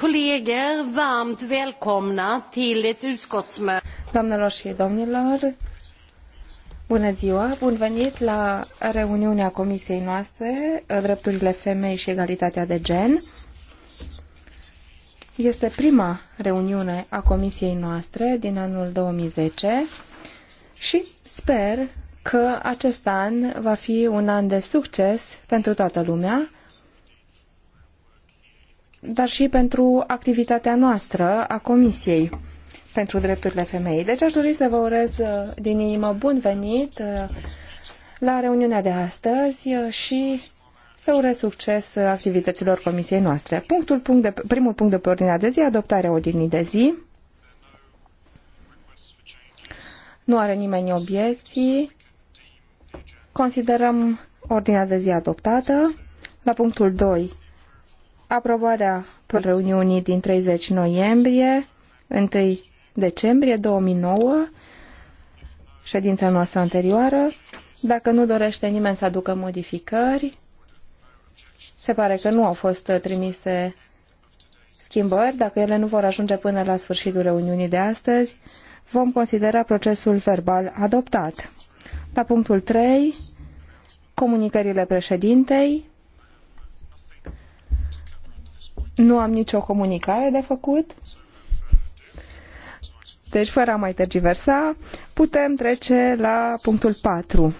kolleger, varmt välkomna till ett utskottsmöte. Doamnelor și domnilor, bună ziua, bun venit la reuniunea comisiei noastre, drepturile femei și egalitatea de gen. Este prima reuniune a comisiei noastre din anul 2010 și sper că acest an va fi un an de succes pentru toată lumea, dar și pentru activitatea noastră a Comisiei pentru drepturile femeii. Deci aș dori să vă urez uh, din inimă bun venit uh, la reuniunea de astăzi uh, și să urez succes activităților comisiei noastre. Punctul, punct de, primul punct de pe ordinea de zi, adoptarea ordinii de zi. Nu are nimeni obiecții. Considerăm ordinea de zi adoptată. La punctul 2, aprobarea reuniunii din 30 noiembrie, 1 decembrie 2009, ședința noastră anterioară. Dacă nu dorește nimeni să aducă modificări, se pare că nu au fost trimise schimbări. Dacă ele nu vor ajunge până la sfârșitul reuniunii de astăzi, vom considera procesul verbal adoptat. La punctul 3, comunicările președintei, Nu am nicio comunicare de făcut. Deci, fără a mai tergiversa, putem trece la punctul 4.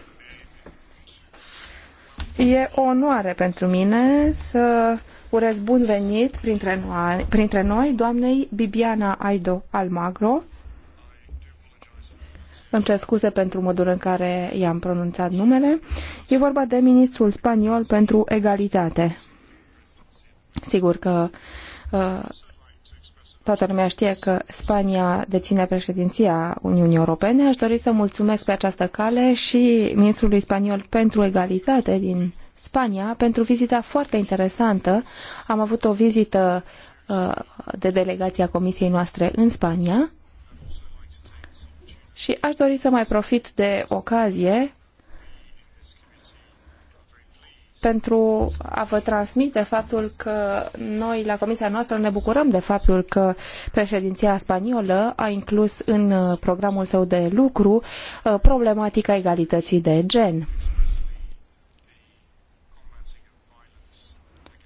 E o onoare pentru mine să urez bun venit printre noi, printre noi doamnei Bibiana Aido Almagro. Îmi cer scuze pentru modul în care i-am pronunțat numele. E vorba de ministrul spaniol pentru egalitate. Sigur că uh, toată lumea știe că Spania deține președinția Uniunii Europene. Aș dori să mulțumesc pe această cale și ministrului spaniol pentru egalitate din Spania pentru vizita foarte interesantă. Am avut o vizită uh, de delegația comisiei noastre în Spania și aș dori să mai profit de ocazie pentru a vă transmite faptul că noi, la comisia noastră, ne bucurăm de faptul că președinția spaniolă a inclus în uh, programul său de lucru uh, problematica egalității de gen.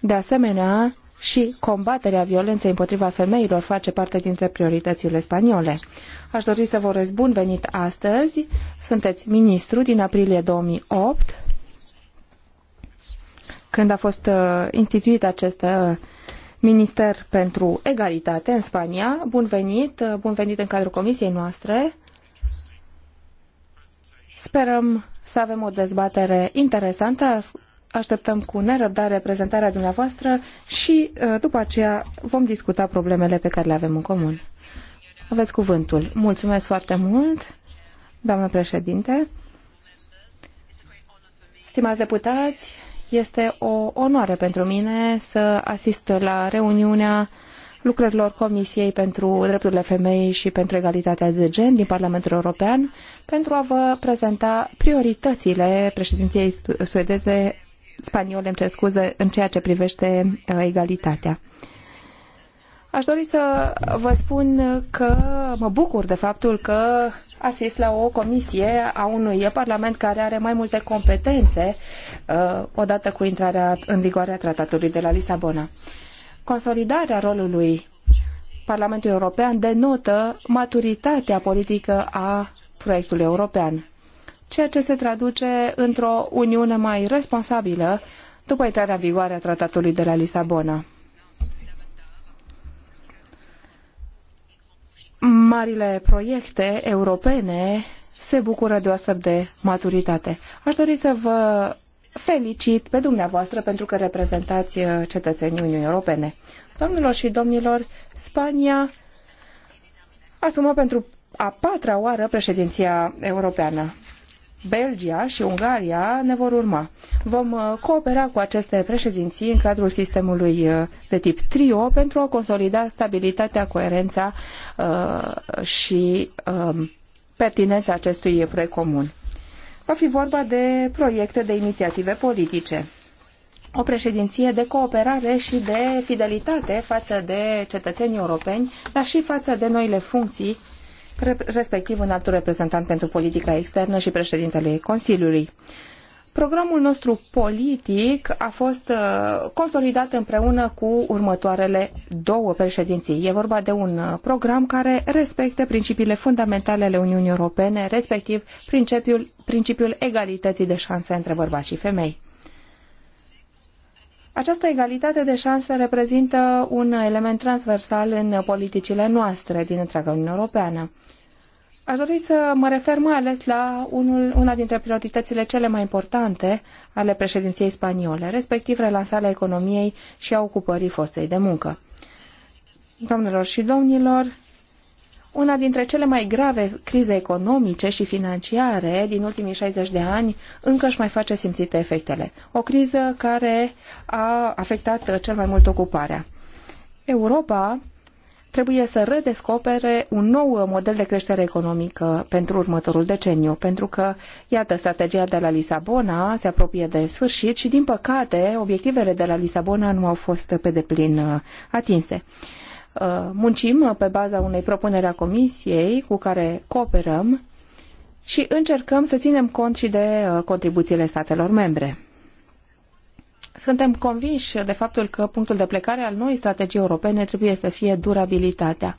De asemenea, și combaterea violenței împotriva femeilor face parte dintre prioritățile spaniole. Aș dori să vă urez bun venit astăzi. Sunteți ministru din aprilie 2008 când a fost uh, instituit acest uh, Minister pentru Egalitate în Spania. Bun venit, uh, bun venit în cadrul comisiei noastre. Sperăm să avem o dezbatere interesantă. Așteptăm cu nerăbdare prezentarea dumneavoastră și după aceea vom discuta problemele pe care le avem în comun. Aveți cuvântul. Mulțumesc foarte mult, doamnă președinte. Stimați deputați, este o onoare pentru mine să asist la reuniunea lucrărilor Comisiei pentru Drepturile Femeii și pentru Egalitatea de Gen din Parlamentul European pentru a vă prezenta prioritățile președinției suedeze spaniole, îmi cer scuze, în ceea ce privește uh, egalitatea. Aș dori să vă spun că mă bucur de faptul că asist la o comisie a unui parlament care are mai multe competențe uh, odată cu intrarea în vigoare a tratatului de la Lisabona. Consolidarea rolului Parlamentul European denotă maturitatea politică a proiectului european, ceea ce se traduce într-o uniune mai responsabilă după intrarea în vigoare a tratatului de la Lisabona. marile proiecte europene se bucură de o astfel de maturitate. Aș dori să vă felicit pe dumneavoastră pentru că reprezentați uh, cetățenii Uniunii Europene. Domnilor și domnilor, Spania asumă pentru a patra oară președinția europeană. Belgia și Ungaria ne vor urma. Vom uh, coopera cu aceste președinții în cadrul sistemului uh, de tip trio pentru a consolida stabilitatea, coerența uh, și um, pertinența acestui proiect comun. Va fi vorba de proiecte de inițiative politice o președinție de cooperare și de fidelitate față de cetățenii europeni, dar și față de noile funcții respectiv un alt reprezentant pentru politica externă și președintele Consiliului. Programul nostru politic a fost uh, consolidat împreună cu următoarele două președinții. E vorba de un uh, program care respectă principiile fundamentale ale Uniunii Europene, respectiv principiul, principiul egalității de șanse între bărbați și femei. Această egalitate de șanse reprezintă un element transversal în politicile noastre din întreaga Uniune Europeană. Aș dori să mă refer mai ales la unul, una dintre prioritățile cele mai importante ale președinției spaniole, respectiv relansarea economiei și a ocupării forței de muncă. Domnilor și domnilor, una dintre cele mai grave crize economice și financiare din ultimii 60 de ani încă își mai face simțite efectele. O criză care a afectat cel mai mult ocuparea. Europa trebuie să redescopere un nou model de creștere economică pentru următorul deceniu, pentru că, iată, strategia de la Lisabona se apropie de sfârșit și, din păcate, obiectivele de la Lisabona nu au fost pe deplin uh, atinse. Uh, muncim pe baza unei propuneri a Comisiei cu care cooperăm și încercăm să ținem cont și de uh, contribuțiile statelor membre. Suntem convinși de faptul că punctul de plecare al noii strategii europene trebuie să fie durabilitatea.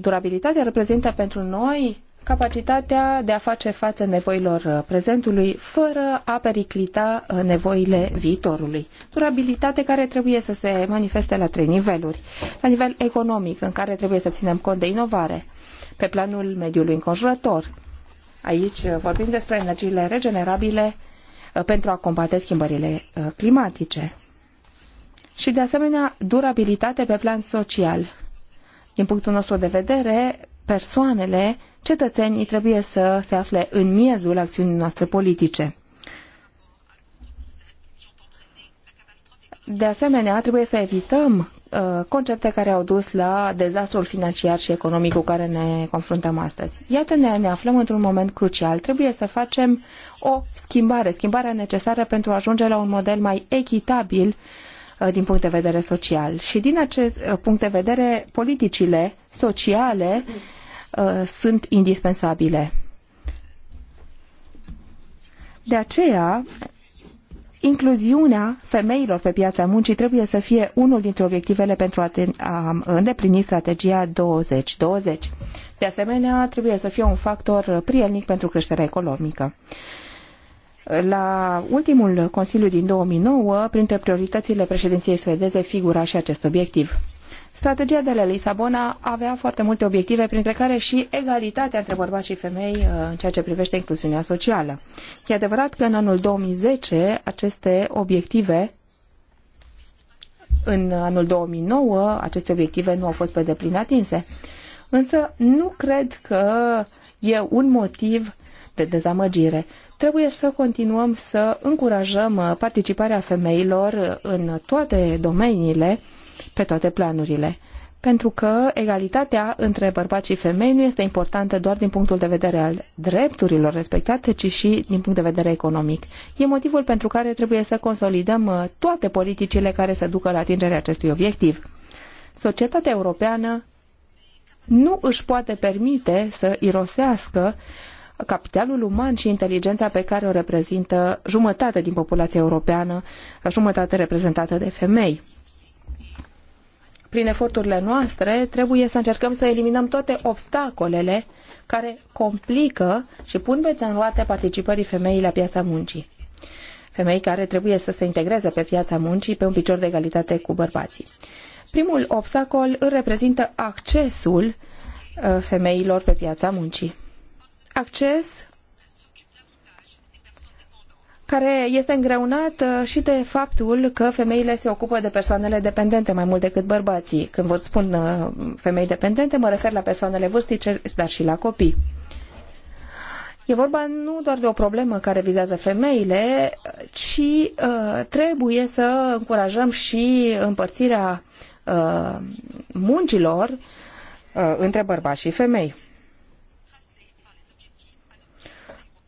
Durabilitatea reprezintă pentru noi capacitatea de a face față nevoilor uh, prezentului fără a periclita uh, nevoile viitorului. Durabilitate care trebuie să se manifeste la trei niveluri. La nivel economic, în care trebuie să ținem cont de inovare, pe planul mediului înconjurător. Aici uh, vorbim despre energiile regenerabile pentru a combate schimbările climatice. Și de asemenea, durabilitate pe plan social. Din punctul nostru de vedere, persoanele cetățenii trebuie să se afle în miezul acțiunii noastre politice. De asemenea, trebuie să evităm uh, concepte care au dus la dezastrul financiar și economic cu care ne confruntăm astăzi. Iată, ne, ne aflăm într-un moment crucial. Trebuie să facem o schimbare, schimbarea necesară pentru a ajunge la un model mai echitabil uh, din punct de vedere social. Și din acest uh, punct de vedere, politicile sociale Uh, sunt indispensabile. De aceea, incluziunea femeilor pe piața muncii trebuie să fie unul dintre obiectivele pentru a, a îndeplini strategia 2020. De asemenea, trebuie să fie un factor prielnic pentru creșterea economică. La ultimul Consiliu din 2009, printre prioritățile președinției suedeze figura și acest obiectiv. Strategia de la Lisabona avea foarte multe obiective, printre care și egalitatea între bărbați și femei uh, în ceea ce privește incluziunea socială. E adevărat că în anul 2010 aceste obiective în anul 2009 aceste obiective nu au fost pe deplin atinse. Însă nu cred că e un motiv de dezamăgire. Trebuie să continuăm să încurajăm uh, participarea femeilor uh, în toate domeniile pe toate planurile. Pentru că egalitatea între bărbați și femei nu este importantă doar din punctul de vedere al drepturilor respectate, ci și din punct de vedere economic. E motivul pentru care trebuie să consolidăm uh, toate politicile care să ducă la atingerea acestui obiectiv. Societatea europeană nu își poate permite să irosească capitalul uman și inteligența pe care o reprezintă jumătate din populația europeană, jumătate reprezentată de femei prin eforturile noastre, trebuie să încercăm să eliminăm toate obstacolele care complică și pun pe în roate participării femeii la piața muncii. Femei care trebuie să se integreze pe piața muncii pe un picior de egalitate cu bărbații. Primul obstacol îl reprezintă accesul uh, femeilor pe piața muncii. Acces care este îngreunat uh, și de faptul că femeile se ocupă de persoanele dependente mai mult decât bărbații. Când vă spun uh, femei dependente, mă refer la persoanele vârstice, dar și la copii. E vorba nu doar de o problemă care vizează femeile, ci uh, trebuie să încurajăm și împărțirea uh, muncilor uh, între bărbați și femei.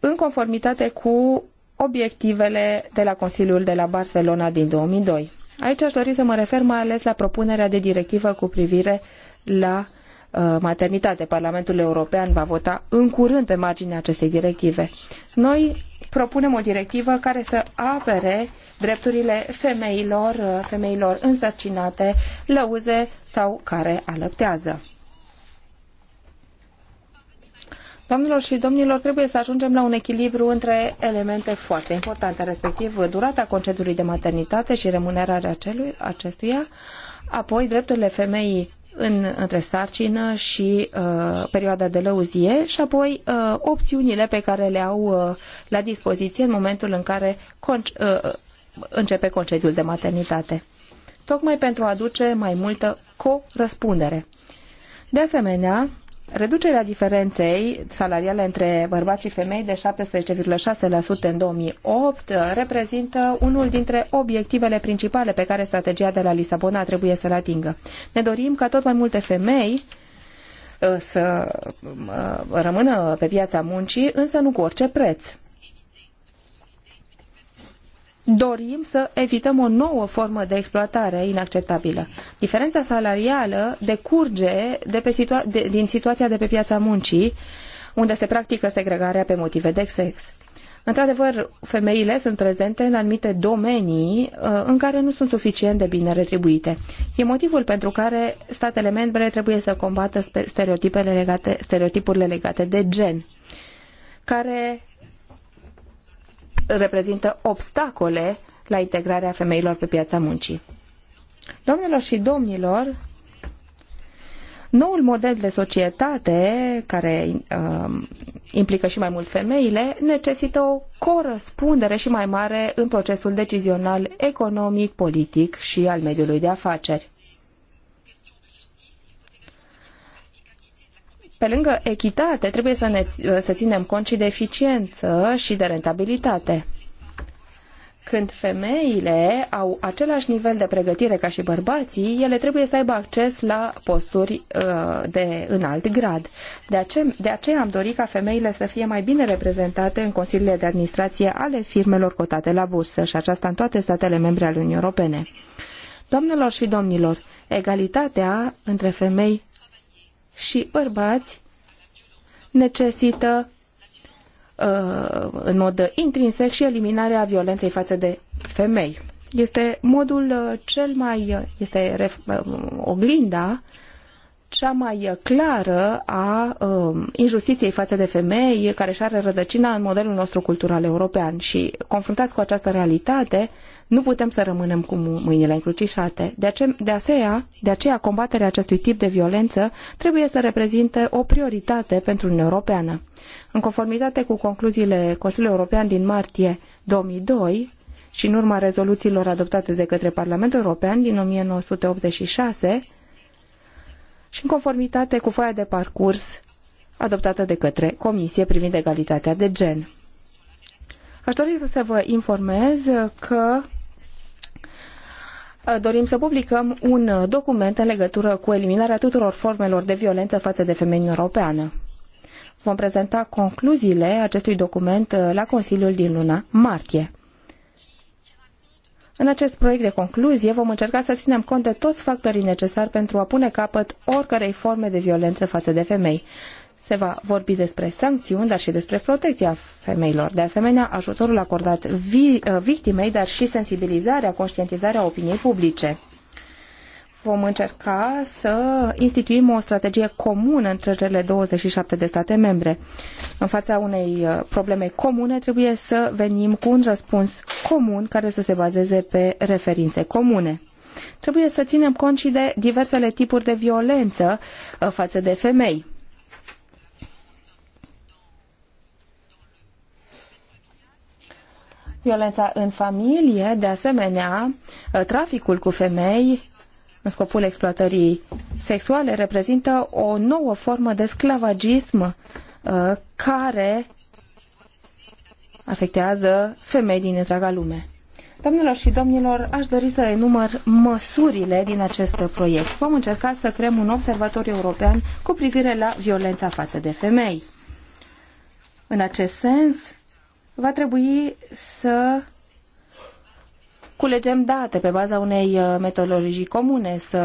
În conformitate cu obiectivele de la Consiliul de la Barcelona din 2002. Aici aș dori să mă refer mai ales la propunerea de directivă cu privire la uh, maternitate. Parlamentul European va vota în curând pe marginea acestei directive. Noi propunem o directivă care să apere drepturile femeilor, uh, femeilor însărcinate, lăuze sau care alăptează. Doamnelor și domnilor, trebuie să ajungem la un echilibru între elemente foarte importante, respectiv durata concediului de maternitate și remunerarea acelui, acestuia, apoi drepturile femeii în, între sarcină și uh, perioada de lăuzie și apoi uh, opțiunile pe care le au uh, la dispoziție în momentul în care uh, uh, începe concediul de maternitate. Tocmai pentru a aduce mai multă corespundere. De asemenea, Reducerea diferenței salariale între bărbați și femei de 17,6% în 2008 uh, reprezintă unul dintre obiectivele principale pe care strategia de la Lisabona trebuie să l atingă. Ne dorim ca tot mai multe femei uh, să uh, rămână pe piața muncii, însă nu cu orice preț dorim să evităm o nouă formă de exploatare inacceptabilă. Diferența salarială decurge de pe situa- de, din situația de pe piața muncii, unde se practică segregarea pe motive de sex. Într-adevăr, femeile sunt prezente în anumite domenii uh, în care nu sunt suficient de bine retribuite. E motivul pentru care statele membre trebuie să combată stereotipele legate, stereotipurile legate de gen, care reprezintă obstacole la integrarea femeilor pe piața muncii. Domnilor și domnilor, noul model de societate, care uh, implică și mai mult femeile, necesită o corespundere și mai mare în procesul decizional economic, politic și al mediului de afaceri. pe lângă echitate, trebuie să, ne, să ținem cont și de eficiență și de rentabilitate. Când femeile au același nivel de pregătire ca și bărbații, ele trebuie să aibă acces la posturi uh, de înalt grad. De, ace- de aceea am dorit ca femeile să fie mai bine reprezentate în consiliile de administrație ale firmelor cotate la bursă și aceasta în toate statele membre ale Uniunii Europene. Doamnelor și domnilor, egalitatea între femei și bărbați necesită uh, în mod intrinsec și eliminarea violenței față de femei. Este modul uh, cel mai, uh, este oglinda cea mai clară a uh, injustiției față de femei care și are rădăcina în modelul nostru cultural european și confruntați cu această realitate, nu putem să rămânem cu mâinile încrucișate. De, ace- de, aceea, de aceea, combaterea acestui tip de violență trebuie să reprezinte o prioritate pentru Uniunea Europeană. În conformitate cu concluziile Consiliului European din martie 2002, și în urma rezoluțiilor adoptate de către Parlamentul European din 1986, și în conformitate cu foaia de parcurs adoptată de către Comisie privind egalitatea de gen. Aș dori să vă informez că uh, dorim să publicăm un uh, document în legătură cu eliminarea tuturor formelor de violență față de femei în europeană. Vom prezenta concluziile acestui document uh, la Consiliul din luna martie. În acest proiect de concluzie vom încerca să ținem cont de toți factorii necesari pentru a pune capăt oricărei forme de violență față de femei. Se va vorbi despre sancțiuni, dar și despre protecția femeilor. De asemenea, ajutorul acordat vi uh, victimei, dar și sensibilizarea, conștientizarea opiniei publice vom încerca să instituim o strategie comună între cele 27 de state membre. În fața unei uh, probleme comune trebuie să venim cu un răspuns comun care să se bazeze pe referințe comune. Trebuie să ținem cont și de diversele tipuri de violență uh, față de femei. Violența în familie, de asemenea, uh, traficul cu femei, în scopul exploatării sexuale reprezintă o nouă formă de sclavagism uh, care afectează femei din întreaga lume. Domnilor și domnilor, aș dori să enumăr măsurile din acest proiect. Vom încerca să creăm un observator european cu privire la violența față de femei. În acest sens, va trebui să culegem date pe baza unei uh, metodologii comune, să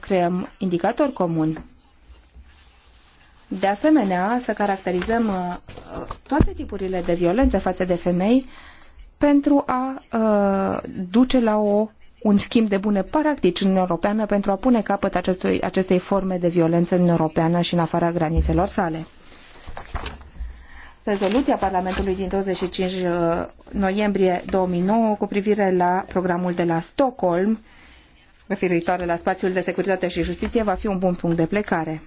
creăm indicatori comuni. De asemenea, să caracterizăm uh, toate tipurile de violență față de femei pentru a uh, duce la o, un schimb de bune practici în Europeană pentru a pune capăt acestui, acestei forme de violență în Europeană și în afara granițelor sale rezoluția Parlamentului din 25 uh, noiembrie 2009 cu privire la programul de la Stockholm referitoare la spațiul de securitate și justiție va fi un bun punct de plecare.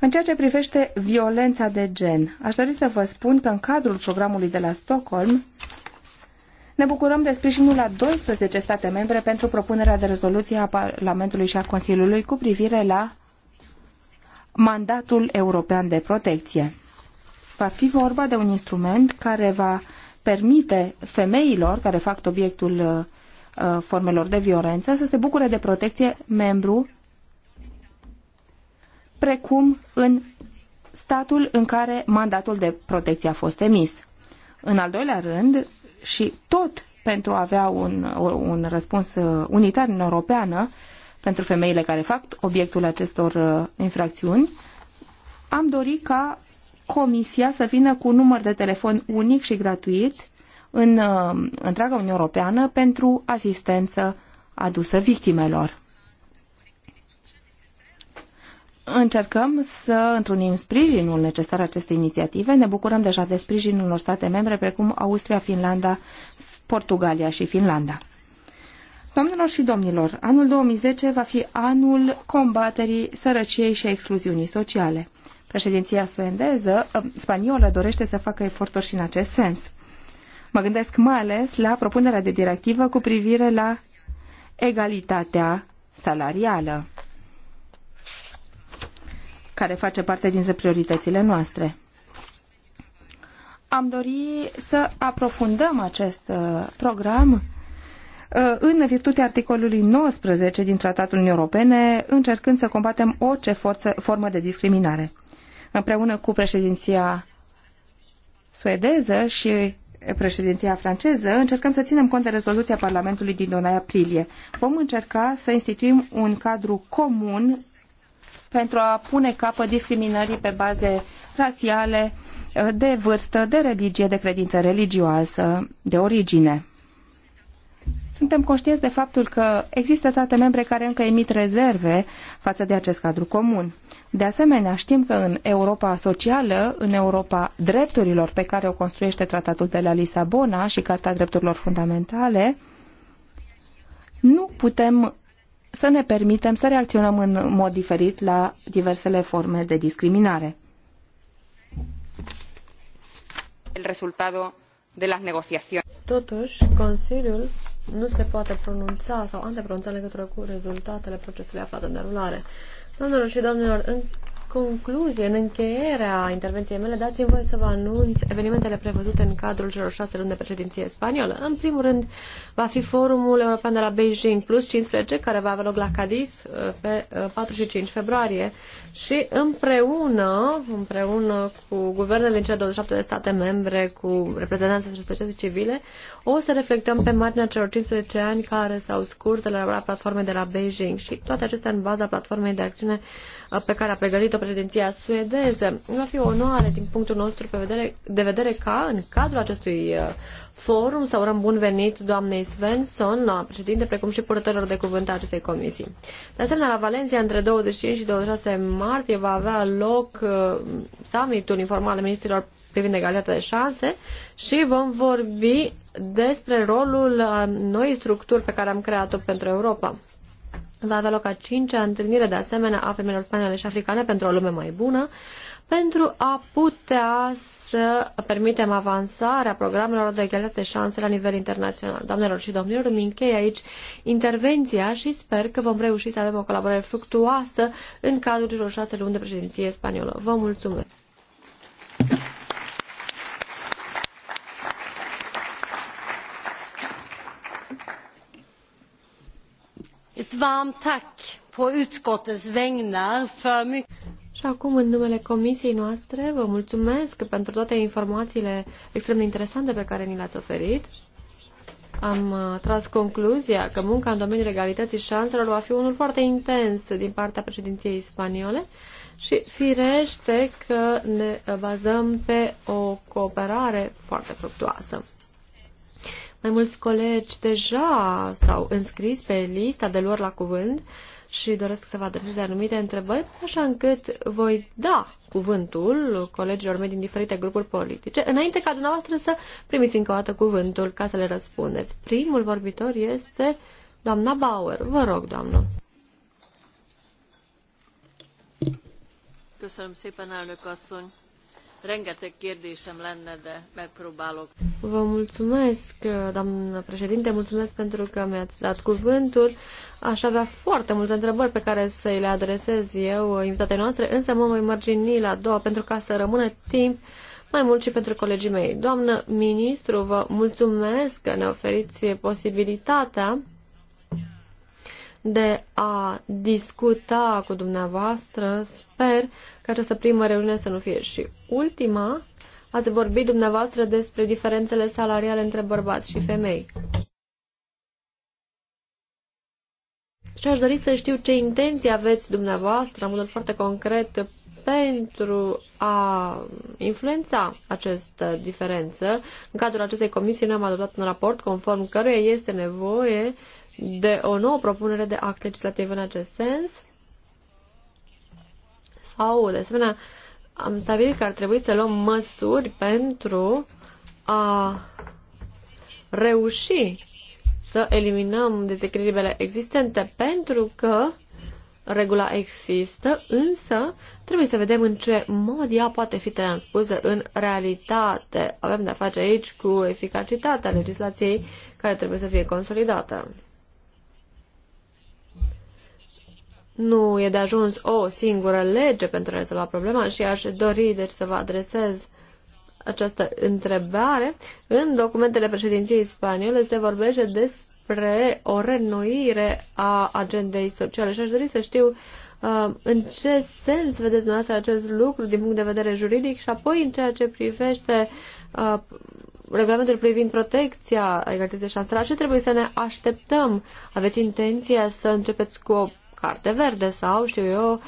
În ceea ce privește violența de gen, aș dori să vă spun că în cadrul programului de la Stockholm ne bucurăm de sprijinul la 12 state membre pentru propunerea de rezoluție a Parlamentului și a Consiliului cu privire la mandatul european de protecție. Va fi vorba de un instrument care va permite femeilor care fac obiectul uh, uh, formelor de violență să se bucure de protecție membru precum în statul în care mandatul de protecție a fost emis. În al doilea rând, și tot pentru a avea un, uh, un răspuns unitar în europeană pentru femeile care fac obiectul acestor infracțiuni, am dorit ca Comisia să vină cu un număr de telefon unic și gratuit în uh, întreaga Uniune Europeană pentru asistență adusă victimelor. Încercăm să întrunim sprijinul necesar acestei inițiative. Ne bucurăm deja de sprijinul unor state membre precum Austria, Finlanda, Portugalia și Finlanda. Doamnelor și domnilor, anul 2010 va fi anul combaterii sărăciei și excluziunii sociale. Președinția suedeză, ă, spaniolă dorește să facă eforturi și în acest sens. Mă gândesc mai ales la propunerea de directivă cu privire la egalitatea salarială, care face parte dintre prioritățile noastre. Am dori să aprofundăm acest ă, program ă, în virtutea articolului 19 din Tratatul Uniunii Europene, încercând să combatem orice forță, formă de discriminare împreună cu președinția suedeză și președinția franceză, încercăm să ținem cont de rezoluția Parlamentului din 2 aprilie. Vom încerca să instituim un cadru comun pentru a pune capăt discriminării pe baze rasiale, de vârstă, de religie, de credință religioasă, de origine. Suntem conștienți de faptul că există state membre care încă emit rezerve față de acest cadru comun. De asemenea, știm că în Europa socială, în Europa drepturilor pe care o construiește tratatul de la Lisabona și Carta Drepturilor Fundamentale, nu putem să ne permitem să reacționăm în mod diferit la diversele forme de discriminare. El resultado de las negociaciones. Totuși, Consiliul nu se poate pronunța sau antepronunța legătură cu rezultatele procesului aflat în derulare. Doamnelor și domnilor, în concluzie, în încheierea intervenției mele, dați-mi voi să vă anunț evenimentele prevăzute în cadrul celor șase luni de președinție spaniolă. În primul rând, va fi forumul european de la Beijing plus 15, care va avea loc la Cadiz uh, pe 4 uh, și 5 februarie și împreună, împreună cu guvernele din cele 27 de state membre, cu reprezentanții societății civile, o să reflectăm pe marginea celor 15 ani care s-au scurs de la platforme de la Beijing și toate acestea în baza platformei de acțiune uh, pe care a pregătit-o o președinția suedeză. Va fi o onoare din punctul nostru de vedere ca în cadrul acestui uh, forum să urăm bun venit doamnei Svensson, noua uh, președinte, precum și purtătorilor de cuvânt a acestei comisii. De asemenea, la Valencia, între 25 și 26 martie, va avea loc uh, summitul informal al ministrilor privind egalitatea de șanse și vom vorbi despre rolul noii structuri pe care am creat-o pentru Europa. Va avea loc a cincea întâlnire de asemenea a femeilor spaniole și africane pentru o lume mai bună, pentru a putea să permitem avansarea programelor de egalitate șanse la nivel internațional. Doamnelor și domnilor, îmi închei aici intervenția și sper că vom reuși să avem o colaborare fructuoasă în cadrul celor șase luni de președinție spaniolă. Vă mulțumesc! Ett varmt tack på utskottets vägnar för mycket... Și acum, în numele comisiei noastre, vă mulțumesc pentru toate informațiile extrem de interesante pe care ni le-ați oferit. Am uh, tras concluzia că munca în domeniul egalității șanselor va fi unul foarte intens din partea președinției spaniole și firește că ne bazăm pe o cooperare foarte fructuoasă. Mai mulți colegi deja s-au înscris pe lista de lor la cuvânt și doresc să vă adreseze anumite întrebări, așa încât voi da cuvântul colegilor mei din diferite grupuri politice, înainte ca dumneavoastră să primiți încă o dată cuvântul ca să le răspundeți. Primul vorbitor este doamna Bauer. Vă rog, doamnă. Köszönöm szépen, elnök asszony! Rengeteg kérdésem lenne, de megpróbálok. Vă mulțumesc, doamnă președinte, mulțumesc pentru că mi-ați dat cuvântul. Aș avea foarte multe întrebări pe care să le adresez eu invitatei noastre, însă mă voi mărgini la două pentru ca să rămână timp mai mult și pentru colegii mei. Doamnă ministru, vă mulțumesc că ne oferiți posibilitatea de a discuta cu dumneavoastră. Sper că această primă reuniune să nu fie și ultima. Ați vorbit dumneavoastră despre diferențele salariale între bărbați și femei. Și aș dori să știu ce intenții aveți dumneavoastră, în modul foarte concret, pentru a influența această diferență. În cadrul acestei comisii noi am adoptat un raport conform căruia este nevoie de o nouă propunere de act legislativ în acest sens sau, de asemenea, am stabilit că ar trebui să luăm măsuri pentru a reuși să eliminăm dezechilibrele existente, pentru că regula există, însă trebuie să vedem în ce mod ea poate fi transpusă în realitate. Avem de-a face aici cu eficacitatea legislației care trebuie să fie consolidată. nu e de ajuns o singură lege pentru a rezolva problema și aș dori deci să vă adresez această întrebare. În documentele președinției spaniole se vorbește despre o renoire a agendei sociale și aș dori să știu uh, în ce sens vedeți dumneavoastră acest lucru din punct de vedere juridic și apoi în ceea ce privește uh, regulamentul privind protecția egalității șanselor, ce trebuie să ne așteptăm? Aveți intenția să începeți cu o carte verde sau, știu eu,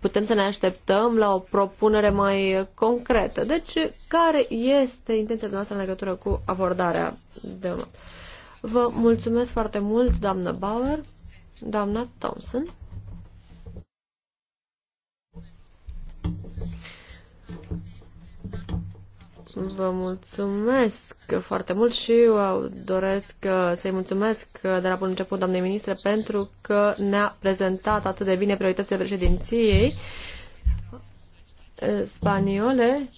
putem să ne așteptăm la o propunere mai concretă. Deci, care este intenția noastră în legătură cu abordarea de unul? Vă mulțumesc foarte mult, doamnă Bauer, doamna Thompson. Vă mulțumesc foarte mult și eu doresc uh, să-i mulțumesc uh, de la bun început, doamnei ministre, pentru că ne-a prezentat atât de bine prioritățile președinției uh, spaniole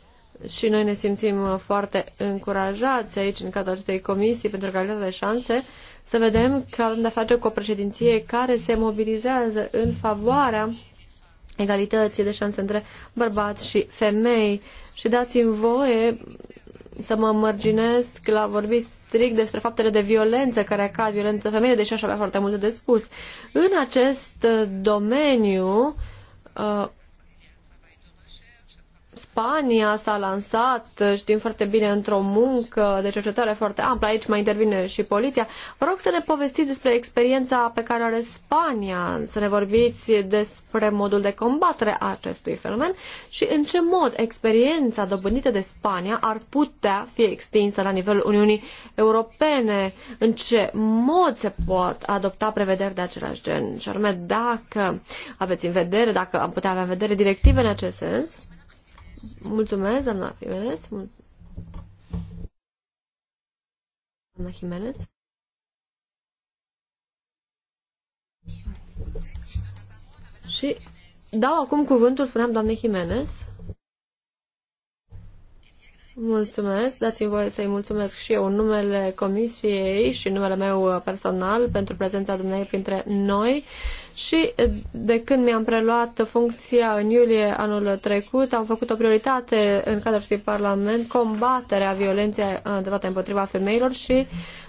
și noi ne simțim foarte încurajați aici în cadrul acestei comisii pentru calitatea de șanse să vedem că avem de-a face cu o președinție care se mobilizează în favoarea egalității de șanse între bărbați și femei și dați-mi voie să mă mărginesc la vorbi strict despre faptele de violență care acad, violență femeie, deși aș avea foarte multe de spus. În acest domeniu, uh, Spania s-a lansat, știm foarte bine, într-o muncă de cercetare foarte amplă. Aici mai intervine și poliția. Vă rog să ne povestiți despre experiența pe care are Spania, să ne vorbiți despre modul de combatere a acestui fenomen și în ce mod experiența dobândită de Spania ar putea fi extinsă la nivelul Uniunii Europene, în ce mod se pot adopta prevederi de același gen. Și anume, dacă aveți în vedere, dacă am putea avea în vedere directive în acest sens, Mulțumesc, doamna Jimenez. doamna Jimenez. Și dau acum cuvântul, spuneam doamne Jimenez. Mulțumesc. Dați-mi voie să-i mulțumesc și eu în numele Comisiei și în numele meu personal pentru prezența dumneavoastră printre noi. Și de când mi-am preluat funcția în iulie anul trecut, am făcut o prioritate în cadrul acestui Parlament combaterea violenței îndreptate împotriva femeilor și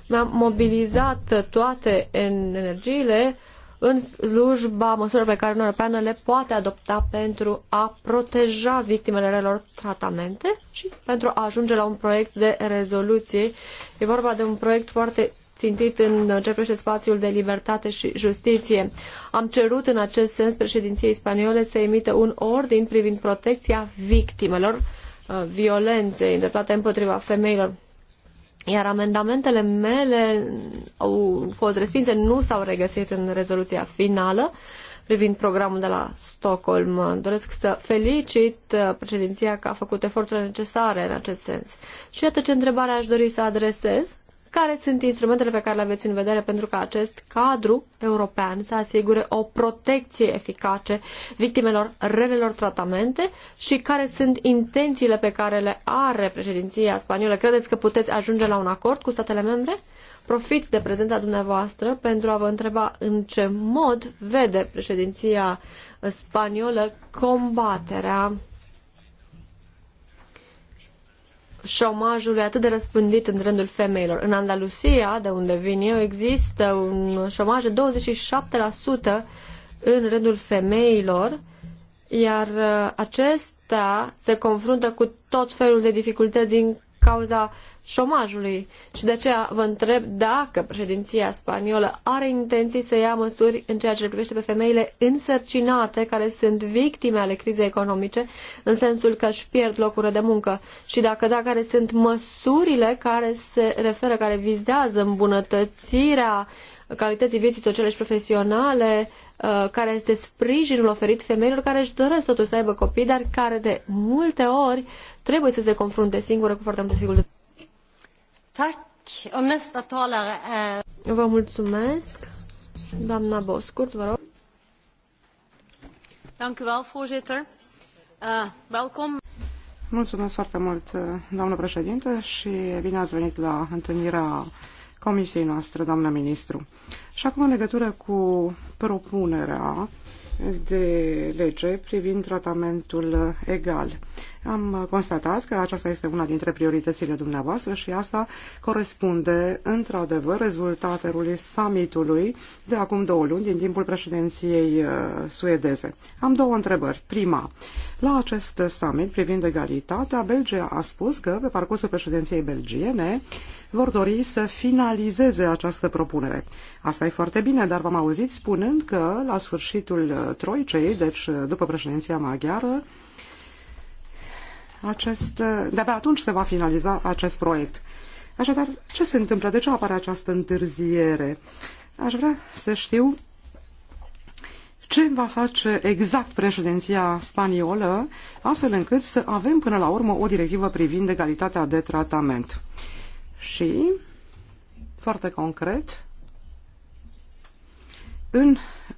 mi-am mobilizat toate energiile în slujba măsurilor pe care Uniunea Europeană le poate adopta pentru a proteja victimele relor tratamente și pentru a ajunge la un proiect de rezoluție. E vorba de un proiect foarte țintit în ce privește spațiul de libertate și justiție. Am cerut în acest sens președinției spaniole să emită un ordin privind protecția victimelor uh, violenței îndreptate împotriva femeilor. Iar amendamentele mele au fost respinse, nu s-au regăsit în rezoluția finală privind programul de la Stockholm. Doresc să felicit uh, președinția că a făcut eforturile necesare în acest sens. Și iată ce întrebare aș dori să adresez care sunt instrumentele pe care le aveți în vedere pentru ca acest cadru european să asigure o protecție eficace victimelor relelor tratamente și care sunt intențiile pe care le are președinția spaniolă. Credeți că puteți ajunge la un acord cu statele membre? Profit de prezența dumneavoastră pentru a vă întreba în ce mod vede președinția spaniolă combaterea șomajului atât de răspândit în rândul femeilor. În Andalusia, de unde vin eu, există un șomaj de 27% în rândul femeilor, iar uh, acesta se confruntă cu tot felul de dificultăți din cauza șomajului. Și de aceea vă întreb dacă președinția spaniolă are intenții să ia măsuri în ceea ce le privește pe femeile însărcinate care sunt victime ale crizei economice, în sensul că își pierd locurile de muncă și dacă da, care sunt măsurile care se referă, care vizează îmbunătățirea calității vieții sociale și profesionale, uh, care este sprijinul oferit femeilor care își doresc totuși să aibă copii, dar care de multe ori trebuie să se confrunte singure cu foarte multe dificultăți. Vă mulțumesc. Doamna Boscurt, vă rog. Eh, mulțumesc foarte mult, eh, doamnă președinte, și bine ați venit la întâlnirea comisiei noastre, doamnă ministru. Și acum, în legătură cu propunerea de lege privind tratamentul egal. Am constatat că aceasta este una dintre prioritățile dumneavoastră și asta corespunde într-adevăr rezultatelor summitului de acum două luni din timpul președinției uh, suedeze. Am două întrebări. Prima, la acest summit privind egalitatea, Belgia a spus că pe parcursul președinției belgiene vor dori să finalizeze această propunere. Asta e foarte bine, dar v-am auzit spunând că la sfârșitul uh, Troicei, deci uh, după președinția maghiară, acest, uh, de-abia atunci se va finaliza acest proiect. Așadar, ce se întâmplă? De ce apare această întârziere? Aș vrea să știu ce va face exact președinția spaniolă, astfel încât să avem până la urmă o directivă privind egalitatea de tratament. Și, foarte concret, în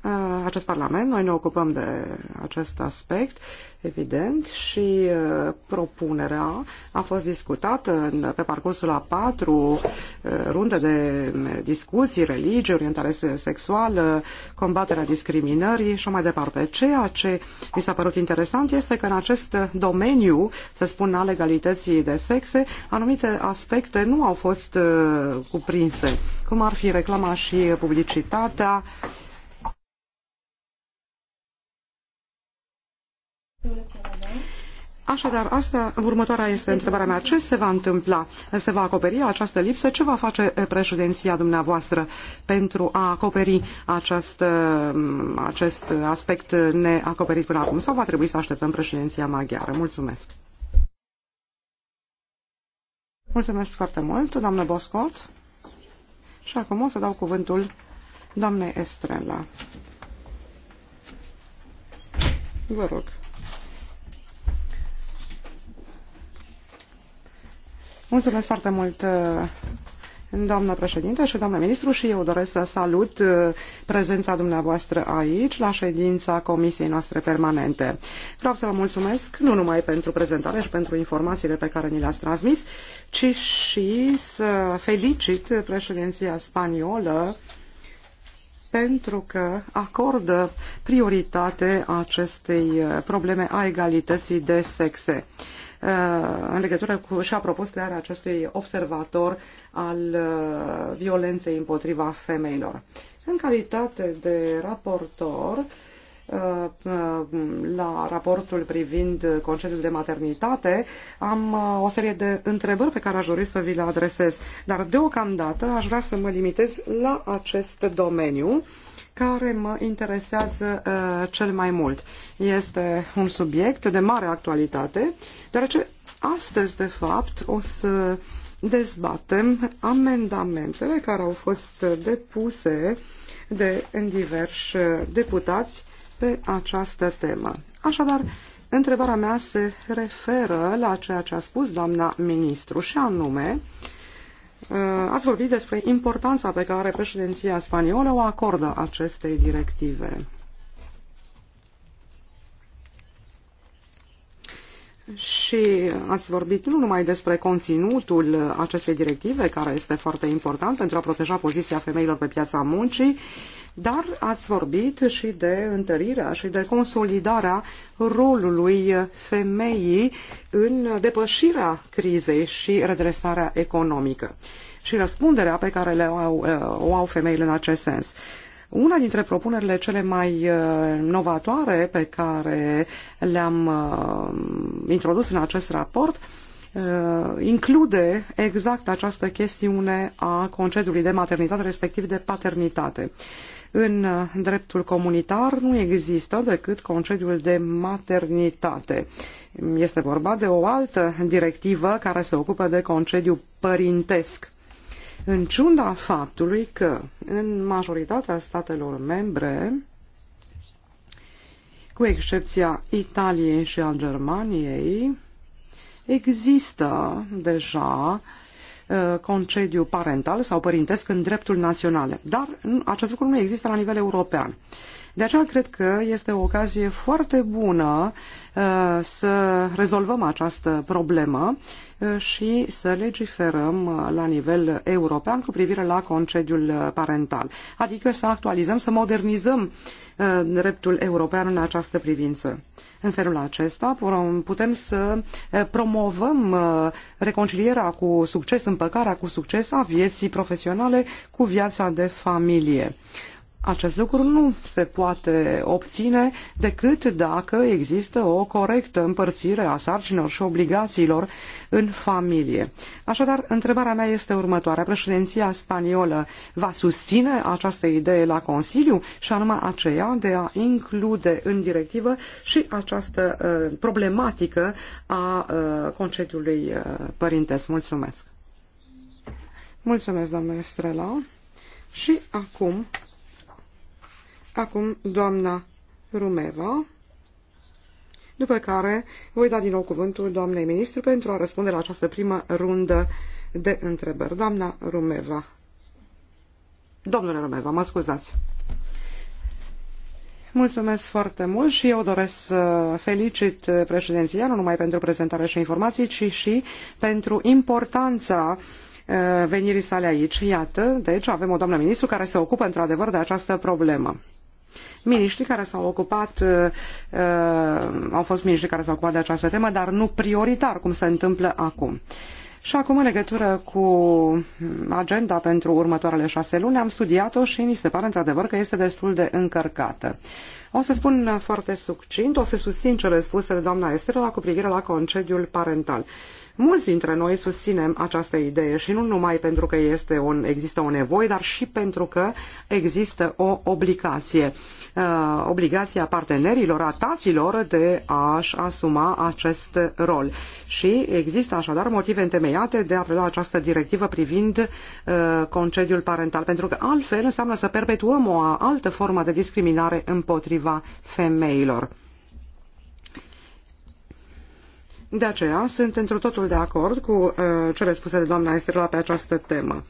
uh, acest Parlament, noi ne ocupăm de acest aspect evident, și uh, propunerea a fost discutată în, pe parcursul a patru uh, runde de mm, discuții, religie, orientare sexuală, combaterea discriminării și mai departe. Ceea ce mi s-a părut interesant este că în acest domeniu, să spun, al egalității de sexe, anumite aspecte nu au fost uh, cuprinse, cum ar fi reclama și publicitatea, Așadar, asta, următoarea este întrebarea mea. Ce se va întâmpla? Se va acoperi această lipsă? Ce va face eh, președinția dumneavoastră pentru a acoperi acest, eh, acest aspect neacoperit până acum? Sau va trebui să așteptăm președinția maghiară? Mulțumesc! Mulțumesc foarte mult, doamnă Boscot. Și acum o să dau cuvântul doamnei Estrela. Vă rog. Mulțumesc foarte mult, uh, doamnă președinte și doamnă ministru, și eu doresc să salut uh, prezența dumneavoastră aici, la ședința comisiei noastre permanente. Vreau să vă mulțumesc nu numai pentru prezentare și pentru informațiile pe care ni le-ați transmis, ci și să felicit președinția spaniolă pentru că acordă prioritate acestei uh, probleme a egalității de sexe. Uh, în legătură cu și-a propus crearea acestui observator al uh, violenței împotriva femeilor. În calitate de raportor uh, la raportul privind concediul de maternitate, am o serie de întrebări pe care aș dori să vi le adresez, dar deocamdată aș vrea să mă limitez la acest domeniu care mă interesează uh, cel mai mult. Este un subiect de mare actualitate, deoarece astăzi, de fapt, o să dezbatem amendamentele care au fost depuse de diversi deputați pe această temă. Așadar, întrebarea mea se referă la ceea ce a spus doamna ministru și anume uh, Uh, ați vorbit despre importanța pe care președinția spaniolă o acordă acestei directive. Și ați vorbit nu numai despre conținutul acestei directive, care este foarte important pentru a proteja poziția femeilor pe piața muncii, dar ați vorbit și de întărirea și de consolidarea rolului femeii în depășirea crizei și redresarea economică și răspunderea pe care le au, uh, o au femeile în acest sens. Una dintre propunerile cele mai uh, novatoare pe care le-am uh, introdus în acest raport include exact această chestiune a concediului de maternitate, respectiv de paternitate. În dreptul comunitar nu există decât concediul de maternitate. Este vorba de o altă directivă care se ocupă de concediu părintesc. În ciuda faptului că în majoritatea statelor membre, cu excepția Italiei și a Germaniei, există deja uh, Uh, concediu parental sau părintesc în dreptul național. Dar acest lucru nu există la nivel european. De aceea cred că este o ocazie foarte bună uh, să rezolvăm această problemă uh, și să legiferăm uh, la nivel european cu privire la concediul parental. Adică să actualizăm, să modernizăm dreptul european în această privință. În felul acesta putem să promovăm reconcilierea cu succes, împăcarea cu succes a vieții profesionale cu viața de familie. Acest lucru nu se poate obține decât dacă există o corectă împărțire a sarcinilor și obligațiilor în familie. Așadar, întrebarea mea este următoarea. Președinția spaniolă va susține această idee la Consiliu și anume aceea de a include în directivă și această uh, problematică a uh, concediului uh, părintesc. Mulțumesc! Mulțumesc, doamne Strela! Și acum Acum doamna Rumeva, după care voi da din nou cuvântul doamnei ministru pentru a răspunde la această primă rundă de întrebări. Doamna Rumeva. Domnule Rumeva, mă scuzați. Mulțumesc foarte mult și eu doresc să felicit președinția nu numai pentru prezentare și informații, ci și pentru importanța venirii sale aici. Iată, deci avem o doamnă ministru care se ocupă într-adevăr de această problemă. Miniștrii care s-au ocupat, uh, uh, au fost miniștrii care s-au ocupat de această temă, dar nu prioritar, cum se întâmplă acum. Și acum, în legătură cu agenda pentru următoarele șase luni, am studiat-o și mi se pare într-adevăr că este destul de încărcată. O să spun foarte succint, o să susțin cele spuse de doamna Estero cu privire la concediul parental. Mulți dintre noi susținem această idee și nu numai pentru că este un, există o nevoie, dar și pentru că există o obligație. Uh, obligația partenerilor, a taților de a-și asuma acest rol. Și există așadar motive întemeiate de a prelua această directivă privind uh, concediul parental, pentru că altfel înseamnă să perpetuăm o altă formă de discriminare împotriva femeilor. De aceea sunt într totul de acord cu uh, cele spuse de doamna Estrela pe această temă.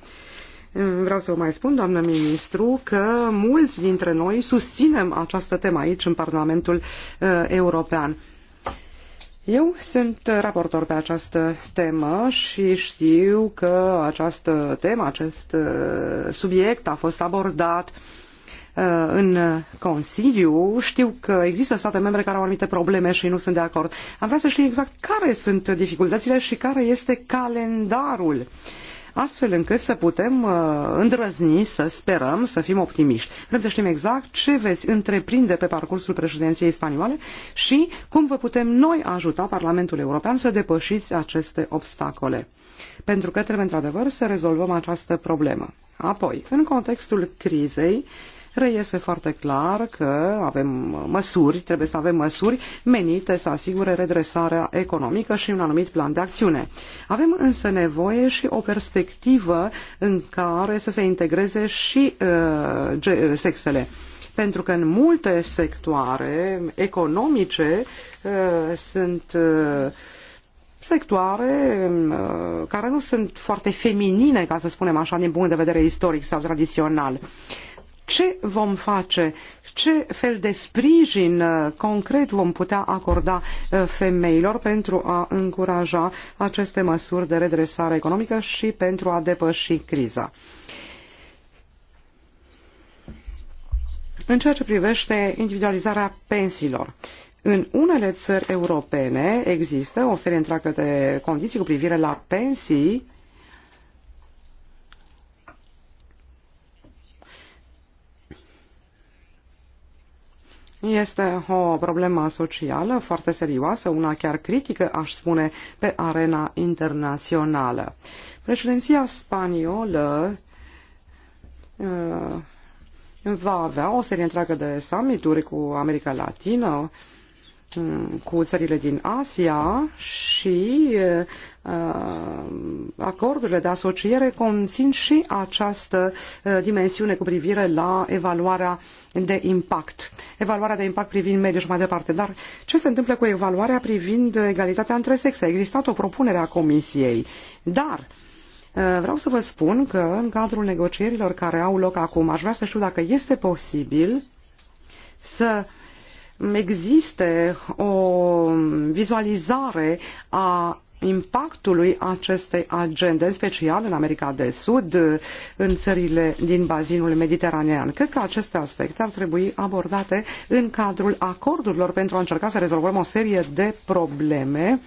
Uh, vreau să vă mai spun, doamnă ministru, că mulți dintre noi susținem această temă aici, în Parlamentul uh, European. Eu sunt raportor pe această temă și știu că această temă, acest uh, subiect a fost abordat uh, Uh, în Consiliu. Știu că există state membre care au anumite probleme și nu sunt de acord. Am vrea să știu exact care sunt dificultățile și care este calendarul astfel încât să putem uh, îndrăzni, să sperăm, să fim optimiști. Vrem să știm exact ce veți întreprinde pe parcursul președinției spaniole și cum vă putem noi ajuta Parlamentul European să depășiți aceste obstacole. Pentru că trebuie într-adevăr să rezolvăm această problemă. Apoi, în contextul crizei reiese foarte clar că avem măsuri, trebuie să avem măsuri menite să asigure redresarea economică și un anumit plan de acțiune. Avem însă nevoie și o perspectivă în care să se integreze și uh, sexele pentru că în multe sectoare economice uh, sunt uh, sectoare uh, care nu sunt foarte feminine, ca să spunem așa, din punct de vedere istoric sau tradițional ce vom face, ce fel de sprijin uh, concret vom putea acorda uh, femeilor pentru a încuraja aceste măsuri de redresare economică și pentru a depăși criza. În ceea ce privește individualizarea pensiilor, în unele țări europene există o serie întreagă de condiții cu privire la pensii Este o problemă socială foarte serioasă, una chiar critică, aș spune, pe arena internațională. Președinția spaniolă uh, va avea o serie întreagă de summituri cu America Latină, uh, cu țările din Asia și uh, Uh, acordurile de asociere conțin și această uh, dimensiune cu privire la evaluarea de impact. Evaluarea de impact privind mediul și mai departe. Dar ce se întâmplă cu evaluarea privind egalitatea între sexe? A existat o propunere a Comisiei, dar uh, Vreau să vă spun că în cadrul negocierilor care au loc acum, aș vrea să știu dacă este posibil să existe o vizualizare a impactului acestei agende, în special în America de Sud, în țările din bazinul mediteranean. Cred că aceste aspecte ar trebui abordate în cadrul acordurilor pentru a încerca să rezolvăm o serie de probleme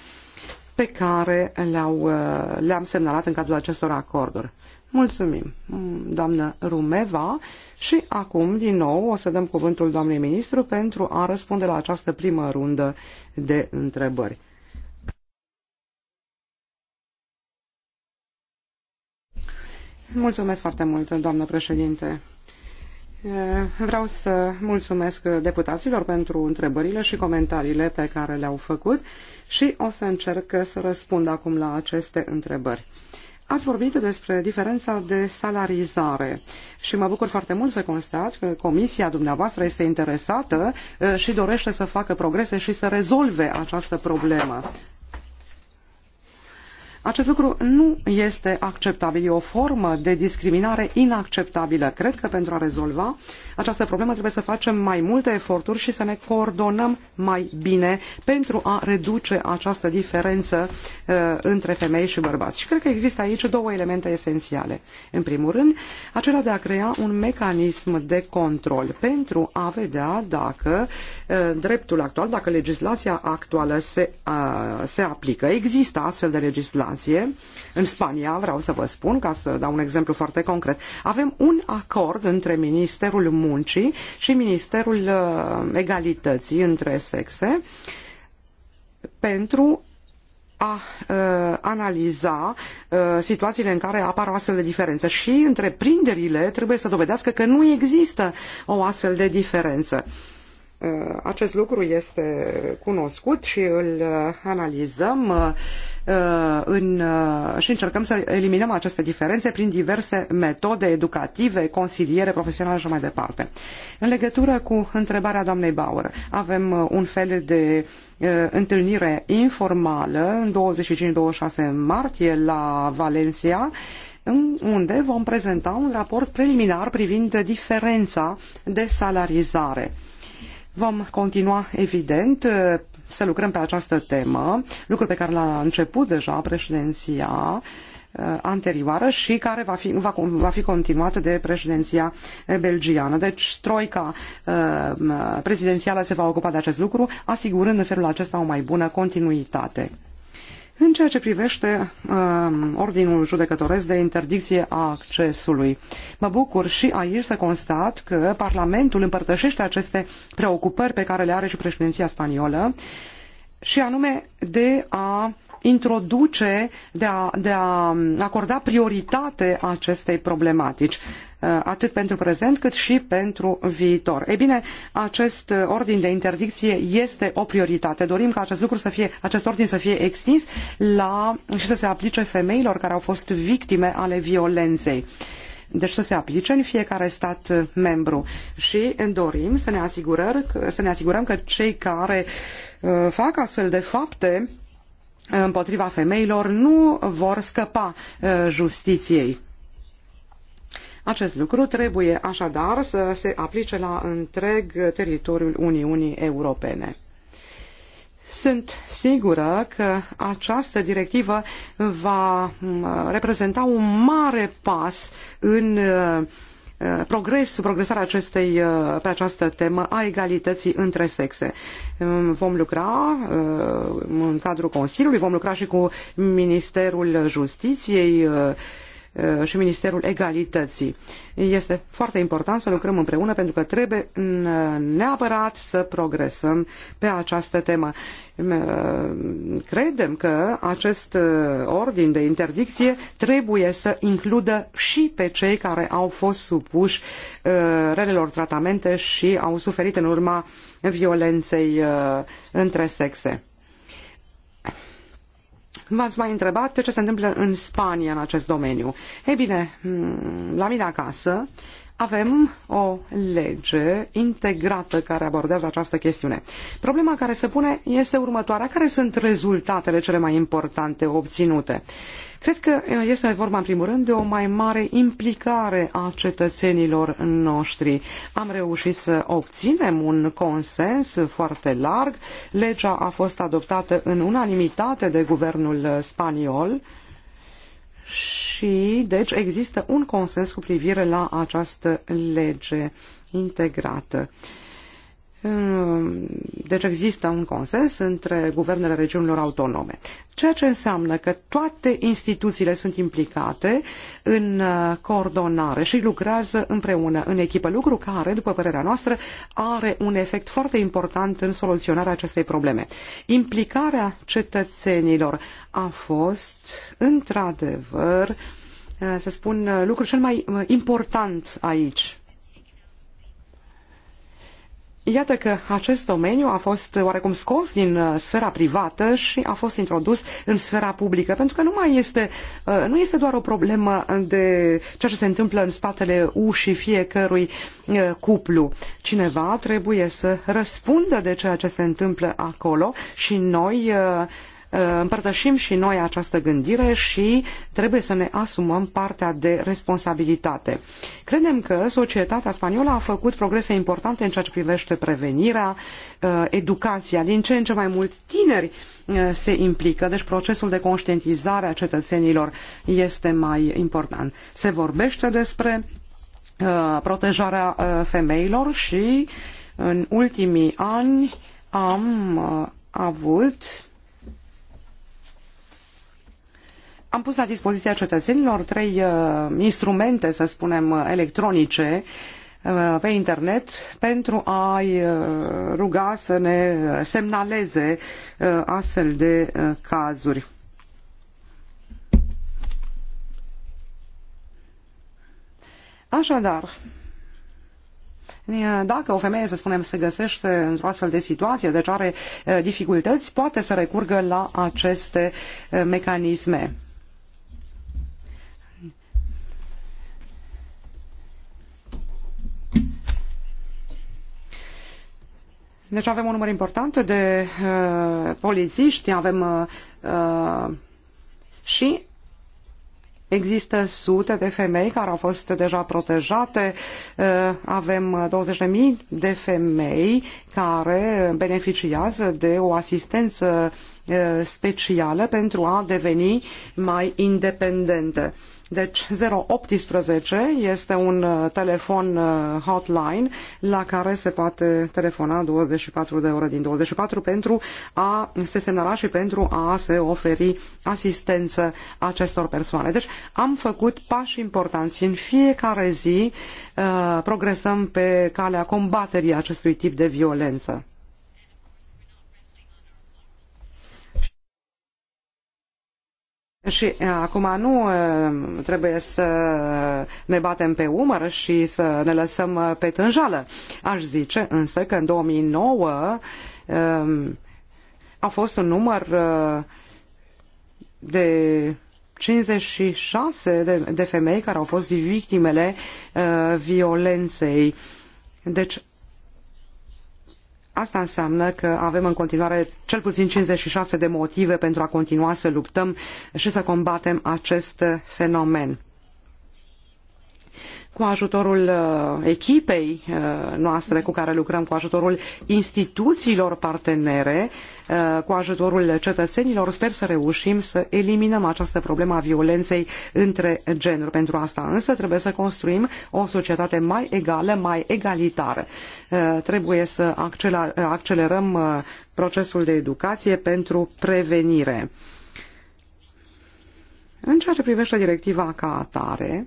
pe care le am uh, le-am semnalat în cadrul acestor acorduri. Mulțumim, doamnă Rumeva. Și acum, din nou, o să dăm cuvântul doamnei ministru pentru a răspunde la această primă rundă de întrebări. Mulțumesc foarte mult, doamnă președinte. Eh, vreau să mulțumesc deputaților pentru întrebările și comentariile pe care le-au făcut și o să încerc să răspund acum la aceste întrebări. Ați vorbit despre diferența de salarizare și mă bucur foarte mult să constat că comisia dumneavoastră este interesată eh, și dorește să facă progrese și să rezolve această problemă. Acest lucru nu este acceptabil, e o formă de discriminare inacceptabilă. Cred că pentru a rezolva această problemă trebuie să facem mai multe eforturi și să ne coordonăm mai bine pentru a reduce această diferență uh, între femei și bărbați. Și cred că există aici două elemente esențiale. În primul rând, acela de a crea un mecanism de control pentru a vedea dacă uh, dreptul actual, dacă legislația actuală se, uh, se aplică. Există astfel de legislație ocazie, în Spania, vreau să vă spun, ca să dau un exemplu foarte concret, avem un acord între Ministerul Muncii și Ministerul uh, Egalității între sexe pentru a uh, analiza uh, situațiile în care apar o astfel de diferență și întreprinderile trebuie să dovedească că nu există o astfel de diferență. Uh, Uh, acest lucru este cunoscut și îl uh, analizăm uh, în, și încercăm să eliminăm aceste diferențe prin diverse metode educative, consiliere, profesionale și mai departe. În legătură cu întrebarea doamnei Bauer, avem un fel de întâlnire informală în 25-26 martie la Valencia, unde vom prezenta un raport preliminar privind diferența de salarizare Vom continua, evident, uh, să lucrăm pe această temă, lucru pe care l-a început deja președinția uh, anterioară și care va fi, va, va fi continuată de președinția belgiană. Deci, troica uh, prezidențială se va ocupa de acest lucru, asigurând în felul acesta o mai bună continuitate. În ceea ce privește um, ordinul judecătoresc de interdicție a accesului, mă bucur și aici să constat că Parlamentul împărtășește aceste preocupări pe care le are și președinția spaniolă și anume de a introduce, de a, de a acorda prioritate acestei problematici. Uh, atât pentru prezent cât și pentru viitor. Ei bine, acest uh, ordin de interdicție este o prioritate. Dorim ca acest lucru să fie, acest ordin să fie extins la, și să se aplice femeilor care au fost victime ale violenței deci să se aplice în fiecare stat uh, membru. Și dorim să ne asigurăm, să ne asigurăm că cei care fac astfel de fapte împotriva femeilor nu vor scăpa justiției. Acest lucru trebuie așadar să se aplice la întreg teritoriul Uniunii Europene. Sunt sigură că această directivă va reprezenta un mare pas în uh, uh, progres, progresarea acestei, uh, pe această temă a egalității între sexe. Um, vom lucra în cadrul Consiliului, vom lucra și cu Ministerul Justiției, Uh, și Ministerul Egalității. Este foarte important să lucrăm împreună pentru că trebuie neapărat să progresăm pe această temă. Uh, credem că acest uh, ordin de interdicție trebuie să includă și pe cei care au fost supuși relelor tratamente și au suferit în urma violenței între sexe. V-ați mai întrebat ce se întâmplă în Spania în acest domeniu. Ei bine, la mine acasă avem o lege integrată care abordează această chestiune. Problema care se pune este următoarea. Care sunt rezultatele cele mai importante obținute? Cred că este vorba, în primul rând, de o mai mare implicare a cetățenilor noștri. Am reușit să obținem un consens foarte larg. Legea a fost adoptată în unanimitate de guvernul spaniol și deci există un consens cu privire la această lege integrată. Uh, deci există un consens între guvernele regiunilor autonome, ceea ce înseamnă că toate instituțiile sunt implicate în uh, coordonare și lucrează împreună în echipă, lucru care, după părerea noastră, are un efect foarte important în soluționarea acestei probleme. Implicarea cetățenilor a fost, într-adevăr, uh, să spun, uh, lucrul cel mai important aici Iată că acest domeniu a fost oarecum scos din uh, sfera privată și a fost introdus în sfera publică, pentru că nu mai este, uh, nu este doar o problemă de ceea ce se întâmplă în spatele ușii fiecărui uh, cuplu. Cineva trebuie să răspundă de ceea ce se întâmplă acolo și noi Împărtășim și noi această gândire și trebuie să ne asumăm partea de responsabilitate. Credem că societatea spaniolă a făcut progrese importante în ceea ce privește prevenirea, uh, educația. Din ce în ce mai mulți tineri uh, se implică, deci procesul de conștientizare a cetățenilor este mai important. Se vorbește despre uh, protejarea femeilor și în ultimii ani am avut am pus la dispoziția cetățenilor trei uh, instrumente, să spunem, uh, electronice uh, pe internet pentru a-i ruga să ne semnaleze astfel de cazuri. Așadar, dacă o femeie, să spunem, se găsește într-o astfel de situație, deci are dificultăți, poate să recurgă la aceste mecanisme. Deci avem un număr important de uh, polițiști, avem uh, uh, și Există sute de femei care au fost deja protejate, uh, avem 20.000 uh, de femei care beneficiază de o asistență specială pentru a deveni mai independente. Deci 018 este un uh, telefon uh, hotline la care se poate telefona 24 de ore din 24 pentru a se semnala și pentru a se oferi asistență acestor persoane. Deci am făcut pași importanți. În fiecare zi uh, progresăm pe calea combaterii acestui tip de violență. Și acum nu trebuie să ne batem pe umăr și să ne lăsăm pe tânjală. Aș zice însă că în 2009 a fost un număr de 56 de, de femei care au fost victimele violenței. Deci Asta înseamnă că avem în continuare cel puțin 56 de motive pentru a continua să luptăm și să combatem acest fenomen cu ajutorul uh, echipei uh, noastre cu care lucrăm, cu ajutorul instituțiilor partenere, uh, cu ajutorul cetățenilor, sper să reușim să eliminăm această problemă a violenței între genuri. Pentru asta însă trebuie să construim o societate mai egală, mai egalitară. Trebuie să accelerăm procesul de educație pentru prevenire. În ceea ce privește directiva ca atare,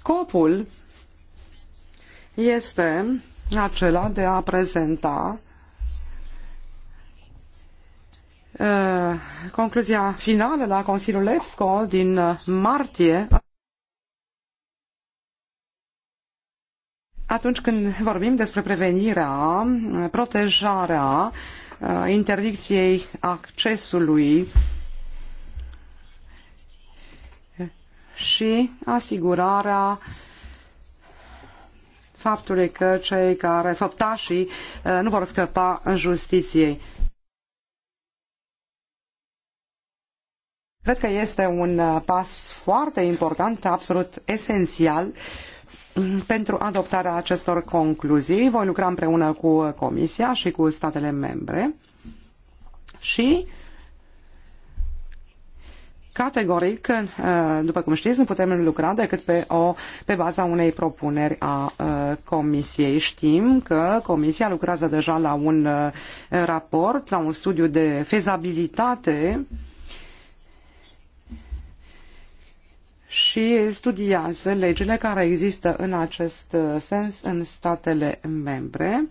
Scopul este acela de a prezenta uh, concluzia finală la Consiliul EFSCO din uh, martie atunci când vorbim despre prevenirea, protejarea uh, interdicției accesului și asigurarea faptului că cei care făptașii uh, nu vor scăpa justiției. Cred că este un uh, pas foarte important, absolut esențial pentru adoptarea acestor concluzii. Voi lucra împreună cu Comisia și cu statele membre și Categoric, uh, după cum știți, nu putem lucra decât pe, o, pe baza unei propuneri a uh, Comisiei. Știm că Comisia lucrează deja la un uh, raport, la un studiu de fezabilitate și studiază legile care există în acest sens în statele membre,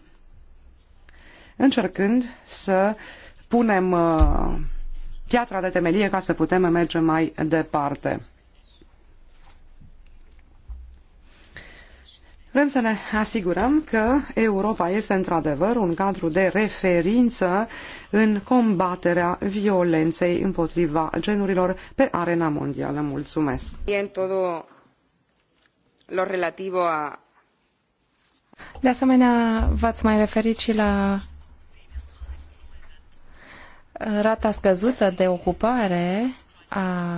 încercând să punem piatra de temelie ca să putem merge mai departe. Vrem să ne asigurăm că Europa este într-adevăr un cadru de referință în combaterea violenței împotriva genurilor pe arena mondială. Mulțumesc! De asemenea, v-ați mai referit și la rata scăzută de ocupare a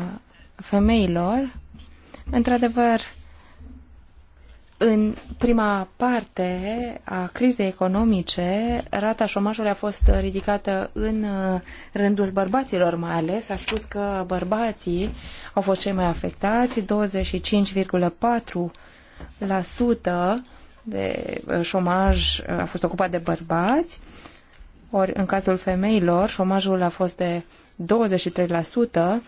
femeilor, într-adevăr, în prima parte a crizei economice, rata șomajului a fost ridicată în uh, rândul bărbaților mai ales. A spus că bărbații au fost cei mai afectați, 25,4% de uh, șomaj uh, a fost ocupat de bărbați ori în cazul femeilor, șomajul a fost de 23%,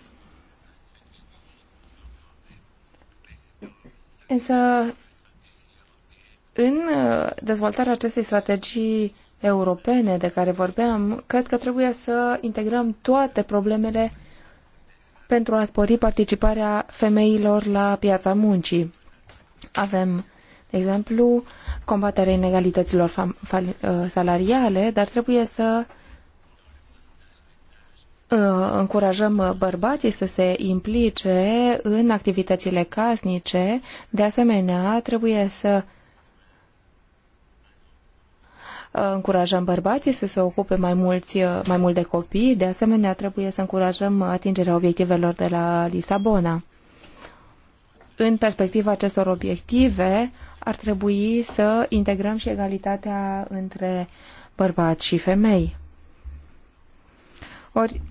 însă în uh, dezvoltarea acestei strategii europene de care vorbeam, cred că trebuie să integrăm toate problemele pentru a spori participarea femeilor la piața muncii. Avem exemplu, combaterea inegalităților uh, salariale, dar trebuie să uh, încurajăm bărbații să se implice în activitățile casnice. De asemenea, trebuie să uh, încurajăm bărbații să se ocupe mai, mulți, mai mult de copii. De asemenea, trebuie să încurajăm atingerea obiectivelor de la Lisabona. În perspectiva acestor obiective, ar trebui să integrăm și egalitatea între bărbați și femei. Ori,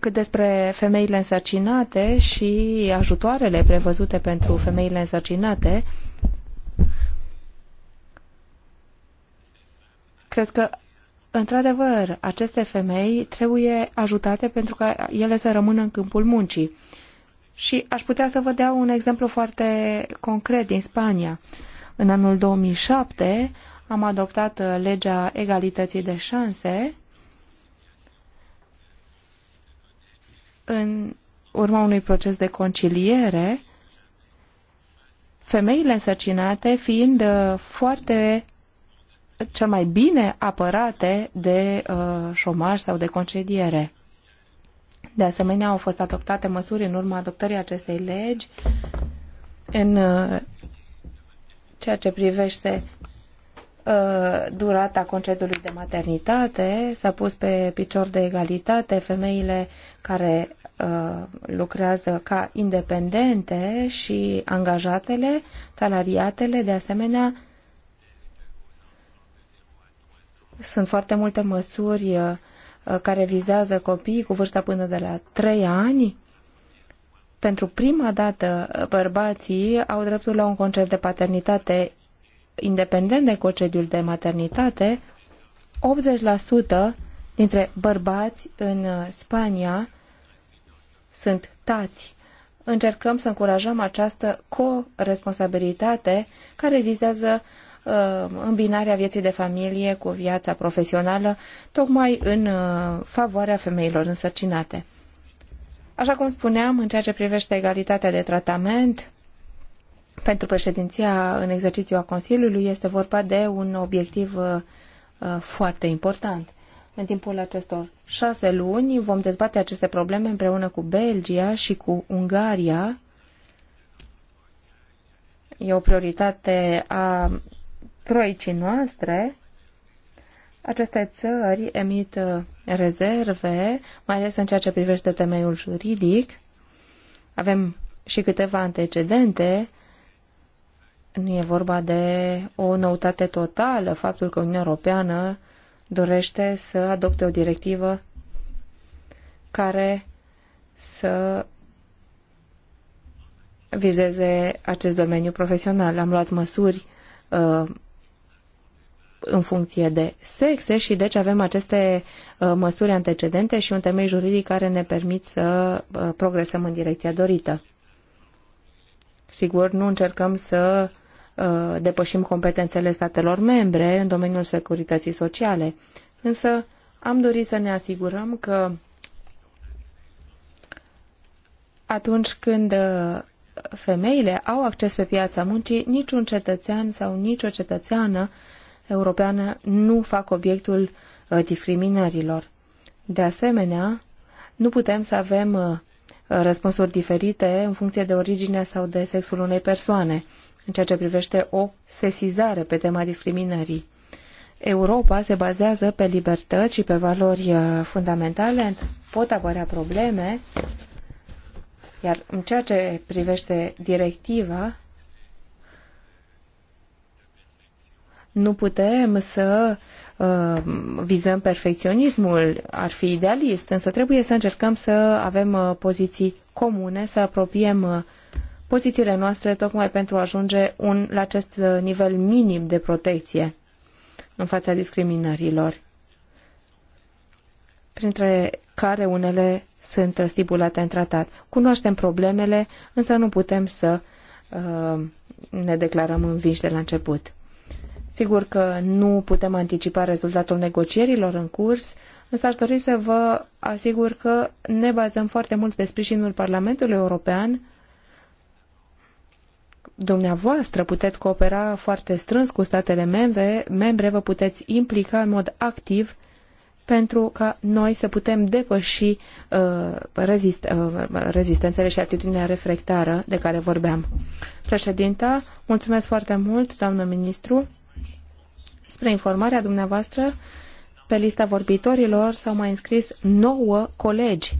cât despre femeile însărcinate și ajutoarele prevăzute pentru femeile însărcinate, cred că, într-adevăr, aceste femei trebuie ajutate pentru ca ele să rămână în câmpul muncii. Și aș putea să vă dea un exemplu foarte concret din Spania. În anul 2007 am adoptat uh, legea egalității de șanse în urma unui proces de conciliere, femeile însărcinate fiind uh, foarte cel mai bine apărate de uh, șomaj sau de concediere. De asemenea, au fost adoptate măsuri în urma adoptării acestei legi în uh, ceea ce privește uh, durata concediului de maternitate, s-a pus pe picior de egalitate femeile care uh, lucrează ca independente și angajatele, salariatele, de asemenea, sunt foarte multe măsuri uh, care vizează copii cu vârsta până de la 3 ani, pentru prima dată uh, bărbații au dreptul la un concert de paternitate independent de concediul de maternitate. 80% dintre bărbați în uh, Spania sunt tați. Încercăm să încurajăm această co-responsabilitate care vizează uh, îmbinarea vieții de familie cu viața profesională, tocmai în favoarea femeilor însărcinate. Așa cum spuneam, în ceea ce privește egalitatea de tratament, pentru președinția în exercițiu a Consiliului este vorba de un obiectiv uh, uh, foarte important. În timpul acestor șase luni vom dezbate aceste probleme împreună cu Belgia și cu Ungaria. E o prioritate a troicii noastre. Aceste țări emit uh, rezerve, mai ales în ceea ce privește temeiul juridic. Avem și câteva antecedente. Nu e vorba de o noutate totală, faptul că Uniunea Europeană dorește să adopte o directivă care să vizeze acest domeniu profesional. Am luat măsuri uh, în funcție de sexe și deci avem aceste uh, măsuri antecedente și un temei juridic care ne permit să uh, progresăm în direcția dorită. Sigur, nu încercăm să uh, depășim competențele statelor membre în domeniul securității sociale, însă am dorit să ne asigurăm că atunci când femeile au acces pe piața muncii, niciun cetățean sau nicio cetățeană europeană nu fac obiectul uh, discriminărilor. De asemenea, nu putem să avem uh, răspunsuri diferite în funcție de originea sau de sexul unei persoane, în ceea ce privește o sesizare pe tema discriminării. Europa se bazează pe libertăți și pe valori uh, fundamentale, pot apărea probleme, iar în ceea ce privește directiva, Nu putem să uh, vizăm perfecționismul, ar fi idealist, însă trebuie să încercăm să avem uh, poziții comune, să apropiem uh, pozițiile noastre tocmai pentru a ajunge un, la acest uh, nivel minim de protecție în fața discriminărilor, printre care unele sunt uh, stipulate în tratat. Cunoaștem problemele, însă nu putem să uh, ne declarăm învinși de la început. Sigur că nu putem anticipa rezultatul negocierilor în curs, însă aș dori să vă asigur că ne bazăm foarte mult pe sprijinul Parlamentului European. Dumneavoastră puteți coopera foarte strâns cu statele membre, membre vă puteți implica în mod activ pentru ca noi să putem depăși uh, rezist, uh, rezistențele și atitudinea reflectară de care vorbeam. Președinta, mulțumesc foarte mult, doamnă ministru. Spre informarea dumneavoastră, pe lista vorbitorilor s-au mai înscris 9 colegi.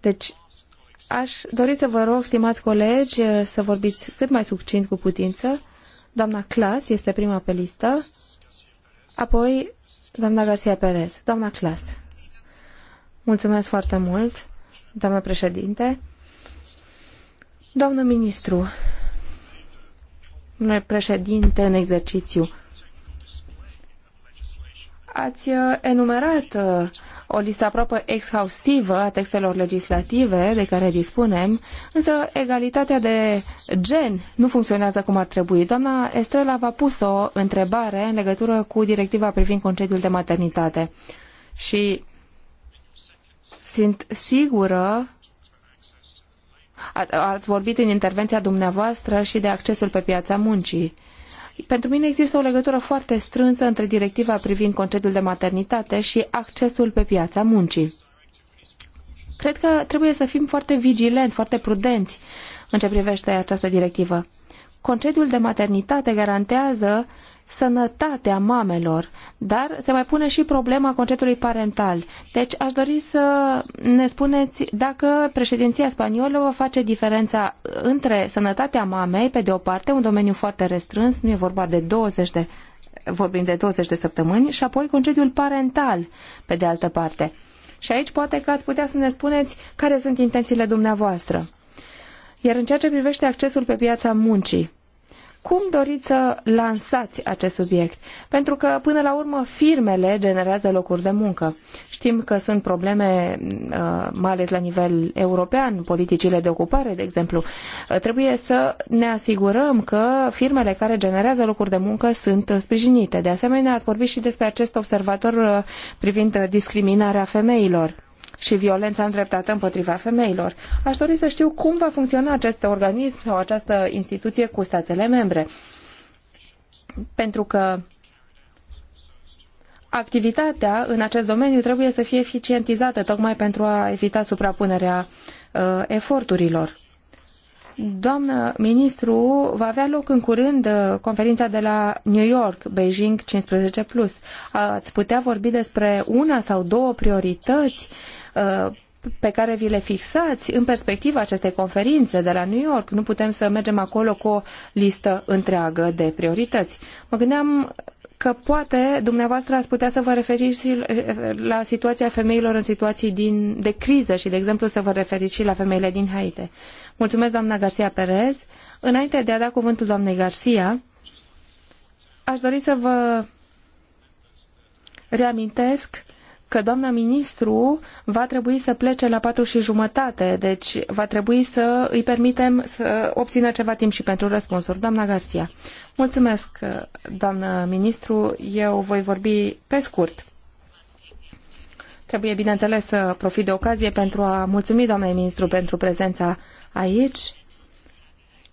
Deci, aș dori să vă rog, stimați colegi, să vorbiți cât mai succint cu putință. Doamna Clas este prima pe listă, apoi doamna Garcia Perez. Doamna Clas. Mulțumesc foarte mult, doamna președinte. Doamnă ministru, Domnule președinte, în exercițiu, ați uh, enumerat uh, o listă aproape exhaustivă a textelor legislative de care dispunem, însă egalitatea de gen nu funcționează cum ar trebui. Doamna Estrela v-a pus o întrebare în legătură cu directiva privind concediul de maternitate și sunt sigură ați vorbit în intervenția dumneavoastră și de accesul pe piața muncii. Pentru mine există o legătură foarte strânsă între directiva privind concediul de maternitate și accesul pe piața muncii. Cred că trebuie să fim foarte vigilenți, foarte prudenți în ce privește această directivă. Concediul de maternitate garantează sănătatea mamelor, dar se mai pune și problema concediului parental. Deci aș dori să ne spuneți dacă președinția spaniolă va face diferența între sănătatea mamei, pe de o parte, un domeniu foarte restrâns, nu e vorba de 20 de vorbim de 20 de săptămâni, și apoi concediul parental, pe de altă parte. Și aici poate că ați putea să ne spuneți care sunt intențiile dumneavoastră. Iar în ceea ce privește accesul pe piața muncii, cum doriți să lansați acest subiect? Pentru că, până la urmă, firmele generează locuri de muncă. Știm că sunt probleme, uh, mai ales la nivel european, politicile de ocupare, de exemplu. Uh, trebuie să ne asigurăm că firmele care generează locuri de muncă sunt sprijinite. De asemenea, ați vorbit și despre acest observator uh, privind discriminarea femeilor și violența îndreptată împotriva femeilor. Aș dori să știu cum va funcționa acest organism sau această instituție cu statele membre. Pentru că activitatea în acest domeniu trebuie să fie eficientizată tocmai pentru a evita suprapunerea uh, eforturilor. Doamnă ministru, va avea loc în curând uh, conferința de la New York, Beijing 15+. Plus. Ați putea vorbi despre una sau două priorități uh, pe care vi le fixați în perspectiva acestei conferințe de la New York. Nu putem să mergem acolo cu o listă întreagă de priorități. Mă gândeam că poate dumneavoastră ați putea să vă referiți și eh, la situația femeilor în situații din, de criză și, de exemplu, să vă referiți și la femeile din Haite. Mulțumesc, doamna Garcia Perez. Înainte de a da cuvântul doamnei Garcia, aș dori să vă reamintesc că doamna ministru va trebui să plece la patru și jumătate, deci va trebui să îi permitem să obțină ceva timp și pentru răspunsuri. Doamna Garcia, mulțumesc, doamnă ministru, eu voi vorbi pe scurt. Trebuie, bineînțeles, să profit de ocazie pentru a mulțumi doamnei ministru pentru prezența aici.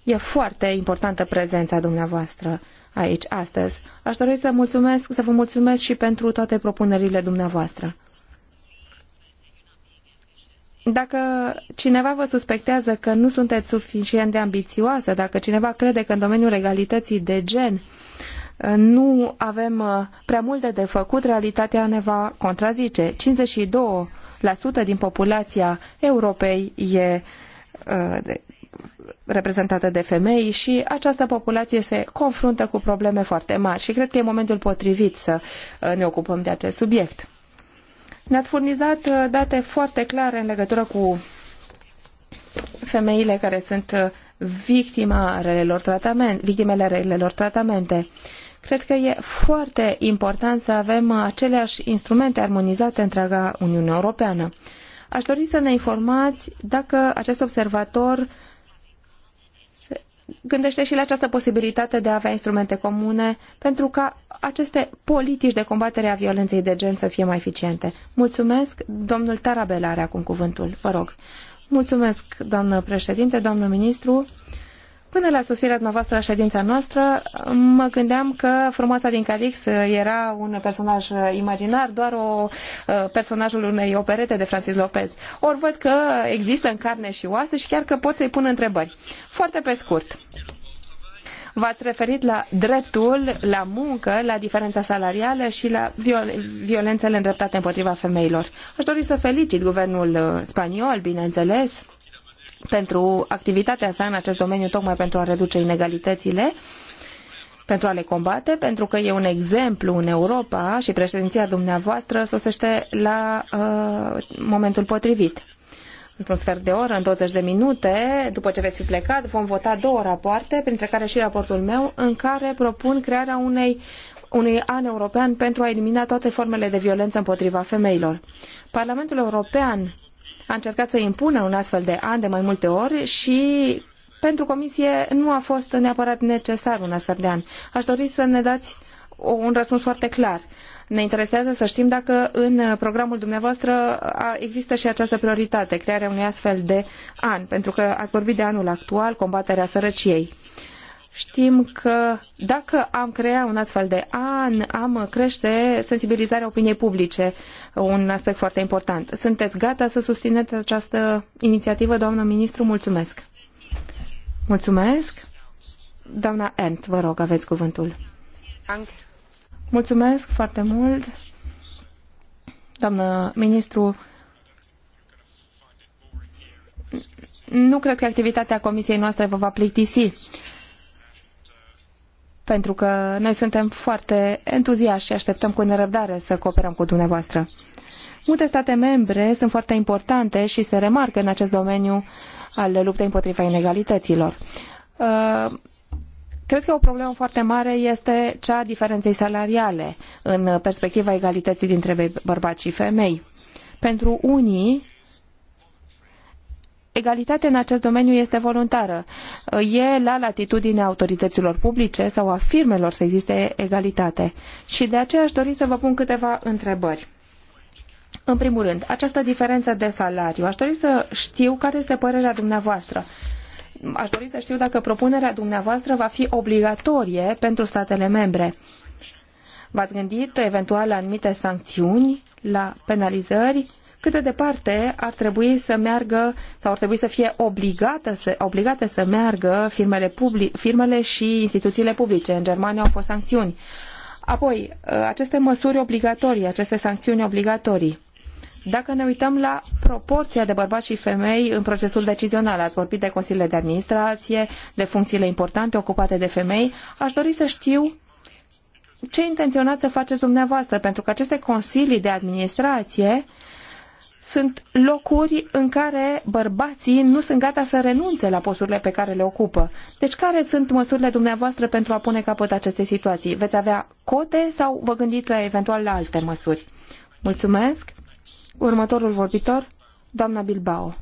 E foarte importantă prezența dumneavoastră aici astăzi. Aș dori să, mulțumesc, să vă mulțumesc și pentru toate propunerile dumneavoastră. Dacă cineva vă suspectează că nu sunteți suficient de ambițioasă, dacă cineva crede că în domeniul legalității de gen uh, nu avem uh, prea multe de făcut, realitatea ne va contrazice. 52% din populația Europei e uh, reprezentată de femei și această populație se confruntă cu probleme foarte mari și cred că e momentul potrivit să uh, ne ocupăm de acest subiect. Ne-ați furnizat uh, date foarte clare în legătură cu femeile care sunt uh, victima relelor tratament, victimele relelor tratamente. Cred că e foarte important să avem aceleași instrumente armonizate întreaga Uniune Europeană. Aș dori să ne informați dacă acest observator gândește și la această posibilitate de a avea instrumente comune pentru ca aceste politici de combatere a violenței de gen să fie mai eficiente. Mulțumesc. Domnul Tarabela are acum cuvântul. Vă rog. Mulțumesc, doamnă președinte, doamnă ministru. Până la sosirea dumneavoastră la ședința noastră, mă gândeam că frumoasa din Calix era un personaj imaginar, doar o, uh, personajul unei operete de Francis Lopez. Ori văd că există în carne și oase și chiar că pot să-i pun întrebări. Foarte pe scurt. V-ați referit la dreptul la muncă, la diferența salarială și la viol- violențele îndreptate împotriva femeilor. Aș dori să felicit guvernul uh, spaniol, bineînțeles, pentru activitatea sa în acest domeniu tocmai pentru a reduce inegalitățile pentru a le combate, pentru că e un exemplu în Europa și președinția dumneavoastră sosește la uh, momentul potrivit. Într-un sfert de oră, în 20 de minute, după ce veți fi plecat, vom vota două rapoarte, printre care și raportul meu, în care propun crearea unei unui an european pentru a elimina toate formele de violență împotriva femeilor. Parlamentul European a încercat să impună un astfel de an de mai multe ori și pentru comisie nu a fost neapărat necesar un astfel de an. Aș dori să ne dați un răspuns foarte clar. Ne interesează să știm dacă în programul dumneavoastră există și această prioritate, crearea unui astfel de an, pentru că ați vorbit de anul actual, combaterea sărăciei. Știm că dacă am crea un astfel de an, am crește sensibilizarea opiniei publice, un aspect foarte important. Sunteți gata să susțineți această inițiativă, doamnă ministru? Mulțumesc! Mulțumesc! Doamna Ernst, vă rog, aveți cuvântul. Mulțumesc foarte mult! Doamnă ministru, nu cred că activitatea comisiei noastre vă va plictisi pentru că noi suntem foarte entuziaști și așteptăm cu nerăbdare să cooperăm cu dumneavoastră. Multe state membre sunt foarte importante și se remarcă în acest domeniu al luptei împotriva inegalităților. Uh, cred că o problemă foarte mare este cea a diferenței salariale în perspectiva egalității dintre bărbați și femei. Pentru unii, egalitatea în acest domeniu este voluntară. E la latitudinea autorităților publice sau a firmelor să existe egalitate. Și de aceea aș dori să vă pun câteva întrebări. În primul rând, această diferență de salariu. Aș dori să știu care este părerea dumneavoastră. Aș dori să știu dacă propunerea dumneavoastră va fi obligatorie pentru statele membre. V-ați gândit eventual la anumite sancțiuni, la penalizări cât de departe ar trebui să meargă sau ar trebui să fie obligată să, obligate să meargă firmele, public, firmele și instituțiile publice. În Germania au fost sancțiuni. Apoi, ă, aceste măsuri obligatorii, aceste sancțiuni obligatorii, dacă ne uităm la proporția de bărbați și femei în procesul decizional, ați vorbit de consiliile de administrație, de funcțiile importante ocupate de femei, aș dori să știu ce intenționați să faceți dumneavoastră, pentru că aceste consilii de administrație sunt locuri în care bărbații nu sunt gata să renunțe la posturile pe care le ocupă. Deci care sunt măsurile dumneavoastră pentru a pune capăt acestei situații? Veți avea cote sau vă gândiți la eventual la alte măsuri? Mulțumesc. Următorul vorbitor, doamna Bilbao.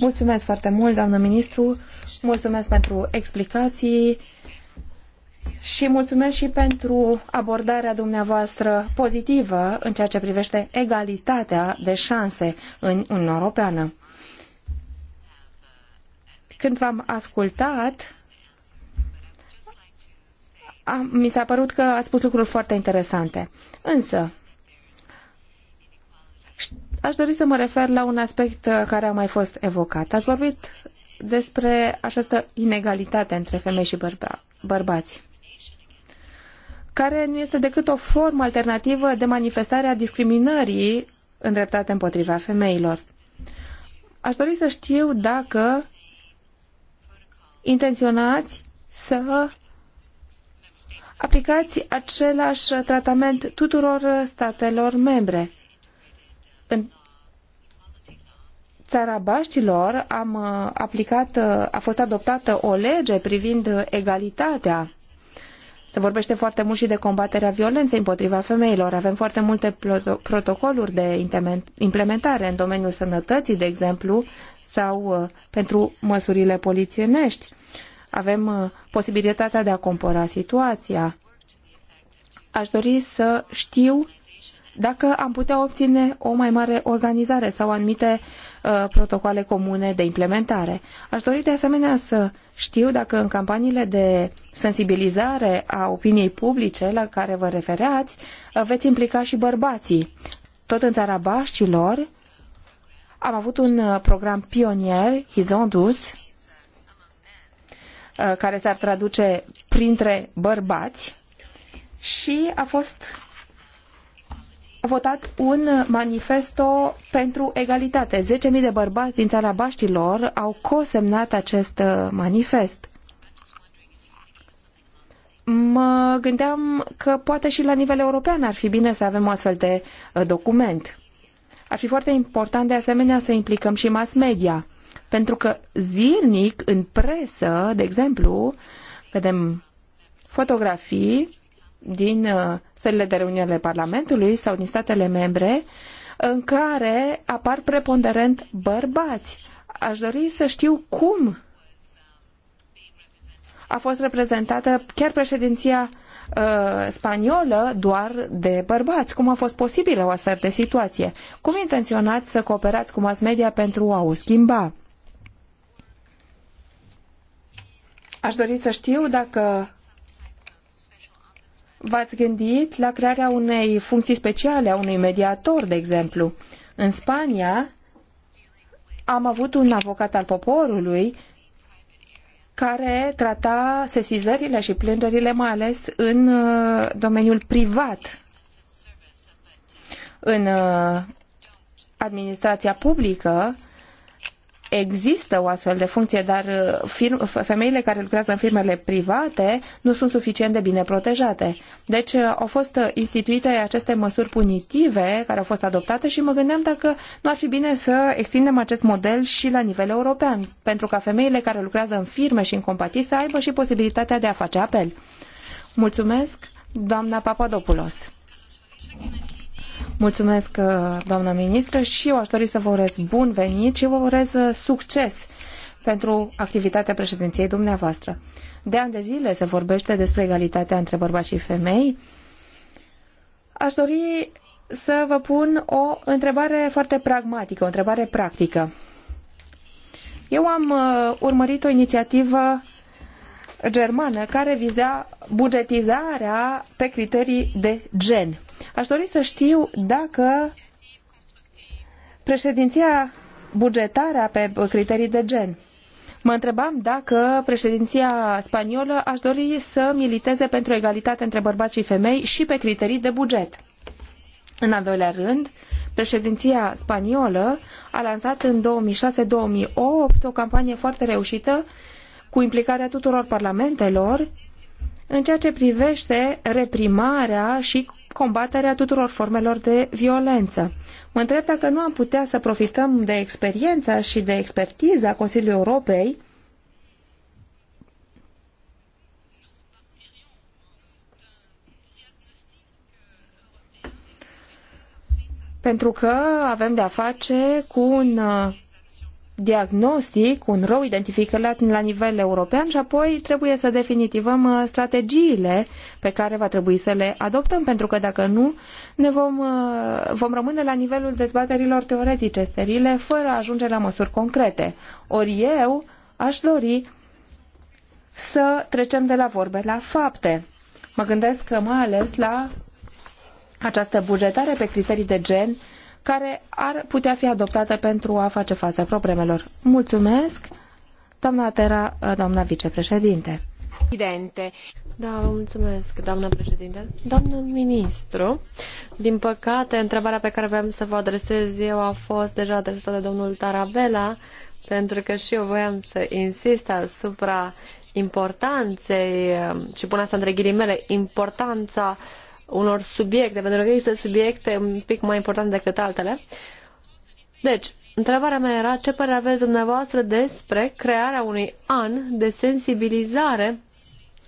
Mulțumesc foarte mult, doamnă ministru. Mulțumesc pentru explicații și mulțumesc și pentru abordarea dumneavoastră pozitivă în ceea ce privește egalitatea de șanse în Uniunea Europeană. Când v-am ascultat, mi s-a părut că ați spus lucruri foarte interesante. Însă, aș dori să mă refer la un aspect uh, care a mai fost evocat. Ați vorbit despre această inegalitate între femei și bărba, bărbați care nu este decât o formă alternativă de manifestare a discriminării îndreptate împotriva femeilor. Aș dori să știu dacă intenționați să aplicați același tratament tuturor statelor membre. În țara Baștilor am uh, aplicat, uh, a fost adoptată o lege privind egalitatea se vorbește foarte mult și de combaterea violenței împotriva femeilor. Avem foarte multe protocoluri de implementare în domeniul sănătății, de exemplu, sau uh, pentru măsurile polițienești. Avem uh, posibilitatea de a compara situația. Aș dori să știu dacă am putea obține o mai mare organizare sau anumite uh, Uh, protocoale comune de implementare. Aș dori de asemenea să știu dacă în campaniile de sensibilizare a opiniei publice la care vă refereați, uh, veți implica și bărbații. Tot în țara Baștilor am avut un uh, program pionier, Hizondus, care s-ar traduce printre bărbați și a fost a votat un manifesto pentru egalitate. 10.000 de bărbați din țara Baștilor au cosemnat acest uh, manifest. Mă gândeam că poate și la nivel european ar fi bine să avem o astfel de uh, document. Ar fi foarte important de asemenea să implicăm și mass media, pentru că zilnic în presă, de exemplu, vedem fotografii din uh, sălile de reuniune ale Parlamentului sau din statele membre în care apar preponderent bărbați. Aș dori să știu cum a fost reprezentată chiar președinția uh, spaniolă doar de bărbați. Cum a fost posibilă o astfel de situație? Cum intenționați să cooperați cu mass media pentru a o schimba? Aș dori să știu dacă V-ați gândit la crearea unei funcții speciale, a unui mediator, de exemplu. În Spania am avut un avocat al poporului care trata sesizările și plângerile, mai ales în uh, domeniul privat, în uh, administrația publică, există o astfel de funcție, dar uh, femeile care lucrează în firmele private nu sunt suficient de bine protejate. Deci uh, au fost instituite aceste măsuri punitive care au fost adoptate și mă gândeam dacă nu ar fi bine să extindem acest model și la nivel european, pentru ca femeile care lucrează în firme și în companii să aibă și posibilitatea de a face apel. Mulțumesc, doamna Papadopoulos. Mulțumesc, uh, doamnă ministră, și eu aș dori să vă urez bun venit și vă urez uh, succes pentru activitatea președinției dumneavoastră. De ani de zile se vorbește despre egalitatea între bărbați și femei. Aș dori să vă pun o întrebare foarte pragmatică, o întrebare practică. Eu am uh, urmărit o inițiativă germană care viza bugetizarea pe criterii de gen. Aș dori să știu dacă președinția bugetară pe criterii de gen. Mă întrebam dacă președinția spaniolă aș dori să militeze pentru egalitate între bărbați și femei și pe criterii de buget. În al doilea rând, președinția spaniolă a lansat în 2006-2008 o campanie foarte reușită cu implicarea tuturor parlamentelor în ceea ce privește reprimarea și combaterea tuturor formelor de violență. Mă întreb dacă nu am putea să profităm de experiența și de expertiza Consiliului Europei pentru că avem de-a face cu un uh, diagnostic, un rol identificat la nivel european și apoi trebuie să definitivăm uh, strategiile pe care va trebui să le adoptăm, pentru că dacă nu, ne vom, uh, vom rămâne la nivelul dezbaterilor teoretice sterile, fără a ajunge la măsuri concrete. Ori eu aș dori să trecem de la vorbe la fapte. Mă gândesc că mai ales la această bugetare pe criterii de gen care ar putea fi adoptată pentru a face față problemelor. Mulțumesc, doamna Tera, doamna vicepreședinte. Presidente. Da, vă mulțumesc, doamna președinte. Doamnă ministru, din păcate, întrebarea pe care voiam să vă adresez eu a fost deja adresată de domnul Tarabella, pentru că și eu voiam să insist asupra importanței, și pun asta între ghilimele, importanța uh, unor subiecte, pentru că există subiecte un pic mai importante decât altele. Deci, întrebarea mea era ce părere aveți dumneavoastră despre crearea unui an de sensibilizare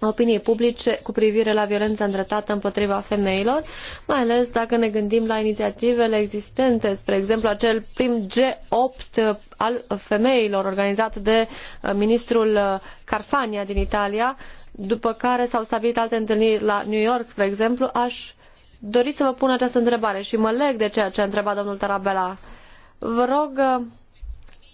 opiniei publice cu privire la violența îndreptată împotriva femeilor, mai ales dacă ne gândim la inițiativele existente, spre exemplu acel prim G8 al femeilor organizat de uh, ministrul uh, Carfania din Italia, după care s-au stabilit alte întâlniri la New York, de exemplu, aș dori să vă pun această întrebare și mă leg de ceea ce a întrebat domnul Tarabella. Vă rog uh,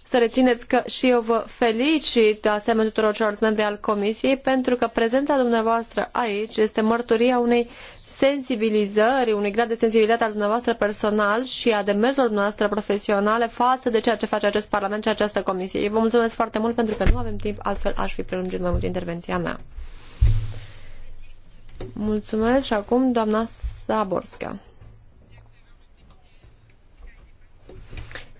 să rețineți că și eu vă felicit de asemenea tuturor celorlalți membri al Comisiei pentru că prezența dumneavoastră aici este mărturia unei sensibilizări, unui grad de sensibilitate al dumneavoastră personal și a demersurilor noastre profesionale față de ceea ce face acest Parlament și această Comisie. Eu vă mulțumesc foarte mult pentru că nu avem timp, altfel aș fi prelungit mai mult intervenția mea. Mulțumesc și acum doamna Saborska.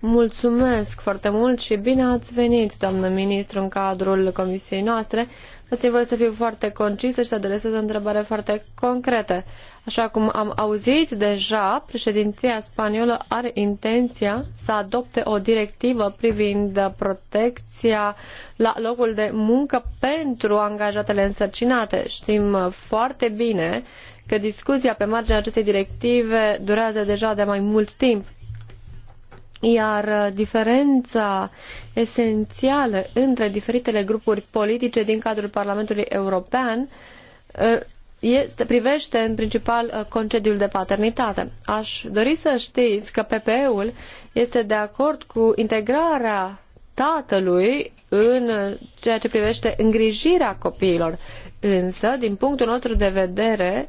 Mulțumesc foarte mult și bine ați venit, doamnă ministru, în cadrul comisiei noastre. Dați-mi voie să fiu foarte concisă și să adresez o întrebare foarte concretă. Așa cum am auzit deja, președinția spaniolă are intenția să adopte o directivă privind protecția la locul de muncă pentru angajatele însărcinate. Știm foarte bine că discuția pe marginea acestei directive durează deja de mai mult timp. Iar diferența esențială între diferitele grupuri politice din cadrul Parlamentului European uh, este, privește în principal uh, concediul de paternitate. Aș dori să știți că PPE-ul este de acord cu integrarea tatălui în uh, ceea ce privește îngrijirea copiilor. Însă, din punctul nostru de vedere,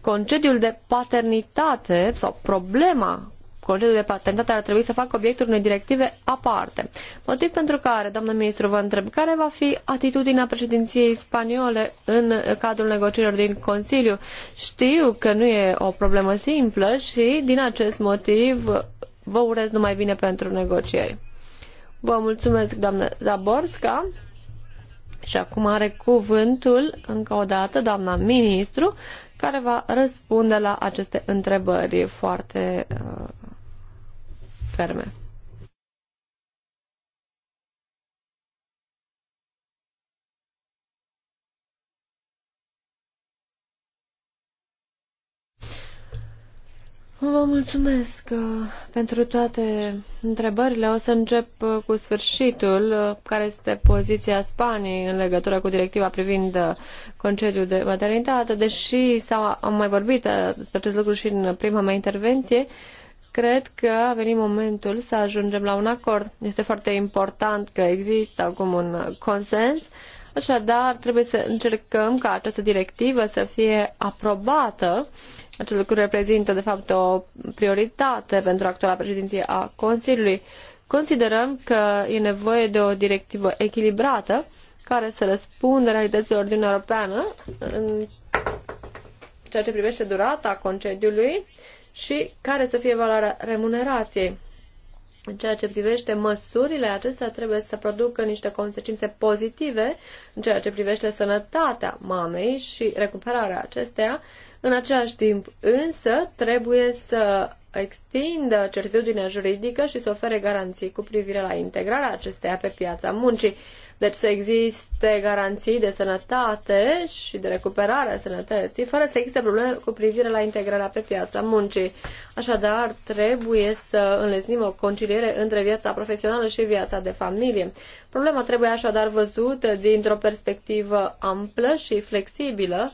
concediul de paternitate sau problema Colegiul de Patentate ar trebui să facă obiectul unei directive aparte. Motiv pentru care, doamnă ministru, vă întreb, care va fi atitudinea președinției spaniole în cadrul negocierilor din Consiliu? Știu că nu e o problemă simplă și, din acest motiv, vă urez numai bine pentru negocieri. Vă mulțumesc, doamnă Zaborska. Și acum are cuvântul, încă o dată, doamna ministru, care va răspunde la aceste întrebări foarte uh, ferme. Vă mulțumesc uh, pentru toate întrebările. O să încep uh, cu sfârșitul, uh, care este poziția Spaniei în legătură cu directiva privind concediul de maternitate. Deși s-a, am mai vorbit despre acest lucru și în prima mea intervenție, uh, Cred că a venit momentul să ajungem la un acord. Este foarte important că există acum un consens, așadar trebuie să încercăm ca această directivă să fie aprobată. Acest lucru reprezintă, de fapt, o prioritate pentru actuala președinție a Consiliului. Considerăm că e nevoie de o directivă echilibrată care să răspundă realităților din Europeană în ceea ce privește durata concediului și care să fie valoarea remunerației. În ceea ce privește măsurile acestea, trebuie să producă niște consecințe pozitive în ceea ce privește sănătatea mamei și recuperarea acesteia. În același timp, însă, trebuie să extindă certitudinea juridică și să ofere garanții cu privire la integrarea acesteia pe piața muncii. Deci să existe garanții de sănătate și de recuperare a sănătății, fără să existe probleme cu privire la integrarea pe piața muncii. Așadar, trebuie să înlesnim o conciliere între viața profesională și viața de familie. Problema trebuie așadar văzută dintr-o perspectivă amplă și flexibilă,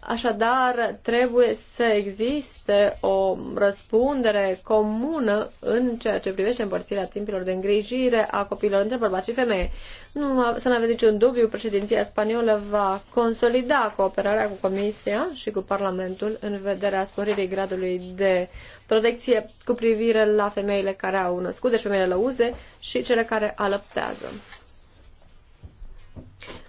Așadar, trebuie să existe o răspundere comună în ceea ce privește împărțirea timpilor de îngrijire a copiilor între bărbați și femeie. Nu, să nu aveți niciun dubiu, președinția spaniolă va consolida cooperarea cu Comisia și cu Parlamentul în vederea sporirii gradului de protecție cu privire la femeile care au născut, deci femeile lăuze și cele care alăptează.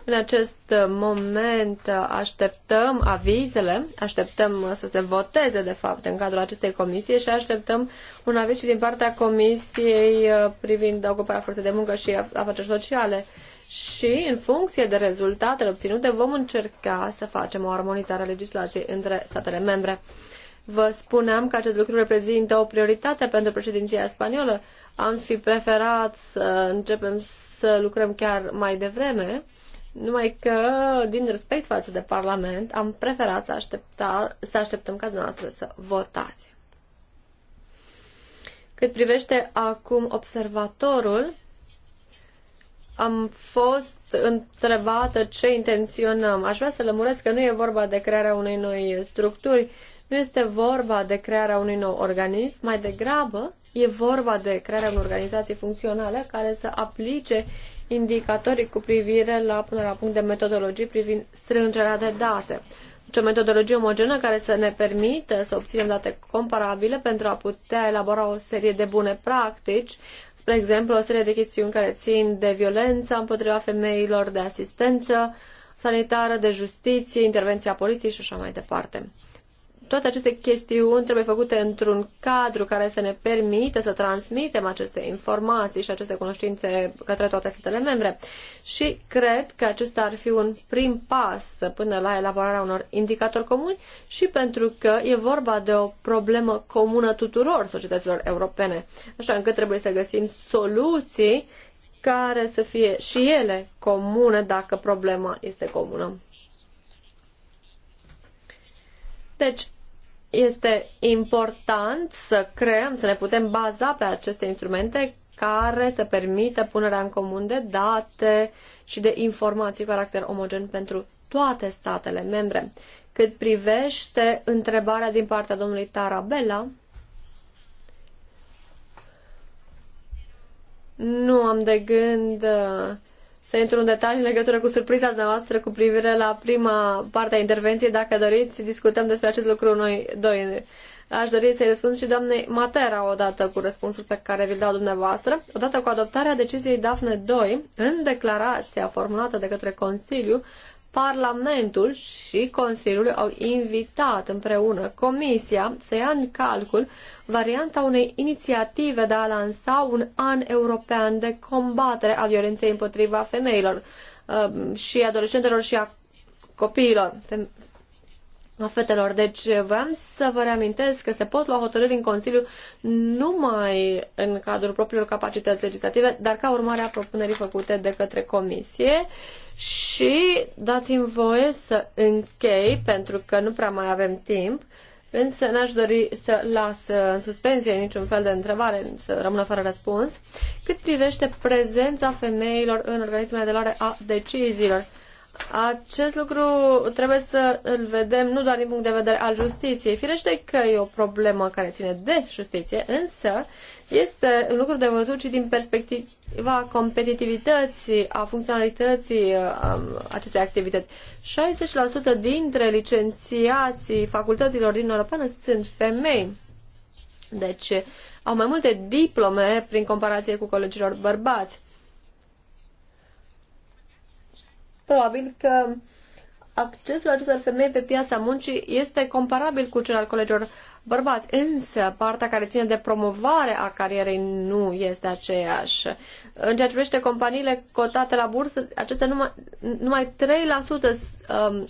În acest uh, moment uh, așteptăm avizele, așteptăm uh, să se voteze, de fapt, în cadrul acestei comisii și așteptăm un aviz și din partea comisiei privind ocuparea forței de muncă și afaceri sociale. Și, în funcție de rezultatele obținute, vom încerca să facem o armonizare a legislației între statele membre. Vă spuneam că acest lucru reprezintă o prioritate pentru președinția spaniolă. Am fi preferat să începem să lucrăm chiar mai devreme, numai că, din respect față de Parlament, am preferat să, aștepta, să așteptăm ca dumneavoastră să votați. Cât privește acum observatorul, am fost întrebată ce intenționăm. Aș vrea să lămuresc că nu e vorba de crearea unei noi structuri, nu este vorba de crearea unui nou organism, mai degrabă e vorba de crearea unei organizații funcționale care să aplice indicatorii cu privire la până la punct de metodologie privind strângerea de date. Deci o metodologie omogenă care să ne permită să obținem date comparabile pentru a putea elabora o serie de bune practici, spre exemplu o serie de chestiuni care țin de violență împotriva femeilor, de asistență sanitară, de justiție, intervenția poliției și așa mai departe toate aceste chestiuni trebuie făcute într-un cadru care să ne permită să transmitem aceste informații și aceste cunoștințe către toate statele membre. Și cred că acesta ar fi un prim pas până la elaborarea unor indicatori comuni și pentru că e vorba de o problemă comună tuturor societăților europene. Așa încât trebuie să găsim soluții care să fie și ele comune dacă problema este comună. Deci, este important să creăm, să ne putem baza pe aceste instrumente care să permită punerea în comun de date și de informații cu caracter omogen pentru toate statele membre. Cât privește întrebarea din partea domnului Tarabella, nu am de gând uh, să intru în detalii în legătură cu surpriza noastră cu privire la prima parte a intervenției. Dacă doriți, discutăm despre acest lucru noi doi. Aș dori să-i răspund și doamnei Matera odată cu răspunsul pe care vi-l dau dumneavoastră. Odată cu adoptarea deciziei DAFNE 2, în declarația formulată de către Consiliu, Parlamentul și Consiliul au invitat împreună Comisia să ia în calcul varianta unei inițiative de a lansa un an european de combatere a violenței împotriva femeilor um, și adolescentelor și a copiilor, fetelor. Deci vreau să vă reamintesc că se pot lua hotărâri în Consiliu numai în cadrul propriilor capacități legislative, dar ca urmare a propunerii făcute de către Comisie. Și dați-mi voie să închei, pentru că nu prea mai avem timp, însă n-aș dori să las uh, în suspensie niciun fel de întrebare, să rămână fără răspuns, cât privește prezența femeilor în organismele de luare a deciziilor. Acest lucru trebuie să îl vedem nu doar din punct de vedere al justiției. Firește că e o problemă care ține de justiție, însă este un lucru de văzut și din perspectiva competitivității, a funcționalității um, acestei activități. 60% dintre licențiații facultăților din Europeană sunt femei. Deci au mai multe diplome prin comparație cu colegilor bărbați. Probabil că accesul acestor femei pe piața muncii este comparabil cu cel al colegilor bărbați, însă partea care ține de promovare a carierei nu este aceeași. În ceea ce privește companiile cotate la bursă, acestea numai, numai 3%, um,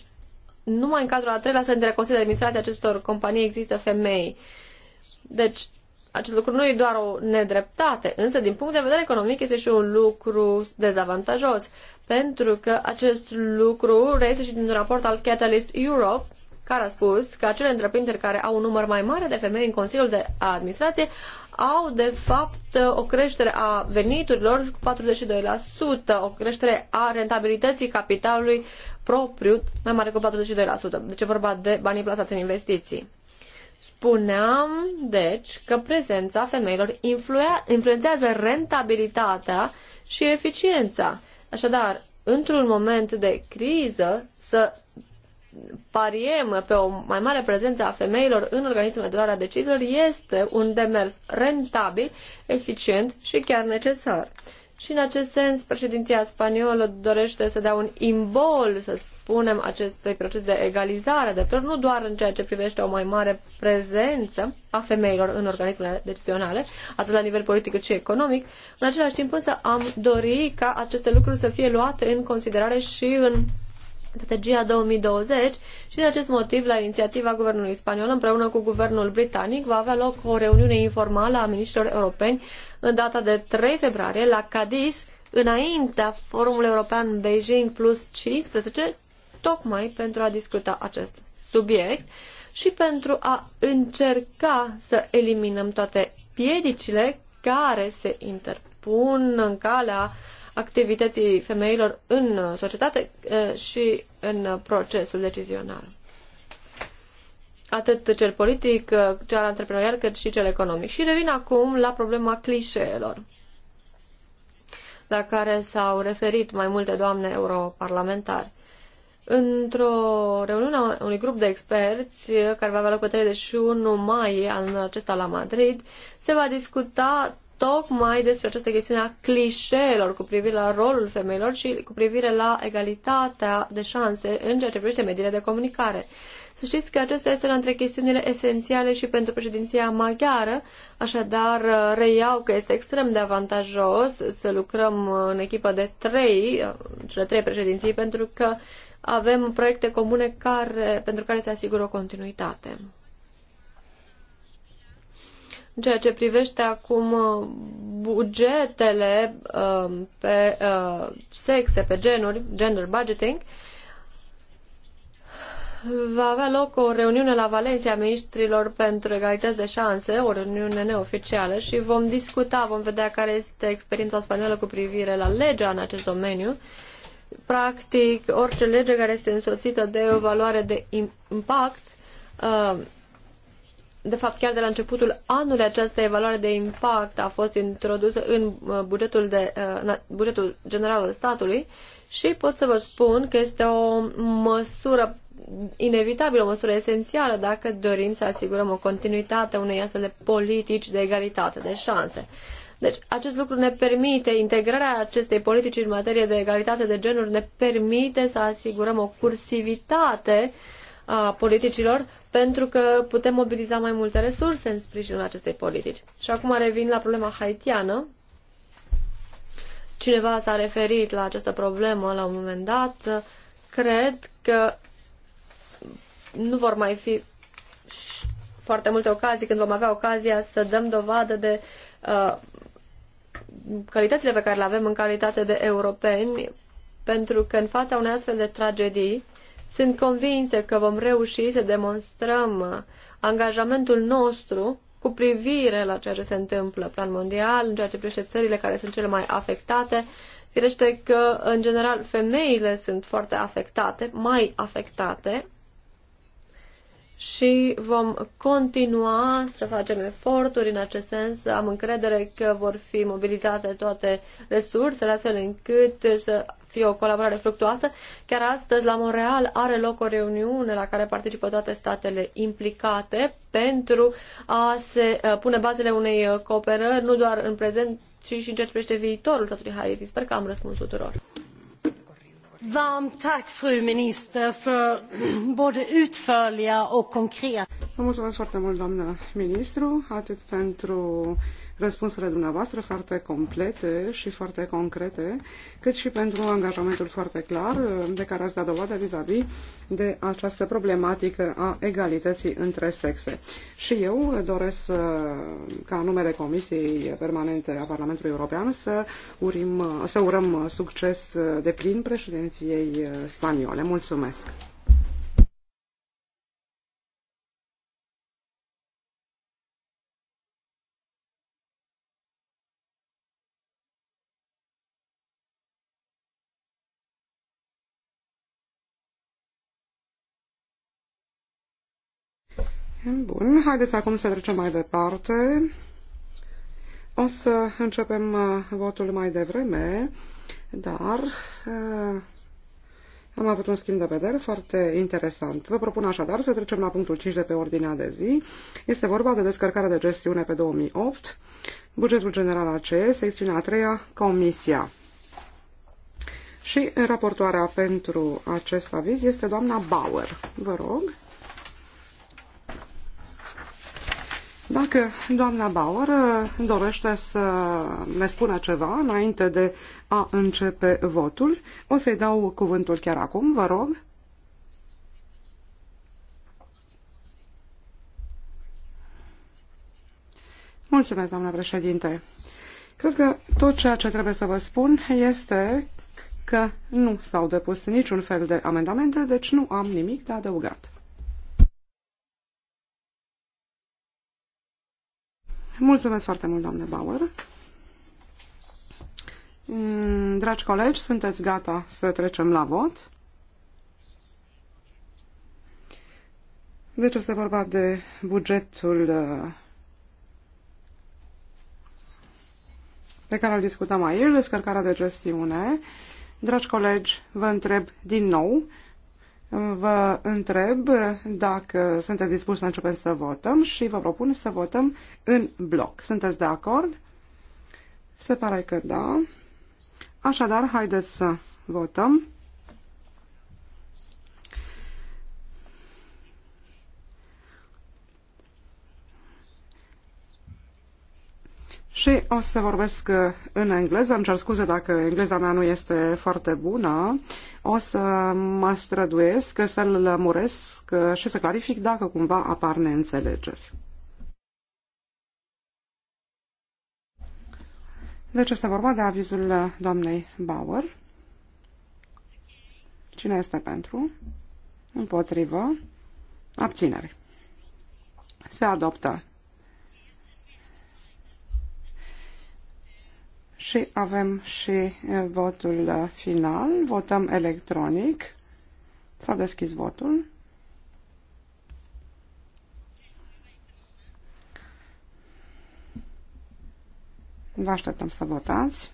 numai în cadrul a 3% dintre consiliile administrate acestor companii există femei. Deci, acest lucru nu e doar o nedreptate, însă din punct de vedere economic este și un lucru dezavantajos, pentru că acest lucru reiese și din un raport al Catalyst Europe, care a spus că acele întreprinderi care au un număr mai mare de femei în Consiliul de Administrație au, de fapt, o creștere a veniturilor cu 42%, o creștere a rentabilității capitalului propriu mai mare cu 42%. Deci e vorba de banii plasați în investiții. Spuneam, deci, că prezența femeilor influențează rentabilitatea și eficiența. Așadar, într-un moment de criză, să pariem pe o mai mare prezență a femeilor în organismele de luare a deciziilor este un demers rentabil, eficient și chiar necesar. Și în acest sens, președinția spaniolă dorește să dea un imbol, să opunem acestui proces de egalizare de nu doar în ceea ce privește o mai mare prezență a femeilor în organismele decizionale, atât la nivel politic cât și economic. În același timp însă am dori ca aceste lucruri să fie luate în considerare și în strategia 2020 și din acest motiv, la inițiativa Guvernului Spaniol, împreună cu Guvernul Britanic, va avea loc o reuniune informală a ministrilor europeni în data de 3 februarie la Cadiz, înaintea Forumului European Beijing plus 15, tocmai pentru a discuta acest subiect și pentru a încerca să eliminăm toate piedicile care se interpun în calea activității femeilor în societate eh, și în procesul decizional. Atât cel politic, eh, cel antreprenorial, cât și cel economic. Și revin acum la problema clișeelor la care s-au referit mai multe doamne europarlamentari într-o reuniune a unui grup de experți care va avea loc pe 31 mai anul acesta la Madrid, se va discuta tocmai despre această chestiune a clișeelor cu privire la rolul femeilor și cu privire la egalitatea de șanse în ceea ce privește mediile de comunicare. Să știți că acesta este una dintre chestiunile esențiale și pentru președinția maghiară, așadar uh, reiau că este extrem de avantajos să lucrăm în echipă de trei, uh, cele trei președinții, pentru că avem proiecte comune care, pentru care se asigură o continuitate. În ceea ce privește acum uh, bugetele uh, pe uh, sexe, pe genuri, gender budgeting, va avea loc o reuniune la Valencia a ministrilor pentru egalități de șanse, o reuniune neoficială și vom discuta, vom vedea care este experiența spaniolă cu privire la legea în acest domeniu Practic, orice lege care este însoțită de o valoare de impact, uh, de fapt chiar de la începutul anului această evaluare de impact a fost introdusă în uh, bugetul, de, în uh, bugetul general al statului și pot să vă spun că este o măsură inevitabilă, o măsură esențială dacă dorim să asigurăm o continuitate unei astfel de politici de egalitate de șanse. Deci acest lucru ne permite, integrarea acestei politici în materie de egalitate de genuri ne permite să asigurăm o cursivitate a politicilor pentru că putem mobiliza mai multe resurse în sprijinul acestei politici. Și acum revin la problema haitiană. Cineva s-a referit la această problemă la un moment dat. Cred că nu vor mai fi foarte multe ocazii când vom avea ocazia să dăm dovadă de uh, calitățile pe care le avem în calitate de europeni, pentru că în fața unei astfel de tragedii sunt convinsă că vom reuși să demonstrăm angajamentul nostru cu privire la ceea ce se întâmplă plan mondial, în ceea ce privește țările care sunt cele mai afectate. Firește că, în general, femeile sunt foarte afectate, mai afectate, și vom continua să facem eforturi în acest sens. Am încredere că vor fi mobilizate toate resursele astfel încât să fie o colaborare fructuoasă. Chiar astăzi la Montreal are loc o reuniune la care participă toate statele implicate pentru a se uh, pune bazele unei cooperări nu doar în prezent, ci și în ce privește viitorul statului Haiti. Sper că am răspuns tuturor. Varmt tack fru minister för både utförliga och konkreta. Vă mulțumesc foarte mult, doamnă ministru, atât pentru răspunsurile dumneavoastră foarte complete și foarte concrete, cât și pentru angajamentul foarte clar uh, de care ați dat dovadă vis-a-vis -vis de această problematică a egalității între sexe. Și eu uh, doresc uh, ca numele Comisiei Permanente a Parlamentului European să, urim, să urăm succes de plin președinției spaniole. Mulțumesc! Bun, haideți acum să trecem mai departe. O să începem uh, votul mai devreme, dar uh, am avut un schimb de vedere foarte interesant. Vă propun așadar să trecem la punctul 5 de pe ordinea de zi. Este vorba de descărcarea de gestiune pe 2008, bugetul general ACE, secțiunea a treia, Comisia. Și raportoarea pentru acest aviz este doamna Bauer. Vă rog. Dacă doamna Bauer uh, dorește să ne spună ceva înainte de a începe votul, o să-i dau cuvântul chiar acum, vă rog. Mulțumesc, doamna președinte. Cred că tot ceea ce trebuie să vă spun este că nu s-au depus niciun fel de amendamente, deci nu am nimic de adăugat. Mulțumesc foarte mult, doamne Bauer. Mm, dragi colegi, sunteți gata să trecem la vot? Deci este vorba de bugetul uh, pe care îl discutăm aici, descărcarea de gestiune. Dragi colegi, vă întreb din nou Vă întreb dacă sunteți dispuși să începem să votăm și vă propun să votăm în bloc. Sunteți de acord? Se pare că da. Așadar, haideți să votăm. Și o să vorbesc uh, în engleză, îmi cer scuze dacă engleza mea nu este foarte bună. O să mă străduiesc să-l lămuresc uh, și să clarific dacă cumva apar neînțelegeri. Deci este vorba de avizul doamnei Bauer. Cine este pentru? Împotrivă. Abțineri. Se adoptă. Și avem și votul uh, final. Votăm electronic. S-a deschis votul. Vă așteptăm să votați.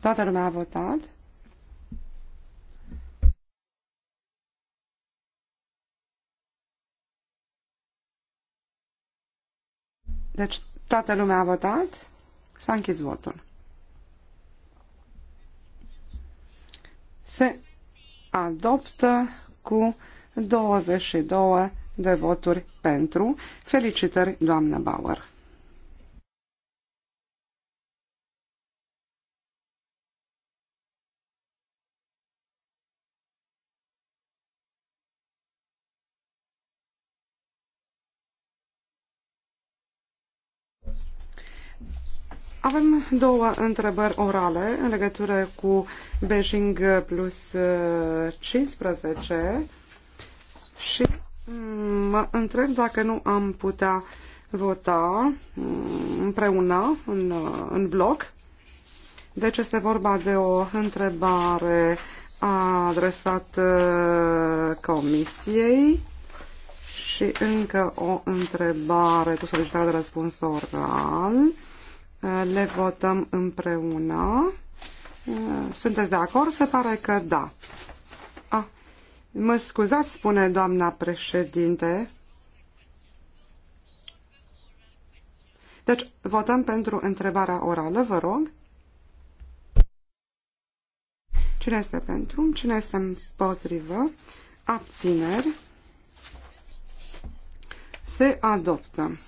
Toată lumea a votat. Deci toată lumea a votat. S-a închis votul. se adoptă cu 22 de voturi pentru. Felicitări, doamnă Bauer! Avem două întrebări orale în legătură cu Beijing plus 15 uh, și mm, mă întreb dacă nu am putea vota mm, împreună în, uh, în bloc. Deci este vorba de o întrebare adresată uh, Comisiei și încă o întrebare cu solicitare de răspuns oral le votăm împreună. Sunteți de acord? Se pare că da. Ah, mă scuzați, spune doamna președinte. Deci, votăm pentru întrebarea orală, vă rog. Cine este pentru? Cine este împotrivă? Abțineri. Se adoptă.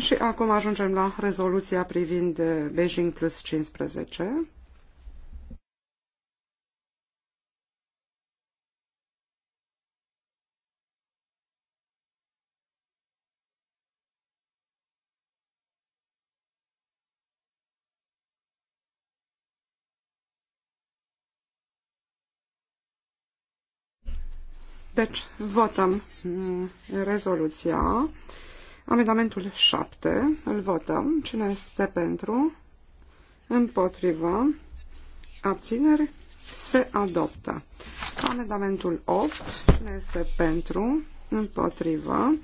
Și acum ajungem la rezoluția privind eh, Beijing plus 15. Deci, votăm mm, rezoluția Amendamentul 7, îl votăm. Cine este pentru? Împotrivă. Abțineri. Se adoptă. Amendamentul 8, cine este pentru? Împotrivă.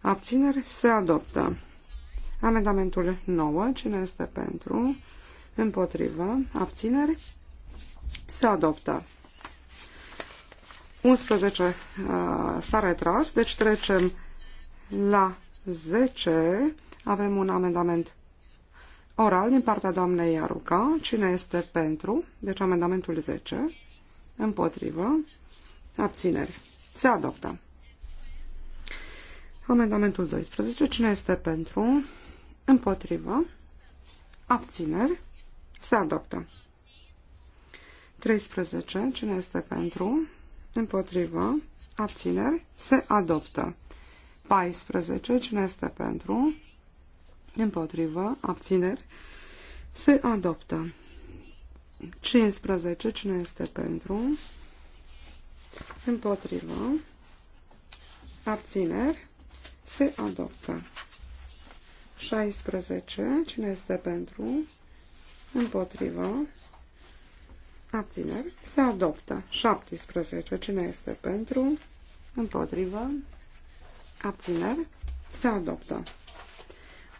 Abțineri. Se adoptă. Amendamentul 9, cine este pentru? Împotrivă. Abțineri. Se adoptă. 11 uh, s-a retras, deci trecem la 10 avem un amendament oral din partea doamnei Iaruca. Cine este pentru? Deci amendamentul 10. Împotrivă. Abțineri. Se adoptă. Amendamentul 12. Cine este pentru? Împotrivă. Abțineri. Se adoptă. 13. Cine este pentru? Împotrivă. Abțineri. Se adoptă. 14. Cine este pentru? Împotrivă. Abțineri. Se adoptă. 15. Cine este pentru? Împotrivă. Abțineri. Se adoptă. 16. Cine este pentru? Împotrivă. Abțineri. Se adoptă. 17. Cine este pentru? Împotrivă. Abțineri. Se adoptă.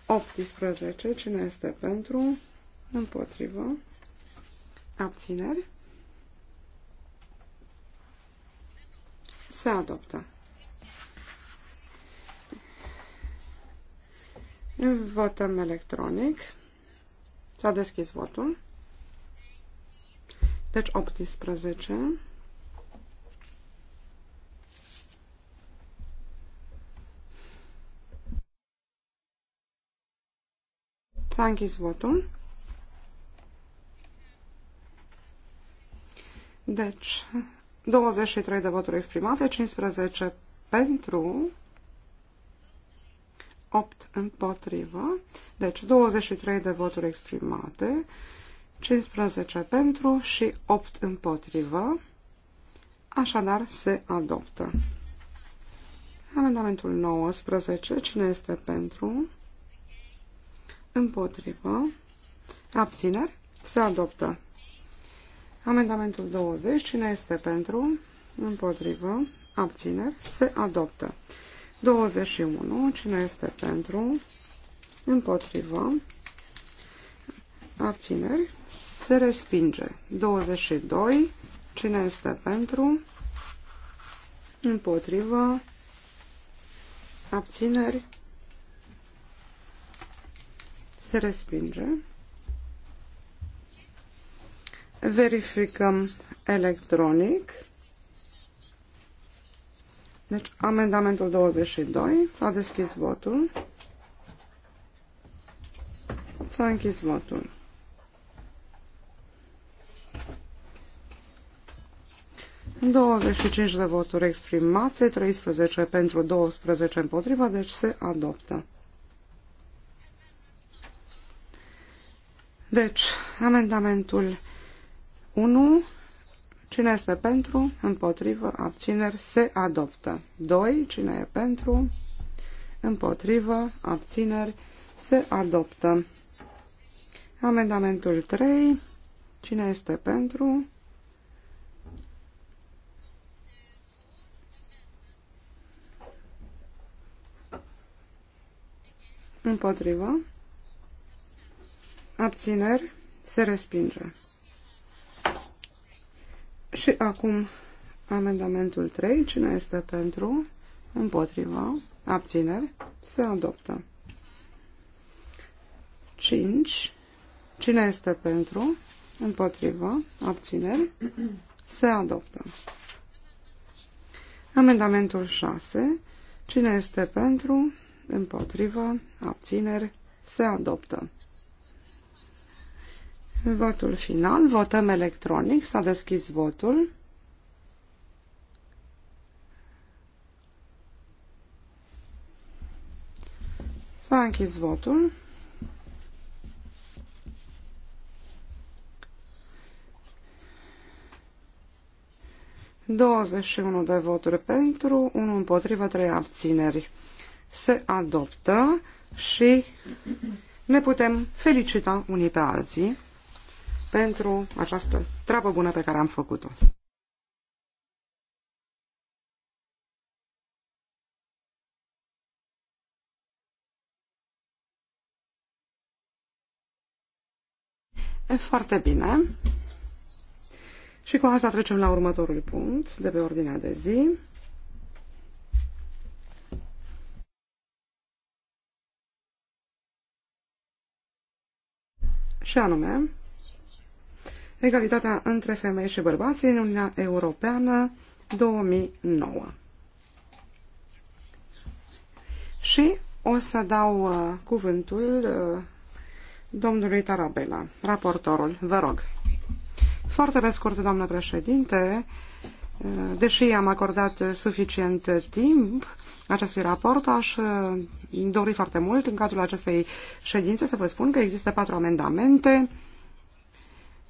18. Cine este pentru? Împotrivă. Abțineri. Se adoptă. Votăm electronic. S-a deschis votul. Deci 18. S-a închis votul. Deci, 23 de voturi exprimate, 15 pentru, 8 împotrivă. Deci, 23 de voturi exprimate, 15 pentru și 8 împotrivă. Așadar, se adoptă. Amendamentul 19. Cine este pentru? Pentru împotrivă, abțineri, se adoptă. Amendamentul 20, cine este pentru, împotrivă, abțineri, se adoptă. 21, cine este pentru, împotrivă, abțineri, se respinge. 22, cine este pentru, împotrivă, abțineri, se respinge. Verificăm electronic. Deci, amendamentul 22. S-a deschis votul. S-a închis votul. În 25 de voturi exprimate, 13 pentru 12 împotriva, deci se adoptă. Deci, amendamentul 1, cine este pentru, împotrivă, abțineri, se adoptă. 2, cine e pentru, împotrivă, abțineri, se adoptă. Amendamentul 3, cine este pentru, împotrivă, abțineri, se respinge. Și acum amendamentul 3, cine este pentru, împotriva, abțineri, se adoptă. 5, cine este pentru, împotriva, abțineri, se adoptă. Amendamentul 6, cine este pentru, împotriva, abțineri, se adoptă. Votul final. Votăm electronic. S-a deschis votul. S-a închis votul. Douăzeci și unu de voturi pentru, unul împotrivă, trei abțineri. Se adoptă și ne putem felicita unii pe alții pentru această treabă bună pe care am făcut-o. E foarte bine. Și cu asta trecem la următorul punct de pe ordinea de zi. Și anume, Egalitatea între femei și bărbații în Uniunea Europeană 2009. Și o să dau uh, cuvântul uh, domnului Tarabela, raportorul. Vă rog. Foarte pe scurt, doamnă președinte, uh, deși am acordat suficient timp acestui raport, aș uh, dori foarte mult în cadrul acestei ședințe să vă spun că există patru amendamente uh,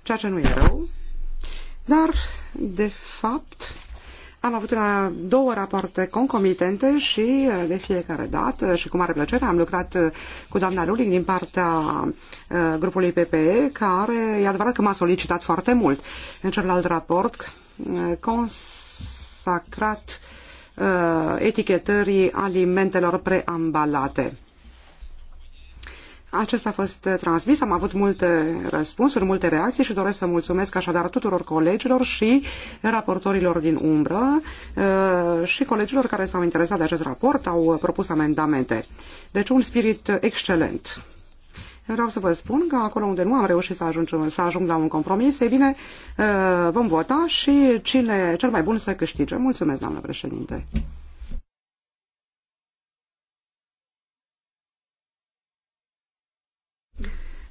ceea ce nu e rău, dar, de fapt, am avut la două rapoarte concomitente și uh, de fiecare dată și cu mare plăcere am lucrat uh, cu doamna Rulic din partea uh, grupului PPE, care e adevărat că m-a solicitat foarte mult. În celălalt raport consacrat etichetării alimentelor preambalate. Acesta a fost eh, transmis, am avut multe răspunsuri, multe reacții și doresc să mulțumesc așadar tuturor colegilor și raportorilor din umbră eh, și colegilor care s-au interesat de acest raport, au propus amendamente. Deci un spirit excelent. Vreau să vă spun că acolo unde nu am reușit să ajung, să ajung la un compromis, ei bine, eh, vom vota și cine cel mai bun să câștige. Mulțumesc, doamnă președinte.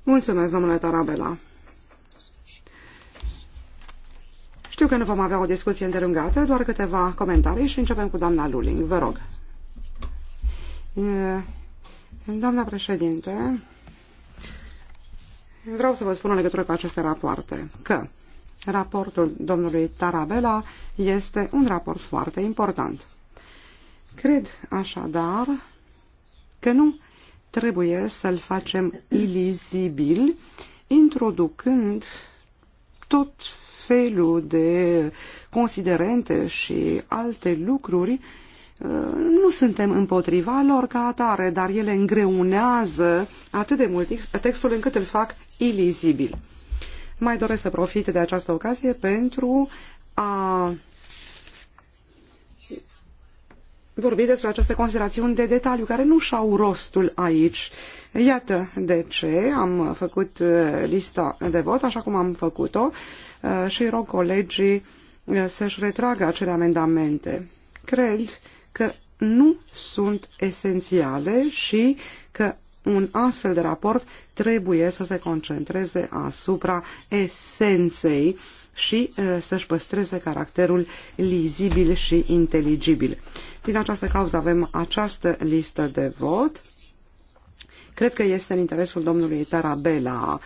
Mulțumesc, domnule Tarabela. Știu că nu vom avea o discuție îndelungată, doar câteva comentarii și începem cu doamna Luling. Vă rog. Doamna președinte, vreau să vă spun în legătură cu aceste rapoarte că raportul domnului Tarabela este un raport foarte important. Cred așadar că nu trebuie să-l facem ilizibil, introducând tot felul de considerente și alte lucruri. Uh, nu suntem împotriva lor ca atare, dar ele îngreunează atât de mult textul încât îl fac ilizibil. Mai doresc să profit de această ocazie pentru a vorbi despre aceste considerațiuni de detaliu, care nu și-au rostul aici. Iată de ce am făcut uh, lista de vot, așa cum am făcut-o, uh, și rog colegii uh, să-și retragă acele amendamente. Cred că nu sunt esențiale și că un astfel de raport trebuie să se concentreze asupra esenței uh, și să-și păstreze caracterul lizibil și inteligibil. Din această cauză avem această listă de vot. Cred că este în interesul domnului Tarabela.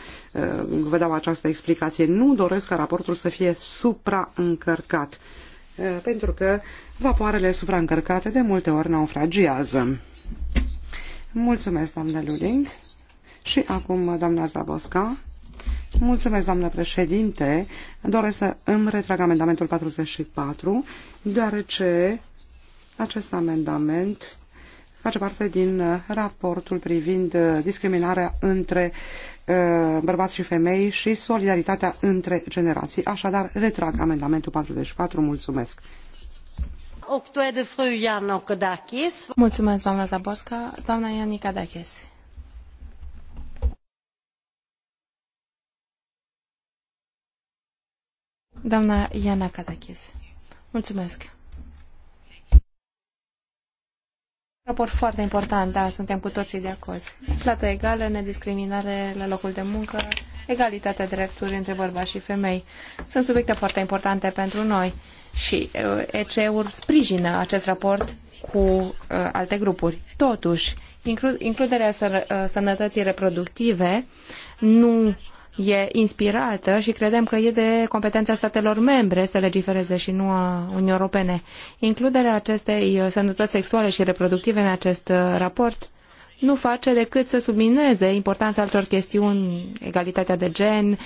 Vă dau această explicație. Nu doresc ca raportul să fie supraîncărcat, pentru că vapoarele supraîncărcate de multe ori naufragiază. Mulțumesc, doamnă Luling. Și acum, doamna Zabosca. Mulțumesc, doamnă președinte. Doresc să îmi retrag amendamentul 44, deoarece acest amendament face parte din uh, raportul privind uh, discriminarea între uh, bărbați și femei și solidaritatea între generații. Așadar, retrag amendamentul 44. Mulțumesc. Mulțumesc, doamna Zaborska. Doamna Ianica Dachis. Doamna Iana Catachis. Mulțumesc. Raport foarte important, da, suntem cu toții de acord. Plată egală, nediscriminare la locul de muncă, egalitatea drepturi între bărbați și femei. Sunt subiecte foarte importante pentru noi și uh, ECE-ul sprijină acest raport cu uh, alte grupuri. Totuși, includerea uh, sănătății reproductive nu e inspirată și credem că e de competența statelor membre să legifereze și nu a Uniunii Europene. Includerea acestei uh, sănătăți sexuale și reproductive în acest uh, raport nu face decât să submineze importanța altor chestiuni, egalitatea de gen, uh,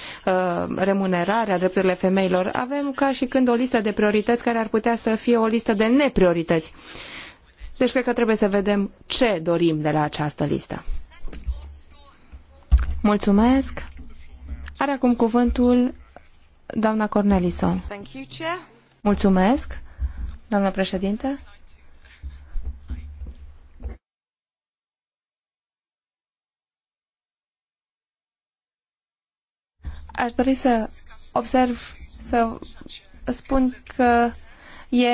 remunerarea, drepturile femeilor. Avem ca și când o listă de priorități care ar putea să fie o listă de nepriorități. Deci cred că trebuie să vedem ce dorim de la această listă. Mulțumesc! Are acum cuvântul doamna Cornelison. Mulțumesc, doamna președinte. Aș dori să observ, să spun că e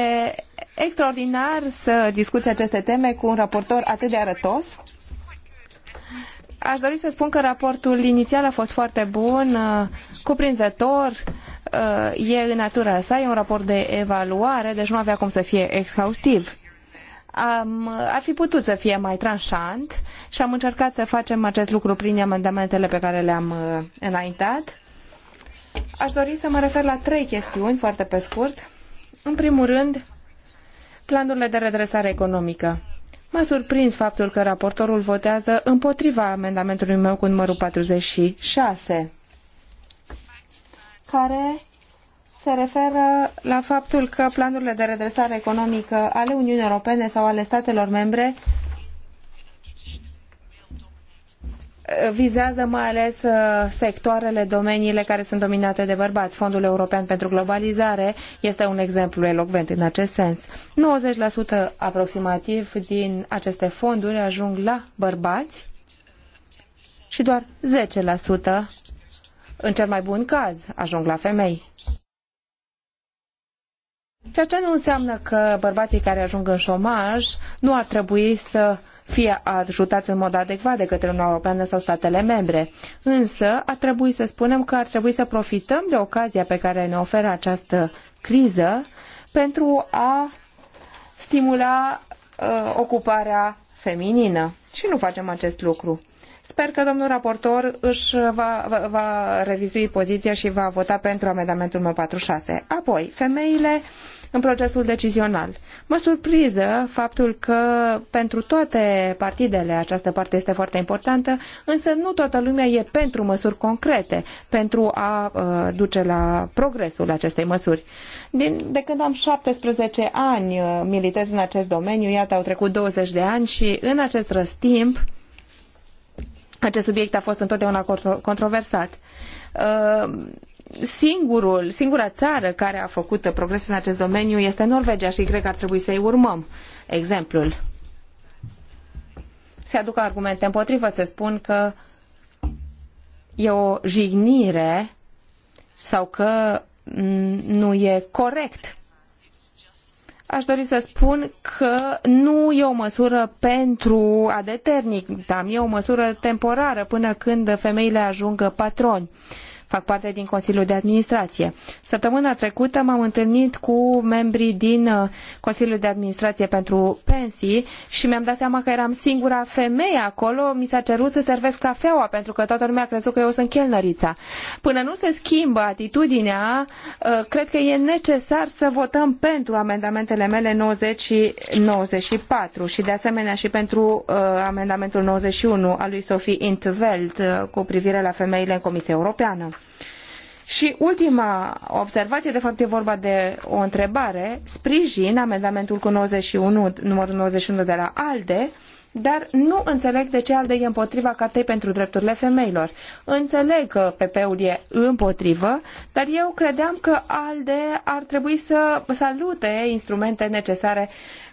extraordinar să discuți aceste teme cu un raportor atât de arătos Aș dori să spun că raportul inițial a fost foarte bun, uh, cuprinzător, uh, e în natura sa, e un raport de evaluare, deci nu avea cum să fie exhaustiv. Am, ar fi putut să fie mai tranșant și am încercat să facem acest lucru prin amendamentele pe care le-am uh, înaintat. Aș dori să mă refer la trei chestiuni foarte pe scurt. În primul rând, planurile de redresare economică. M-a surprins faptul că raportorul votează împotriva amendamentului meu cu numărul 46, care se referă la faptul că planurile de redresare economică ale Uniunii Europene sau ale statelor membre vizează mai ales uh, sectoarele, domeniile care sunt dominate de bărbați. Fondul European pentru Globalizare este un exemplu elocvent în acest sens. 90% aproximativ din aceste fonduri ajung la bărbați și doar 10% în cel mai bun caz ajung la femei. Ceea ce nu înseamnă că bărbații care ajung în șomaj nu ar trebui să fie ajutați în mod adecvat de către Uniunea Europeană sau statele membre. Însă, ar trebui să spunem că ar trebui să profităm de ocazia pe care ne oferă această criză pentru a stimula uh, ocuparea feminină. Și nu facem acest lucru. Sper că domnul raportor își va, va, va revizui poziția și va vota pentru amendamentul meu 46. Apoi, femeile uh, în procesul decizional. Mă surpriză faptul că pentru toate partidele această parte este foarte importantă, însă nu toată lumea e pentru măsuri concrete, pentru a uh, duce la progresul acestei măsuri. Din, de când am 17 ani uh, militez în acest domeniu, iată, au trecut 20 de ani și în acest răstimp acest subiect a fost întotdeauna controversat. Uh, singurul, singura țară care a făcut progres în acest domeniu este Norvegia și cred că ar trebui să-i urmăm exemplul. Se aduc argumente împotrivă, se spun că e o jignire sau că nu e corect aș dori să spun că nu e o măsură pentru a determina, e o măsură temporară până când femeile ajung patroni fac parte din Consiliul de Administrație. Săptămâna trecută m-am întâlnit cu membrii din uh, Consiliul de Administrație pentru Pensii și mi-am dat seama că eram singura femeie acolo, mi s-a cerut să servesc cafeaua pentru că toată lumea a crezut că eu sunt chelnărița. Până nu se schimbă atitudinea, uh, cred că e necesar să votăm pentru amendamentele mele 90 și 94 și de asemenea și pentru uh, amendamentul 91 al lui Sophie Intveld cu privire la femeile în Comisia Europeană. Și ultima observație, de fapt e vorba de o întrebare, sprijin amendamentul cu 91, numărul 91 de la ALDE, dar nu înțeleg de ce ALDE e împotriva cartei pentru drepturile femeilor. Înțeleg că PP-ul e împotrivă, dar eu credeam că ALDE ar trebui să salute instrumente necesare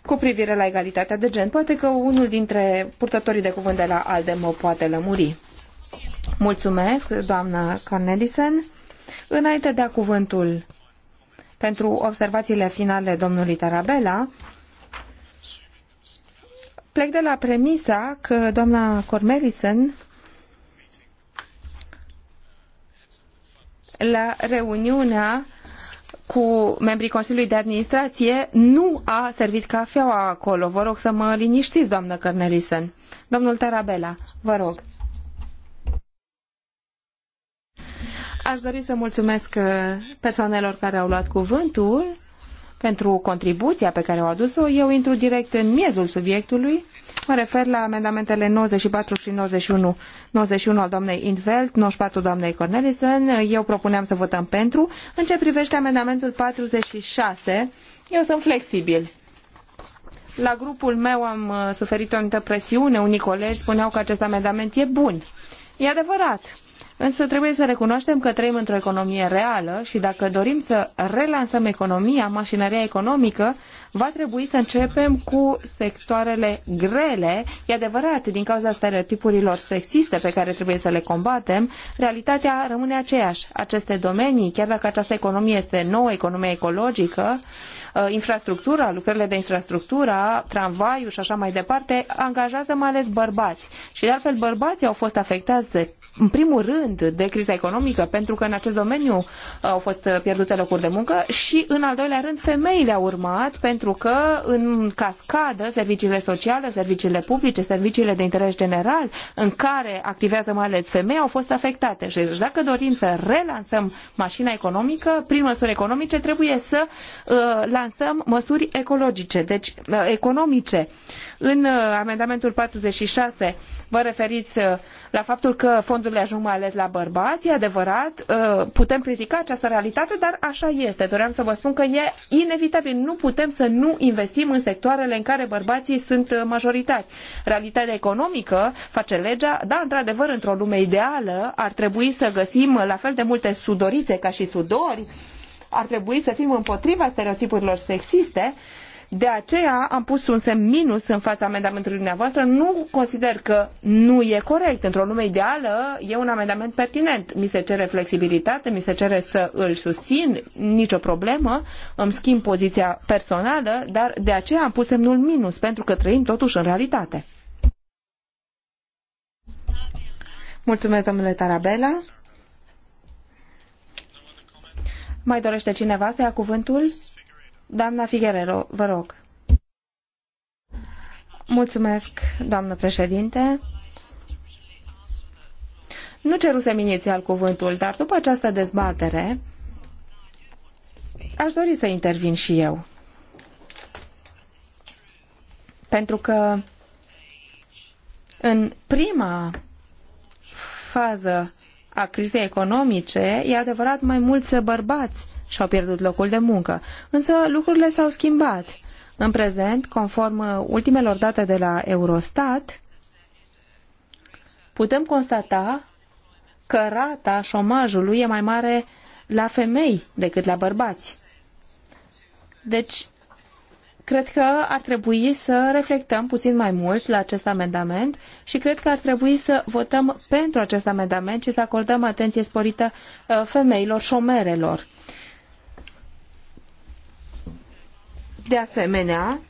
cu privire la egalitatea de gen. Poate că unul dintre purtătorii de cuvânt de la ALDE mă poate lămuri. Mulțumesc, doamnă Cornelisen. Înainte de a da cuvântul pentru observațiile finale domnului Tarabella, plec de la premisa că doamna Cornelisen la reuniunea cu membrii Consiliului de Administrație nu a servit cafeaua acolo. Vă rog să mă liniștiți, doamnă Cornelisen. Domnul Tarabella, vă rog. Aș dori să mulțumesc uh, persoanelor care au luat cuvântul pentru contribuția pe care au adus-o. Eu intru direct în miezul subiectului. Mă refer la amendamentele 94 și 91, 91 al doamnei Intveld, 94 doamnei Cornelison. Eu propuneam să votăm pentru. În ce privește amendamentul 46, eu sunt flexibil. La grupul meu am uh, suferit o anumită presiune. Unii colegi spuneau că acest amendament e bun. E adevărat. Însă trebuie să recunoaștem că trăim într-o economie reală și dacă dorim să relansăm economia, mașinăria economică, va trebui să începem cu sectoarele grele. E adevărat, din cauza stereotipurilor sexiste pe care trebuie să le combatem, realitatea rămâne aceeași. Aceste domenii, chiar dacă această economie este nouă, economie ecologică, uh, infrastructura, lucrările de infrastructură, tramvaiul și așa mai departe, angajează mai ales bărbați. Și de altfel bărbații au fost afectați de în primul rând, de criza economică, pentru că în acest domeniu uh, au fost uh, pierdute locuri de muncă și, în al doilea rând, femeile au urmat, pentru că, în cascadă, serviciile sociale, serviciile publice, serviciile de interes general, în care activează mai ales femei, au fost afectate. Și deci, dacă dorim să relansăm mașina economică, prin măsuri economice, trebuie să uh, lansăm măsuri ecologice, deci uh, economice. În uh, amendamentul 46 vă referiți uh, la faptul că fondul fondurile ajung mai ales la bărbați, e adevărat, uh, putem critica această realitate, dar așa este. Doream să vă spun că e inevitabil, nu putem să nu investim în sectoarele în care bărbații sunt uh, majoritari. Realitatea economică face legea, da, într-adevăr, într-o lume ideală ar trebui să găsim la fel de multe sudorițe ca și sudori, ar trebui să fim împotriva stereotipurilor sexiste, de aceea am pus un semn minus în fața amendamentului dumneavoastră. Nu consider că nu e corect. Într-o lume ideală e un amendament pertinent. Mi se cere flexibilitate, mi se cere să îl susțin, nicio problemă, îmi schimb poziția personală, dar de aceea am pus semnul minus, pentru că trăim totuși în realitate. Mulțumesc, domnule Tarabela. Mai dorește cineva să ia cuvântul? Doamna Figuerero, vă rog. Mulțumesc, doamnă președinte. Nu cerusem inițial cuvântul, dar după această dezbatere aș dori să intervin și eu. Pentru că în prima fază a crizei economice, e adevărat, mai mulți bărbați și-au pierdut locul de muncă. Însă lucrurile s-au schimbat. În prezent, conform uh, ultimelor date de la Eurostat, putem constata că rata șomajului e mai mare la femei decât la bărbați. Deci, cred că ar trebui să reflectăm puțin mai mult la acest amendament și cred că ar trebui să votăm pentru acest amendament și să acordăm atenție sporită uh, femeilor șomerelor. De asemenea,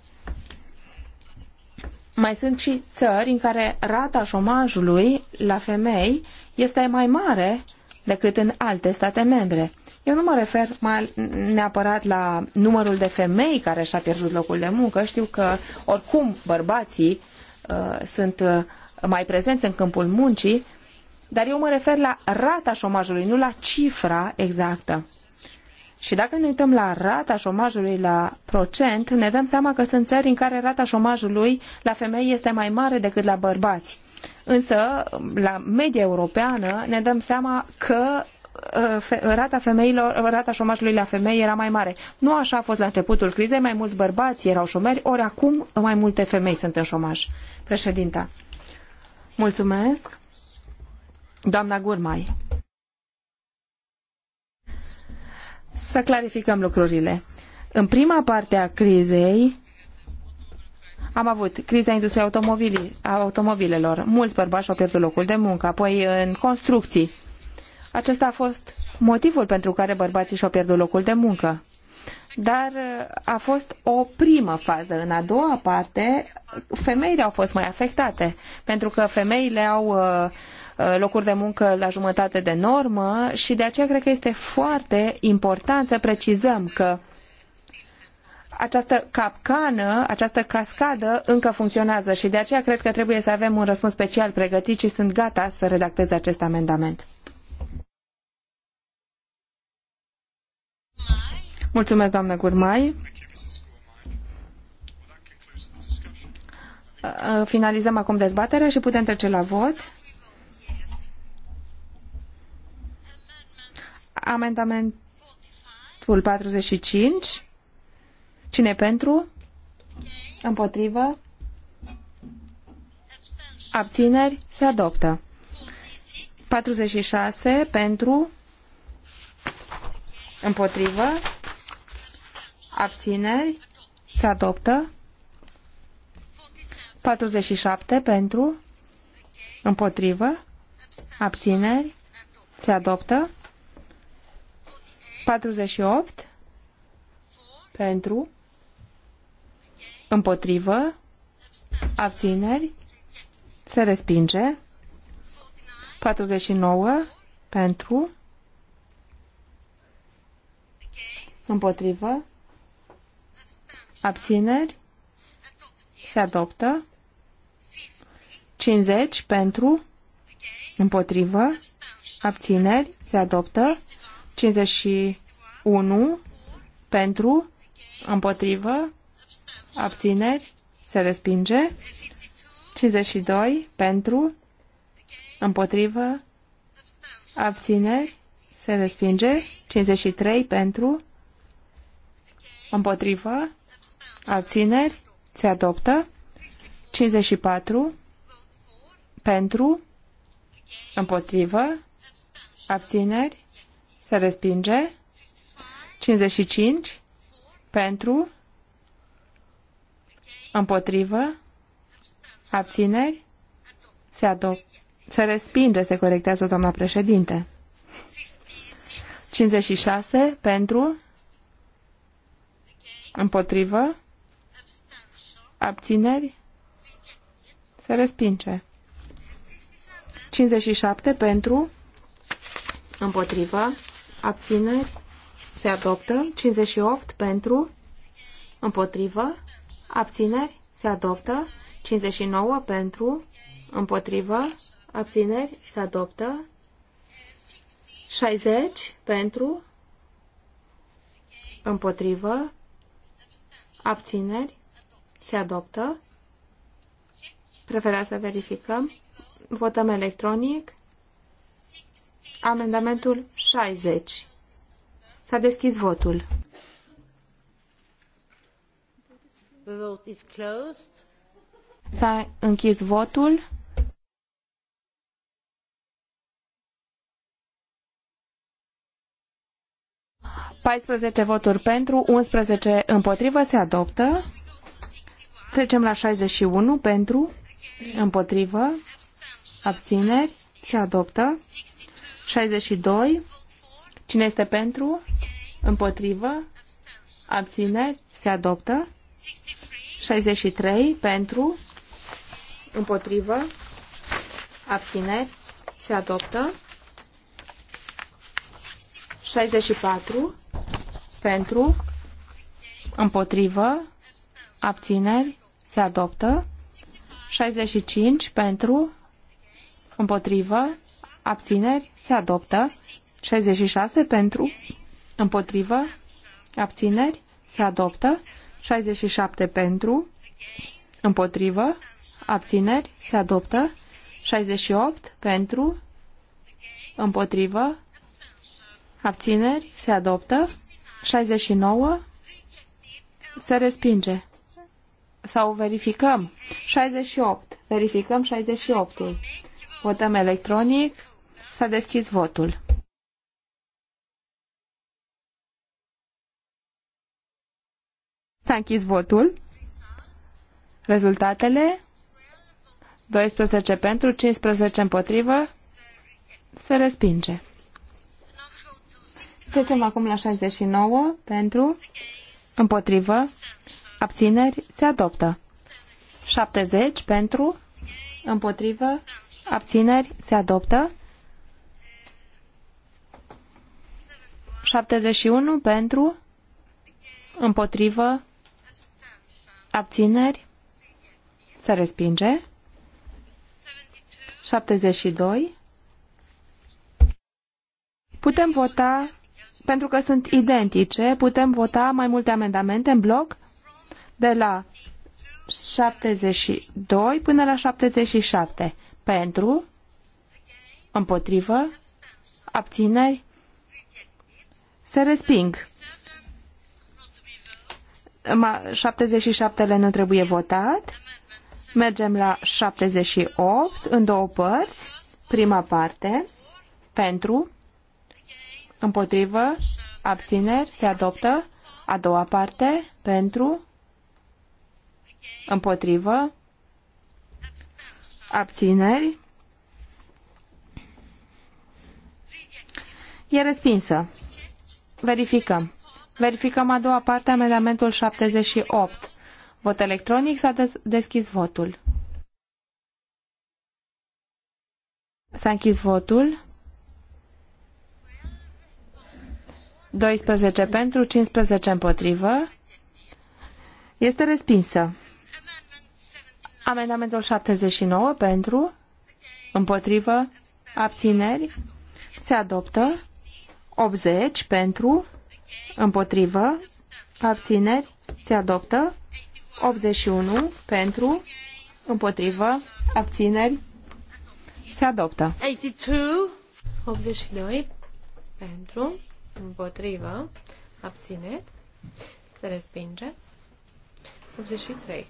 mai sunt și țări în care rata șomajului la femei este mai mare decât în alte state membre. Eu nu mă refer mai neapărat la numărul de femei care și-a pierdut locul de muncă. Știu că oricum bărbații uh, sunt uh, mai prezenți în câmpul muncii, dar eu mă refer la rata șomajului, nu la cifra exactă. Și dacă ne uităm la rata șomajului la procent, ne dăm seama că sunt țări în care rata șomajului la femei este mai mare decât la bărbați. Însă, la media europeană, ne dăm seama că uh, rata femeilor, rata șomajului la femei era mai mare. Nu așa a fost la începutul crizei, mai mulți bărbați erau șomeri, ori acum mai multe femei sunt în șomaj. Președinta. Mulțumesc. Doamna Gurmai. să clarificăm lucrurile. În prima parte a crizei am avut criza industriei automobilelor. Mulți bărbași au pierdut locul de muncă, apoi în construcții. Acesta a fost motivul pentru care bărbații și-au pierdut locul de muncă. Dar uh, a fost o primă fază. În a doua parte, femeile au fost mai afectate, pentru că femeile au uh, Uh, locuri de muncă la jumătate de normă și de aceea cred că este foarte important să precizăm că această capcană, această cascadă încă funcționează și de aceea cred că trebuie să avem un răspuns special pregătit și sunt gata să redactez acest amendament. Mulțumesc, doamnă Gurmai. Uh, finalizăm acum dezbaterea și putem trece la vot. amendamentul 45. Cine pentru? Împotrivă? Abțineri? Se adoptă. 46 pentru? Împotrivă? Abțineri? Se adoptă. 47 pentru? Împotrivă? Abțineri? Se adoptă. 48 pentru, împotrivă, abțineri, se respinge. 49 pentru, împotrivă, abțineri, se adoptă. 50 pentru, împotrivă, abțineri, se adoptă. 51 pentru, împotrivă, abțineri, se respinge. 52 pentru, împotrivă, abțineri, se respinge. 53 pentru, împotrivă, abțineri, se adoptă. 54 pentru, împotrivă, abțineri, se respinge. 55 pentru, împotrivă, abțineri, se Se respinge, se corectează doamna președinte. 56 pentru, împotrivă, abțineri, se respinge. 57 pentru, împotrivă, abțineri, se adoptă. 58 pentru, împotrivă, abțineri, se adoptă. 59 pentru, împotrivă, abțineri, se adoptă. 60 pentru, împotrivă, abțineri, se adoptă. Preferați să verificăm. Votăm electronic. Amendamentul 60. S-a deschis votul. S-a închis votul. Paisprezece voturi pentru, 11 împotrivă, se adoptă. Trecem la 61 pentru, împotrivă, abțineri, se adoptă. 62. Cine este pentru? Împotrivă? Abțineri? Se adoptă. 63. Pentru? Împotrivă? Abțineri? Se adoptă. 64. Pentru? Împotrivă? Abțineri? Se adoptă. 65. Pentru? Împotrivă? abțineri, se adoptă. 66 pentru, împotrivă, abțineri, se adoptă. 67 pentru, împotrivă, abțineri, se adoptă. 68 pentru, împotrivă, abțineri, se adoptă. 69 se respinge. Sau verificăm. 68. Verificăm 68-ul. Votăm electronic. S-a deschis votul. S-a închis votul. Rezultatele? 12 pentru, 15 împotrivă. Se respinge. Trecem acum la 69 pentru, împotrivă, abțineri, se adoptă. 70 pentru, împotrivă, abțineri, se adoptă. 71 pentru, împotrivă, abțineri, se respinge. 72. Putem vota, pentru că sunt identice, putem vota mai multe amendamente în bloc de la 72 până la 77. Pentru, împotrivă, abțineri, se resping. 77-le nu trebuie votat. Mergem la 78 în două părți. Prima parte pentru, împotrivă, abțineri, se adoptă. A doua parte pentru, împotrivă, abțineri. E respinsă. Verificăm. Verificăm a doua parte, amendamentul 78. Vot electronic, s-a deschis votul. S-a închis votul. 12 pentru, 15 împotrivă. Este respinsă. Amendamentul 79 pentru, împotrivă, abțineri, se adoptă. 80 pentru, împotrivă, abțineri, se adoptă. 81 pentru, împotrivă, abțineri, se adoptă. 82, 82 pentru, împotrivă, abțineri, se respinge. 83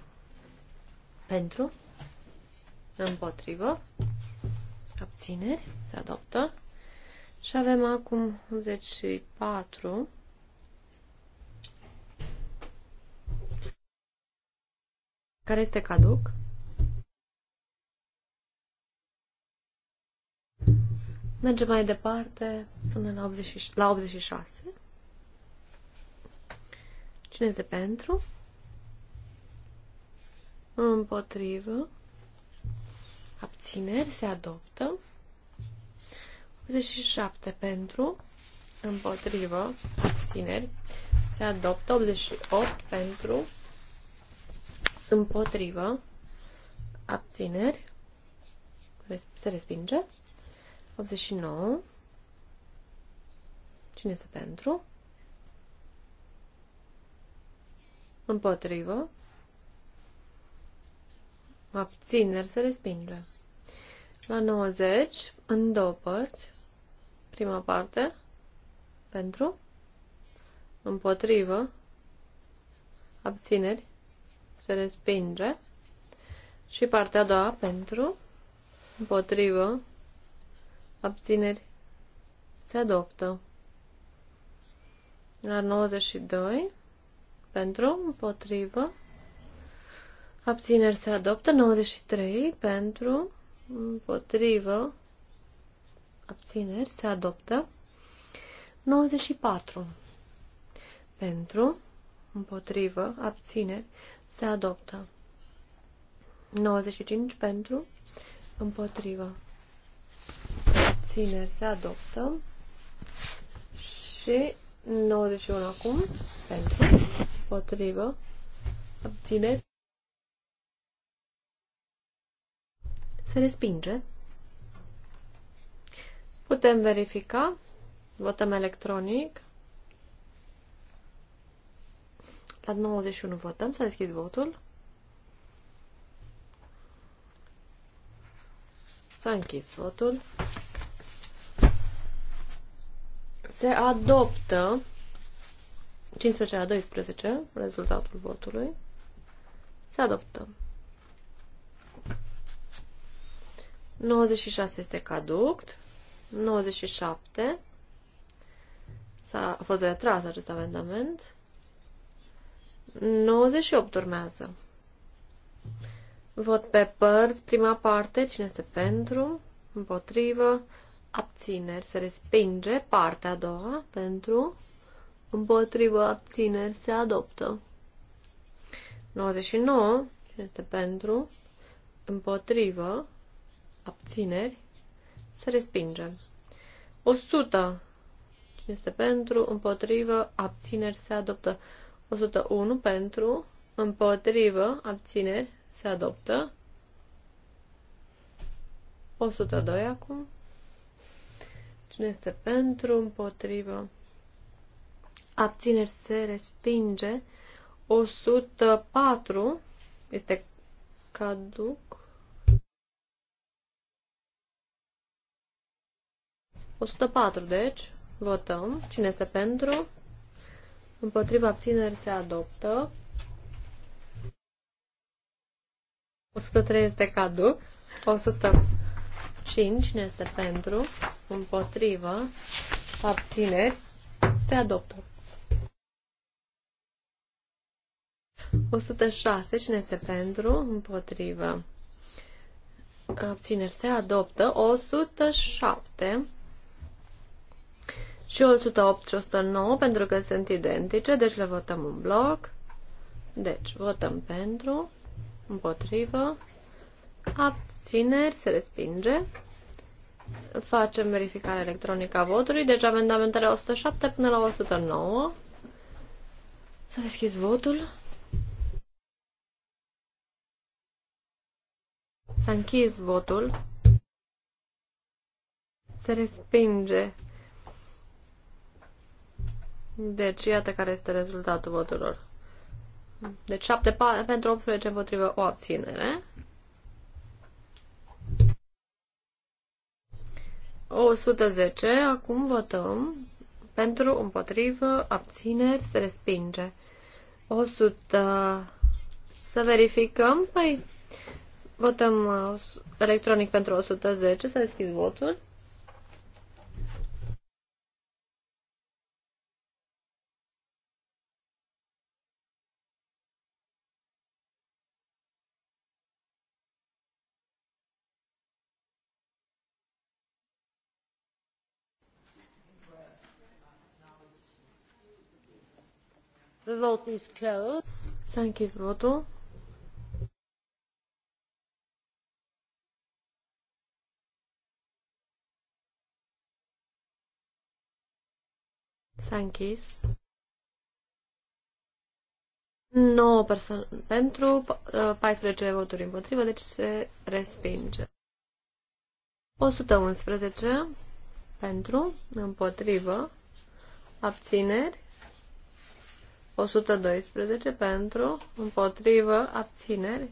pentru, împotrivă, abțineri, se adoptă. Și avem acum 84. Care este caduc? Mergem mai departe până la, 80, la 86. Cine este pentru? Împotrivă. Abțineri se adoptă. 87 pentru, împotrivă, abțineri, se adoptă 88 pentru, împotrivă, abțineri, se respinge, 89, cine este pentru, împotrivă, abțineri, se respinge. La 90, în două părți, Prima parte. Pentru. Împotrivă. Abțineri. Se respinge. Și partea a doua. Pentru. Împotrivă. Abțineri. Se adoptă. La 92. Pentru. Împotrivă. Abțineri se adoptă. 93. Pentru. Împotrivă abțineri, se adoptă. 94. Pentru, împotrivă, abțineri, se adoptă. 95 pentru, împotrivă, abțineri, se adoptă. Și 91 acum, pentru, împotrivă, abțineri, se respinge. Putem verifica. Votăm electronic. La 91 votăm. S-a deschis votul. S-a închis votul. Se adoptă 15 la 12 rezultatul votului. Se adoptă. 96 este caduct. 97. S-a, a fost retras acest amendament. 98 urmează. Vot pe părți, prima parte, cine este pentru, împotrivă, abțineri, se respinge, partea a doua, pentru, împotrivă, abțineri, se adoptă. 99, cine este pentru, împotrivă, abțineri, se respinge. 100. Cine este pentru? Împotrivă. Abțineri. Se adoptă. 101 pentru. Împotrivă. Abțineri. Se adoptă. 102 acum. Cine este pentru? Împotrivă. Abțineri. Se respinge. 104 este caduc. 104, deci, votăm. Cine este pentru? Împotriva abțineri se adoptă. 103 este cadu. 105, cine este pentru? Împotrivă. Abțineri se adoptă. 106, cine este pentru? Împotrivă. Abțineri se adoptă. 107 și 108 și 109 pentru că sunt identice, deci le votăm în bloc. Deci, votăm pentru, împotrivă, abțineri, se respinge. Facem verificarea electronică a votului, deci amendamentele 107 până la 109. Să deschizi votul. S-a închis votul. Se respinge deci, iată care este rezultatul voturilor. Deci 7 pentru 18 împotrivă o abținere. O 110. Acum votăm. Pentru, împotrivă, abțineri, se respinge. 100. Să verificăm. Păi, votăm uh, electronic pentru 110. Să deschid votul. vote is closed. S-a închis votul. S-a închis. 9 persoane pentru, 14 uh, voturi împotrivă, deci se respinge. 111 pentru, împotrivă, abțineri, 112 pentru, împotrivă, abțineri,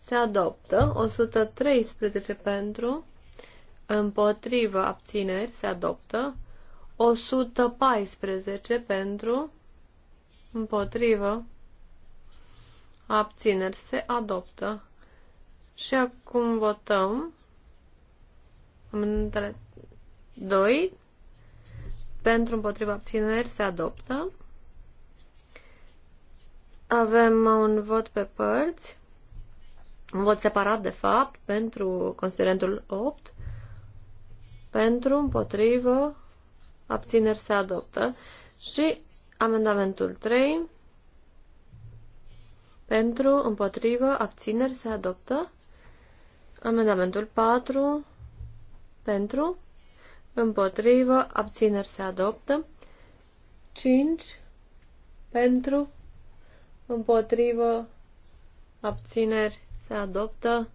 se adoptă. 113 pentru, împotrivă, abțineri, se adoptă. 114 pentru, împotrivă, abțineri, se adoptă. Și acum votăm amendamentele 2. Pentru împotrivă, abțineri se adoptă. Avem un vot pe părți, un vot separat, de fapt, pentru considerentul 8, pentru, împotrivă, abțineri se adoptă și amendamentul 3, pentru, împotrivă, abțineri se adoptă, amendamentul 4, pentru, împotrivă, abțineri se adoptă, 5, pentru, împotrivă, abțineri, se adoptă.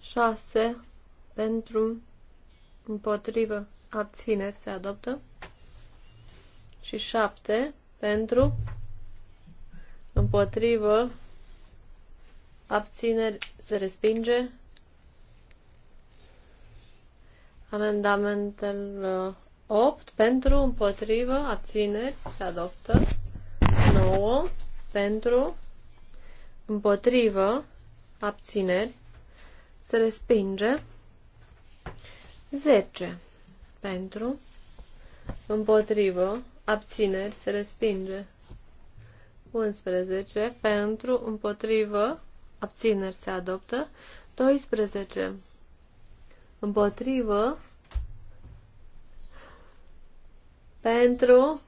6 pentru, împotrivă, abțineri, se adoptă. Și 7 pentru, împotrivă, abțineri, se respinge. Amendamentul 8 uh, pentru, împotrivă, abțineri, se adoptă. 9 pentru, împotrivă, abțineri, se respinge. 10 pentru, împotrivă, abțineri, se respinge. 11 pentru, împotrivă, abțineri, se adoptă. 12 împotrivă, pentru,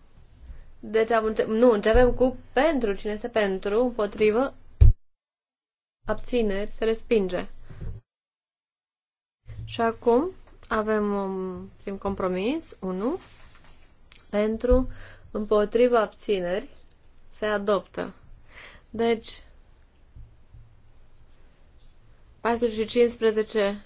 deci am înce- nu, începem cu pentru. Cine este pentru, împotrivă, abțineri, se respinge. Și acum avem un prim compromis, 1, pentru, împotrivă, abțineri, se adoptă. Deci, 14 și 15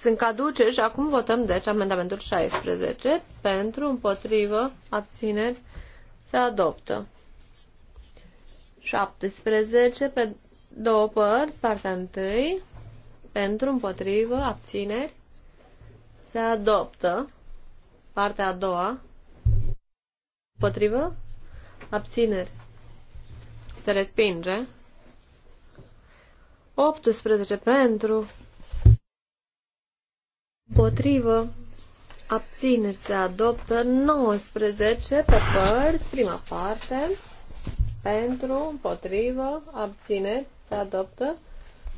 sunt caduce și acum votăm deci amendamentul 16 pentru, împotrivă, abțineri, se adoptă. 17 pe două părți, partea întâi, pentru, împotrivă, abțineri, se adoptă. Partea a doua, împotrivă, abțineri, se respinge. 18 pentru, Potrivă Abțineri se adoptă 19 pe părți, prima parte, pentru, împotrivă, abțineri se adoptă,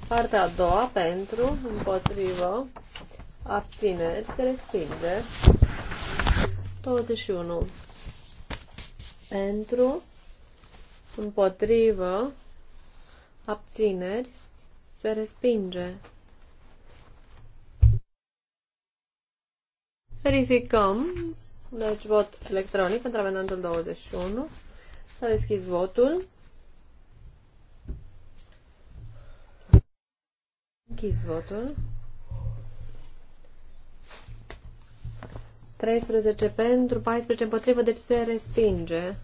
partea a doua, pentru, împotrivă, abțineri se respinge, 21, pentru, împotrivă, abțineri se respinge, Verificăm. Deci vot electronic pentru amendamentul 21. S-a deschis votul. Închis votul. 13 pentru, 14 împotrivă, deci se respinge.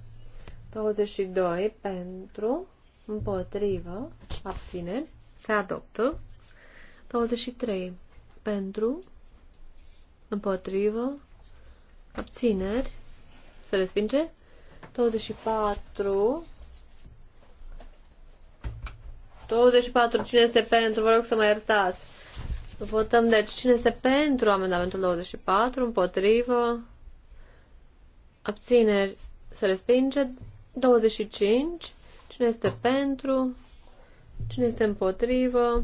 22 pentru, împotrivă, abțineri, se adoptă. 23 pentru, Împotrivă. Abțineri. Se respinge. 24. 24. Cine este pentru? Vă rog să mă iertați. Votăm, deci, cine este pentru amendamentul 24? Împotrivă. Abțineri. Se respinge. 25. Cine este pentru? Cine este împotrivă?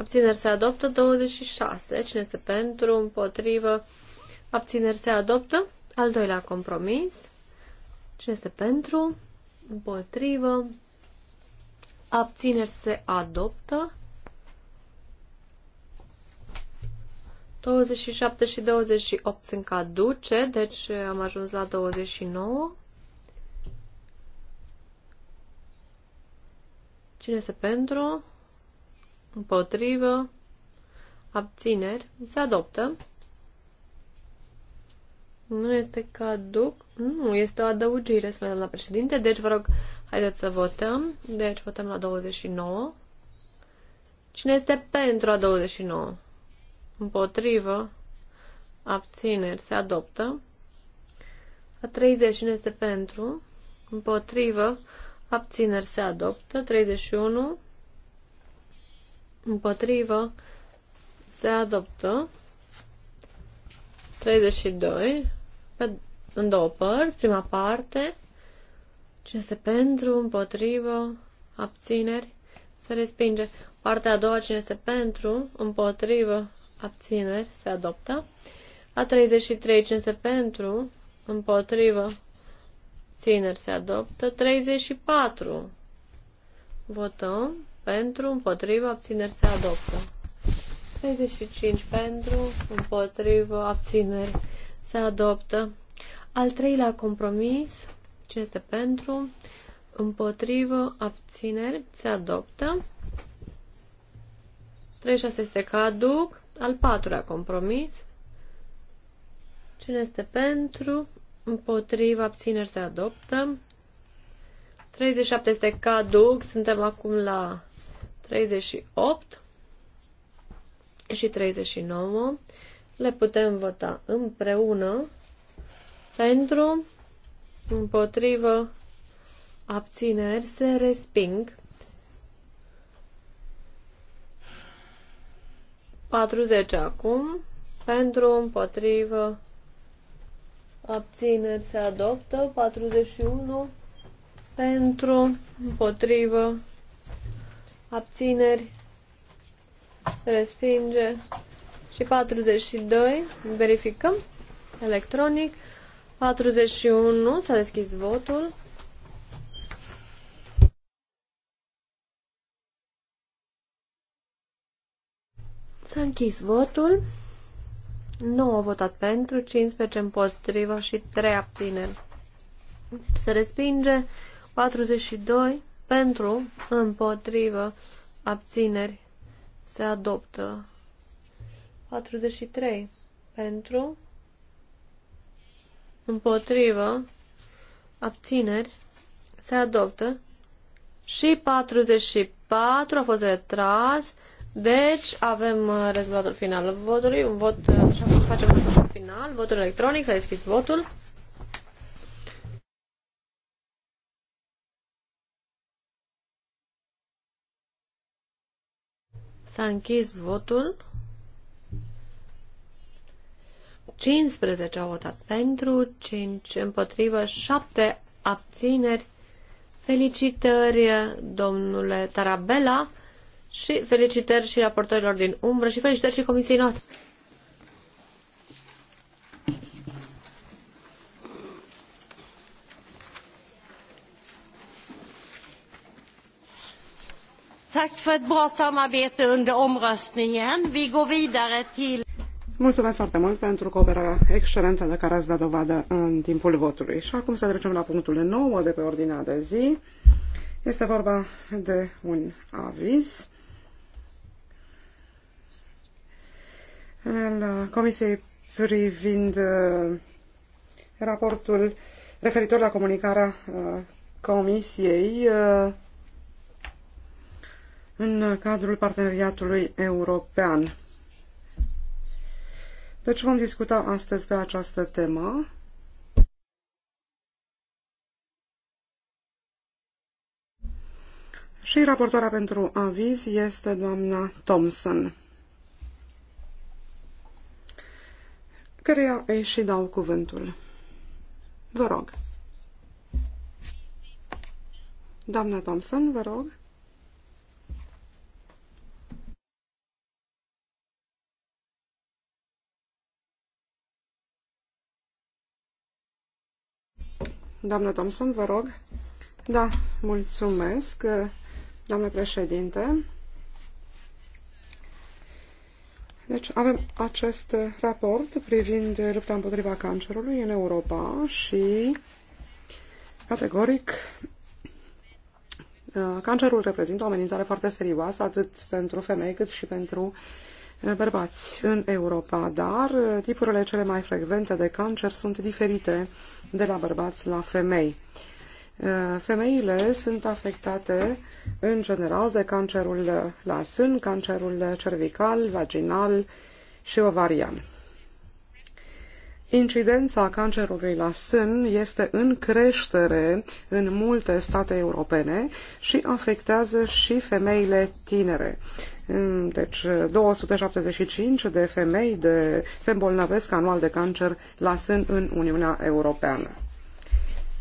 Abțineri se adoptă 26. Cine este pentru, împotrivă, abțineri se adoptă. Al doilea compromis. Cine este pentru, împotrivă, abțineri se adoptă. 27 și 28 sunt caduce, deci am ajuns la 29. Cine este pentru? împotrivă, abțineri, se adoptă. Nu este caduc, nu, este o adăugire, spune la președinte, deci vă rog, haideți să votăm. Deci votăm la 29. Cine este pentru a 29? Împotrivă, abțineri, se adoptă. A 30 cine este pentru? Împotrivă, abțineri, se adoptă. 31 împotrivă, se adoptă. 32, pe, în două părți, prima parte, ce este pentru, împotrivă, abțineri, se respinge. Partea a doua, cine este pentru, împotrivă, abțineri, se adoptă. A 33, cine este pentru, împotrivă, țineri, se adoptă. 34, votăm pentru, împotrivă, abțineri se adoptă. 35 pentru, împotrivă, abțineri se adoptă. Al treilea compromis, ce este pentru, împotrivă, abțineri se adoptă. 36 se caduc. Al patrulea compromis. Cine este pentru? Împotriva abțineri se adoptă. 37 este caduc. Suntem acum la 38 și 39 le putem vota împreună pentru, împotrivă, abțineri, se resping 40 acum, pentru, împotrivă, abțineri, se adoptă 41 pentru, împotrivă, abțineri, respinge și 42, verificăm electronic, 41, s-a deschis votul. S-a închis votul. 9 au votat pentru, 15 împotrivă și 3 abțineri. Se respinge 42 pentru, împotrivă, abțineri, se adoptă. 43. Pentru, împotrivă, abțineri, se adoptă. Și 44 a fost retras. Deci avem uh, rezultatul final votului, un vot, uh, așa cum facem votul final, votul electronic, să a deschis votul. S-a închis votul. 15 au votat pentru, 5 împotrivă, 7 abțineri. Felicitări, domnule Tarabella, și felicitări și raportorilor din umbră și felicitări și comisiei noastre. Tack för ett bra samarbete under omröstningen. Vi går vidare till... Mulțumesc foarte mult pentru cooperarea excelentă de care ați dat dovadă în timpul votului. Și acum să trecem la punctul 9 de pe ordinea de zi. Este vorba de un aviz al Comisiei privind uh, raportul referitor la comunicarea uh, Comisiei uh, în cadrul parteneriatului european. Deci vom discuta astăzi pe această temă. Și raportoarea pentru aviz este doamna Thompson, căreia îi și dau cuvântul. Vă rog. Doamna Thompson, vă rog. Doamna Thompson, vă rog. Da, mulțumesc, doamnă președinte. Deci avem acest raport privind lupta împotriva cancerului în Europa și categoric cancerul reprezintă o amenințare foarte serioasă atât pentru femei cât și pentru bărbați în Europa, dar tipurile cele mai frecvente de cancer sunt diferite de la bărbați la femei. Femeile sunt afectate în general de cancerul la sân, cancerul cervical, vaginal și ovarian. Incidența cancerului la sân este în creștere în multe state europene și afectează și femeile tinere. Mm, deci 275 de femei de, se îmbolnăvesc anual de cancer la sân în Uniunea Europeană.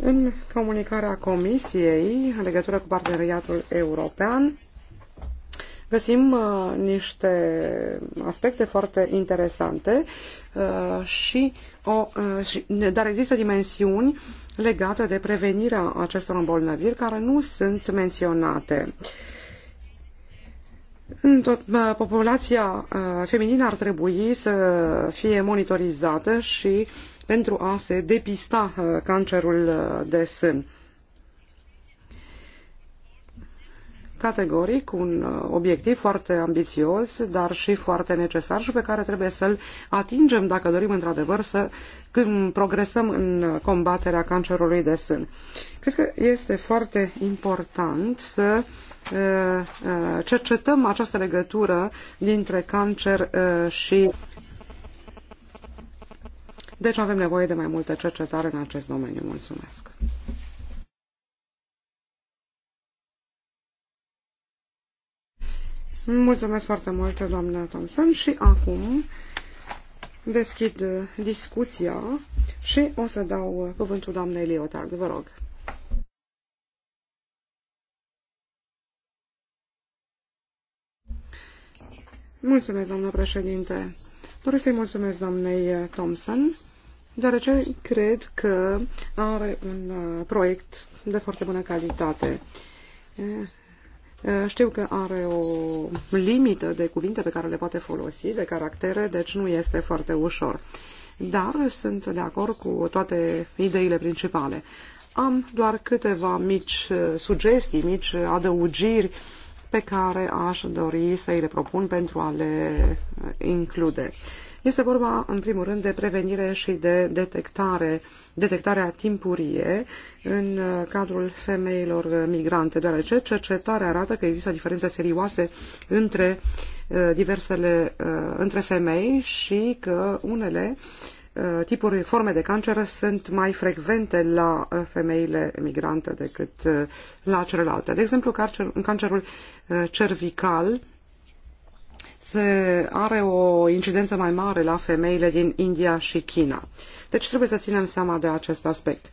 În comunicarea Comisiei în legătură cu parteneriatul european, găsim uh, niște aspecte foarte interesante uh, și uh, o, dar există dimensiuni legate de prevenirea acestor îmbolnăviri care nu sunt menționate. În tot, populația feminină ar trebui să fie monitorizată și pentru a se depista cancerul de sân. categoric un uh, obiectiv foarte ambițios, dar și foarte necesar și pe care trebuie să-l atingem dacă dorim într-adevăr să când progresăm în combaterea cancerului de sân. Cred că este foarte important să uh, uh, cercetăm această legătură dintre cancer și deci avem nevoie de mai multă cercetare în acest domeniu. Mulțumesc! Mulțumesc foarte mult, doamna Thompson, și acum deschid discuția și o să dau cuvântul doamnei Leotard, vă rog. Mulțumesc, doamnă președinte. Doresc să-i mulțumesc doamnei Thompson, deoarece cred că are un uh, proiect de foarte bună calitate. Eh, știu că are o limită de cuvinte pe care le poate folosi, de caractere, deci nu este foarte ușor. Dar sunt de acord cu toate ideile principale. Am doar câteva mici eh, sugestii, mici adăugiri pe care aș dori să îi le propun pentru a le eh, include. Este vorba, în primul rând, de prevenire și de detectare, detectarea timpurie în uh, cadrul femeilor uh, migrante, deoarece cercetarea arată că există diferențe serioase între uh, diversele, între femei și că unele tipuri, forme de cancer sunt mai frecvente la femeile migrante decât la celelalte. De exemplu, cancerul cervical se are o incidență mai mare la femeile din India și China. Deci trebuie să ținem seama de acest aspect.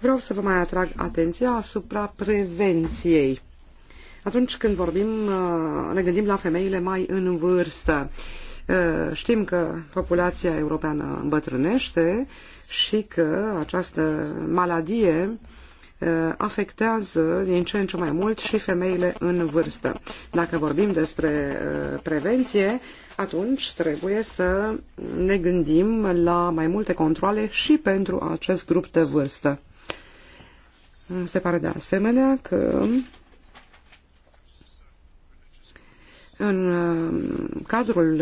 Vreau să vă mai atrag atenția asupra prevenției. Atunci când vorbim, uh, ne gândim la femeile mai în vârstă. Uh, știm că populația europeană îmbătrânește și că această maladie Uh, afectează din ce în ce mai mult și femeile în vârstă. Dacă vorbim despre uh, prevenție, atunci trebuie să ne gândim la mai multe controle și pentru acest grup de vârstă. Se pare de asemenea că în uh, cadrul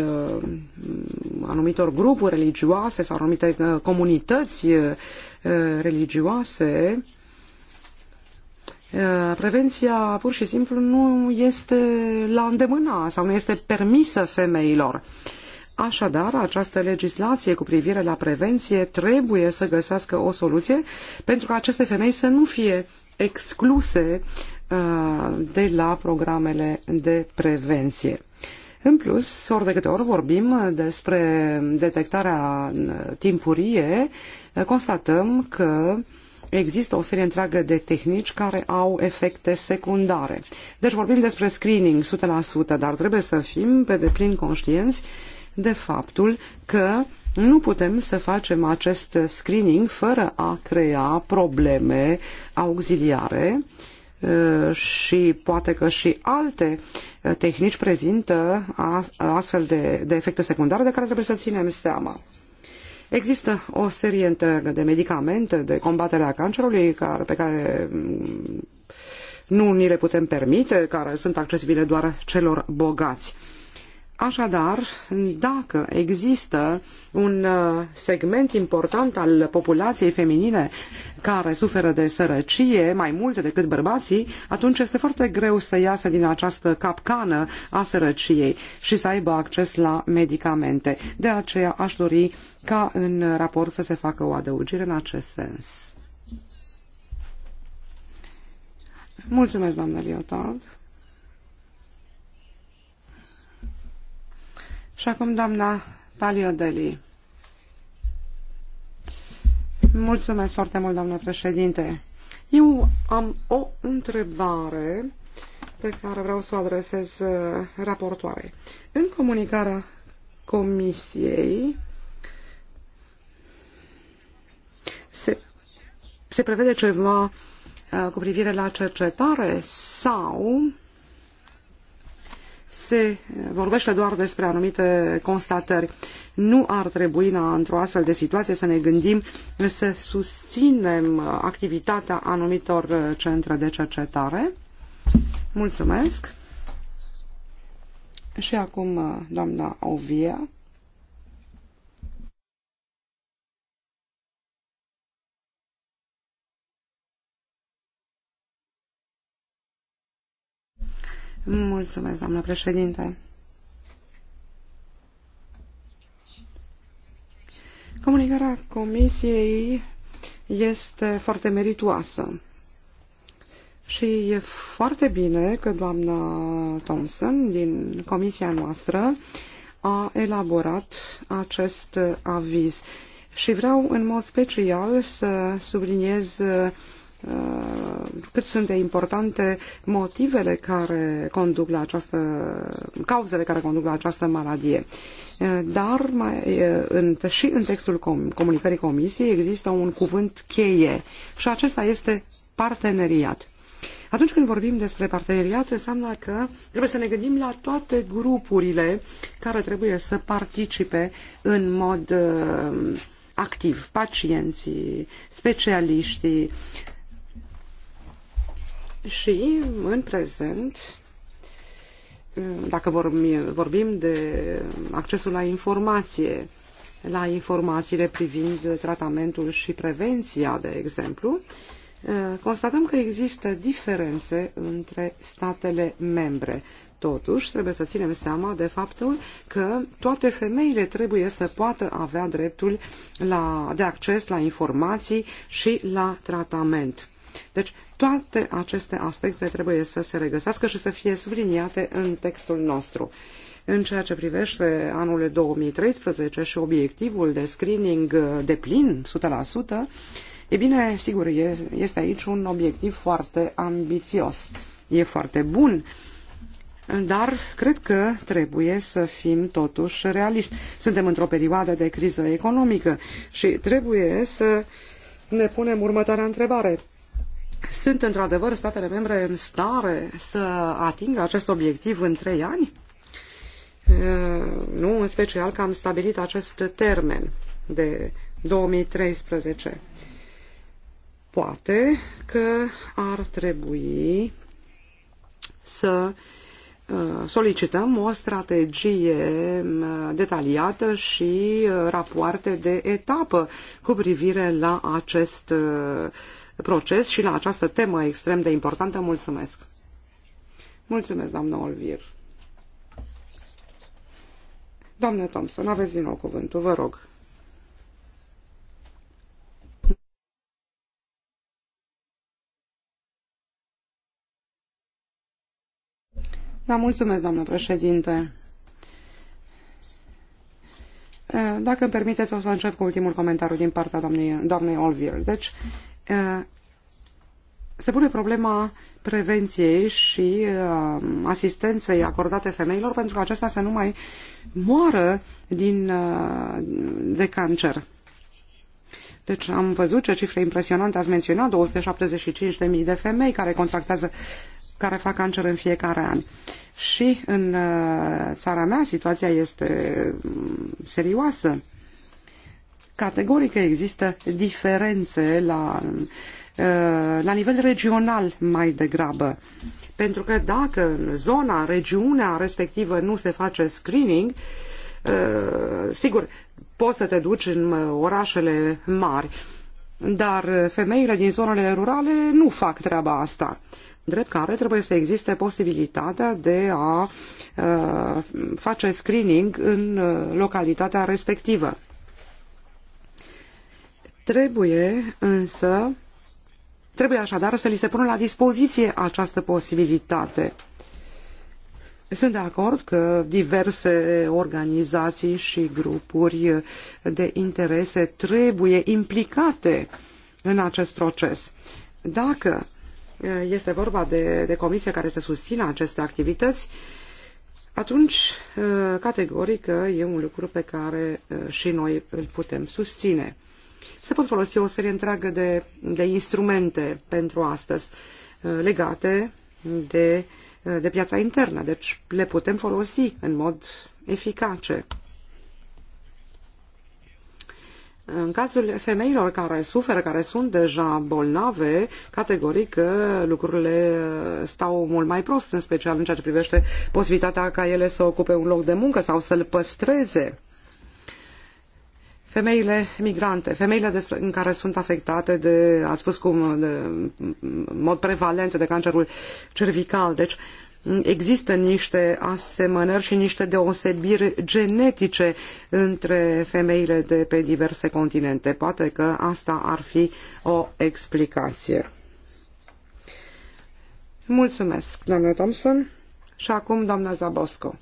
anumitor grupuri religioase sau anumite comunități religioase, Prevenția pur și simplu nu este la îndemână sau nu este permisă femeilor. Așadar, această legislație cu privire la prevenție trebuie să găsească o soluție pentru ca aceste femei să nu fie excluse de la programele de prevenție. În plus, ori de câte ori vorbim despre detectarea timpurie, constatăm că uh, există o serie întreagă de tehnici care au efecte secundare. Deci vorbim despre screening 100%, dar trebuie să fim pe deplin conștienți de faptul că nu putem să facem acest screening fără a crea probleme auxiliare uh, și poate că și alte uh, tehnici prezintă astfel de, de efecte secundare de care trebuie să ținem seama. Există o serie întreagă de medicamente de combatere a cancerului care, pe care mm, nu ni le putem permite, care sunt accesibile doar celor bogați. Așadar, dacă există un uh, segment important al populației feminine care suferă de sărăcie mai mult decât bărbații, atunci este foarte greu să iasă din această capcană a sărăciei și să aibă acces la medicamente. De aceea aș dori ca în raport să se facă o adăugire în acest sens. Mulțumesc, doamnă Liotard. Și acum doamna Paliodeli. Mulțumesc foarte mult, doamnă președinte. Eu am o întrebare pe care vreau să o adresez uh, raportoare. În comunicarea comisiei se, se prevede ceva uh, cu privire la cercetare sau se vorbește doar despre anumite constatări. Nu ar trebui într-o astfel de situație să ne gândim să susținem activitatea anumitor centre de cercetare. Mulțumesc! Și acum doamna Ovia. Mulțumesc, doamnă președinte. Comunicarea Comisiei este foarte meritoasă și e foarte bine că doamna Thompson din comisia noastră a elaborat acest aviz. Și vreau în mod special să subliniez Uh, cât sunt de importante motivele care conduc la această, cauzele care conduc la această maladie. Uh, dar mai, uh, în, și în textul com, comunicării comisiei există un cuvânt cheie și acesta este parteneriat. Atunci când vorbim despre parteneriat, înseamnă că trebuie să ne gândim la toate grupurile care trebuie să participe în mod uh, activ, pacienții, specialiștii, și, în prezent, dacă vorbim, vorbim de accesul la informație, la informațiile privind tratamentul și prevenția, de exemplu, constatăm că există diferențe între statele membre. Totuși, trebuie să ținem seama de faptul că toate femeile trebuie să poată avea dreptul la, de acces la informații și la tratament. Deci toate aceste aspecte trebuie să se regăsească și să fie subliniate în textul nostru. În ceea ce privește anul 2013 și obiectivul de screening de plin, 100%, e bine, sigur, e, este aici un obiectiv foarte ambițios. E foarte bun, dar cred că trebuie să fim totuși realiști. Suntem într-o perioadă de criză economică și trebuie să ne punem următoarea întrebare. Sunt într-adevăr statele membre în stare să atingă acest obiectiv în trei ani? Uh, nu, în special că am stabilit acest termen de 2013. Poate că ar trebui să uh, solicităm o strategie uh, detaliată și rapoarte de etapă cu privire la acest proces și la această temă extrem de importantă. Mulțumesc! Mulțumesc, doamnă Olvir! Doamnă Thompson, aveți din nou cuvântul, vă rog. Da, mulțumesc, doamnă președinte. Dacă îmi permiteți, o să încep cu ultimul comentariu din partea doamnei, doamnei Olvir Deci, Eh, se pune problema prevenției și uh, asistenței acordate femeilor pentru că acestea să nu mai moară din, uh, de cancer. Deci am văzut ce cifre impresionante ați menționat, 275.000 de femei care contractează, care fac cancer în fiecare an. Și în uh, țara mea situația este mm, serioasă. Categoric există diferențe la, uh, la nivel regional mai degrabă. Pentru că dacă zona, regiunea respectivă nu se face screening, uh, sigur, poți să te duci în uh, orașele mari, dar femeile din zonele rurale nu fac treaba asta. Drept care trebuie să existe posibilitatea de a face screening în localitatea respectivă. Trebuie însă, trebuie așadar să li se pună la dispoziție această posibilitate. Sunt de acord că diverse organizații și grupuri de interese trebuie implicate în acest proces. Dacă eh, este vorba de, de comisie care să susțină aceste activități, atunci, eh, categoric, eh, e un lucru pe care și noi îl putem susține se pot folosi o serie întreagă de, de instrumente pentru astăzi uh, legate de, uh, de piața internă. Deci le putem folosi în mod eficace. În cazul femeilor care suferă, care sunt deja bolnave, categoric uh, lucrurile stau mult mai prost, în special în ceea ce privește posibilitatea ca ele să ocupe un loc de muncă sau să-l păstreze. Femeile migrante, femeile despre, în care sunt afectate de, ați spus cum, de, în mod prevalent de cancerul cervical. Deci există niște asemănări și niște deosebiri genetice între femeile de pe diverse continente. Poate că asta ar fi o explicație. Mulțumesc, doamna Thompson. Și acum, doamna Zabosco.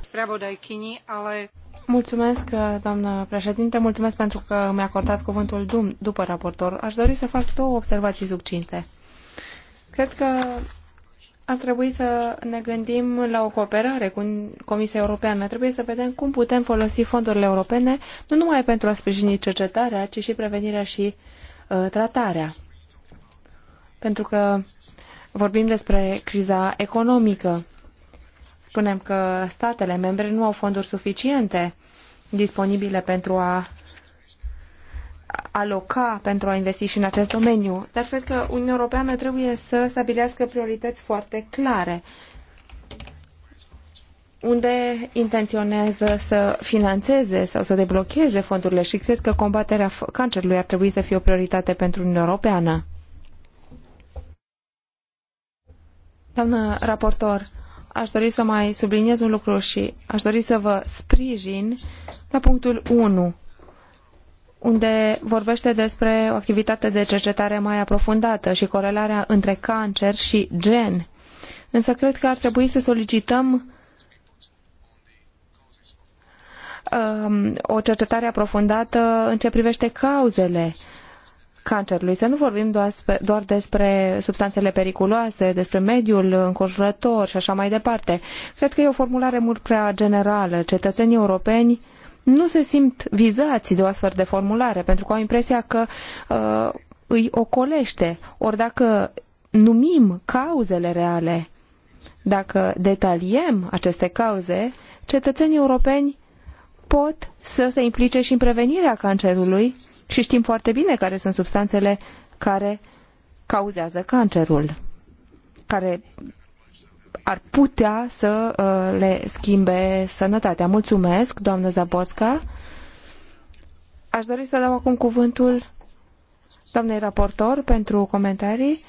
Spravodajkyni, ale Mulțumesc, uh, doamnă președinte, mulțumesc pentru că mi acordat cuvântul dum după raportor. Aș dori să fac două observații succinte. Cred că ar trebui să ne gândim la o cooperare cu Comisia Europeană. Trebuie să vedem cum putem folosi fondurile europene, nu numai pentru a sprijini cercetarea, ci și prevenirea și uh, tratarea. Pentru că vorbim despre criza economică Spunem că statele membre nu au fonduri suficiente disponibile pentru a aloca pentru a investi și în acest domeniu. Dar cred că Uniunea Europeană trebuie să stabilească priorități foarte clare unde intenționează să financeze sau să deblocheze fondurile și cred că combaterea cancerului ar trebui să fie o prioritate pentru Uniunea Europeană. Doamnă raportor, aș dori să mai subliniez un lucru și aș dori să vă sprijin la punctul 1, unde vorbește despre o activitate de cercetare mai aprofundată și corelarea între cancer și gen. Însă cred că ar trebui să solicităm um, o cercetare aprofundată în ce privește cauzele uh, cancerului. Să nu vorbim doar despre substanțele periculoase, despre mediul înconjurător și așa mai departe. Cred că e o formulare mult prea generală. Cetățenii europeni nu se simt vizați de o astfel de formulare, pentru că au impresia că uh, îi ocolește. Ori dacă numim cauzele reale, dacă detaliem aceste cauze, cetățenii europeni pot să se implice și în prevenirea cancerului și știm foarte bine care sunt substanțele care cauzează cancerul, care ar putea să uh, le schimbe sănătatea. Mulțumesc, doamnă Zaborska. Aș dori să dau acum cuvântul doamnei raportor pentru comentarii.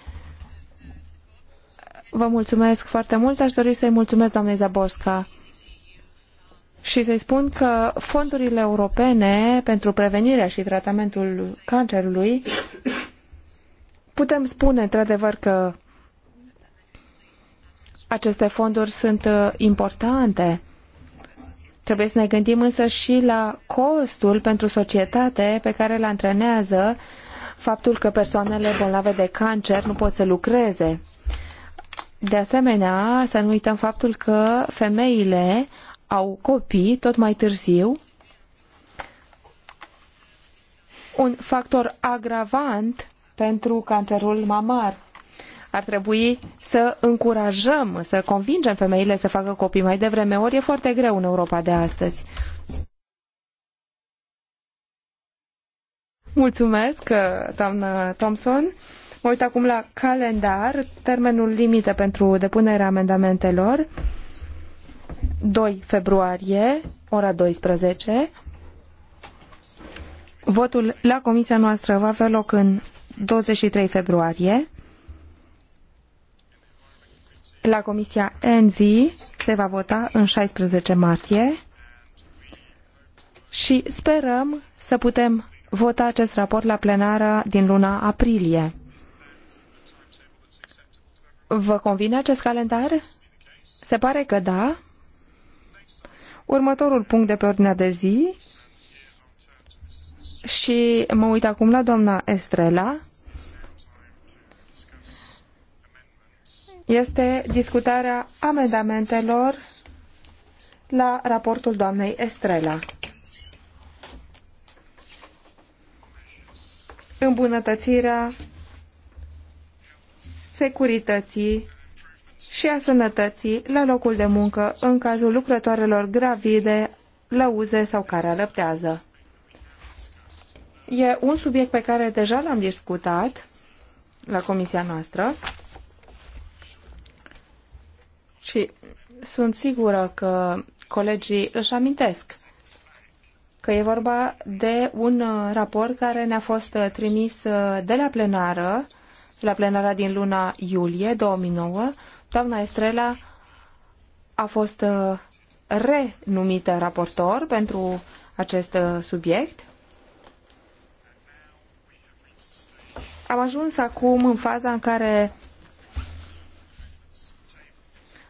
Vă mulțumesc foarte mult. Aș dori să-i mulțumesc doamnei Zaborska și să-i spun că fondurile europene pentru prevenirea și tratamentul cancerului putem spune într-adevăr că aceste fonduri sunt uh, importante. Trebuie să ne gândim însă și la costul pentru societate pe care îl antrenează faptul că persoanele bolnave de cancer nu pot să lucreze. De asemenea, să nu uităm faptul că femeile au copii tot mai târziu, un factor agravant pentru cancerul mamar. Ar trebui să încurajăm, să convingem femeile să facă copii mai devreme, ori e foarte greu în Europa de astăzi. Mulțumesc, doamnă Thompson. Mă uit acum la calendar, termenul limită pentru depunerea amendamentelor. 2 februarie, ora 12. Votul la comisia noastră va avea loc în 23 februarie. La comisia ENVI se va vota în 16 martie și sperăm să putem vota acest raport la plenară din luna aprilie. Vă convine acest calendar? Se pare că da. Următorul punct de pe ordinea de zi și mă uit acum la doamna Estrela. Este discutarea amendamentelor la raportul doamnei Estrela. Îmbunătățirea securității și a sănătății la locul de muncă în cazul lucrătoarelor gravide, lăuze sau care alăptează. E un subiect pe care deja l-am discutat la comisia noastră și sunt sigură că colegii își amintesc că e vorba de un uh, raport care ne-a fost uh, trimis uh, de la plenară, la plenara din luna iulie 2009, Doamna Estrela a fost uh, renumită raportor pentru acest uh, subiect. Am ajuns acum în faza în care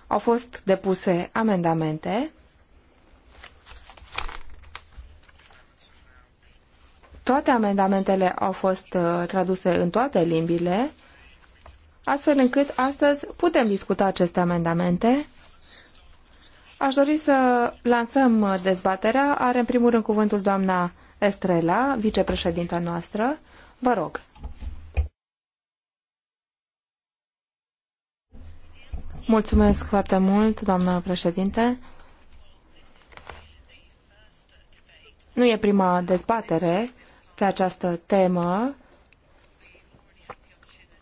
au fost depuse amendamente. Toate amendamentele au fost uh, traduse în toate limbile astfel încât astăzi putem discuta aceste amendamente. Aș dori să lansăm dezbaterea. Are în primul rând cuvântul doamna Estrela, vicepreședinta noastră. Vă rog. Mulțumesc foarte mult, doamna președinte. Nu e prima dezbatere pe această temă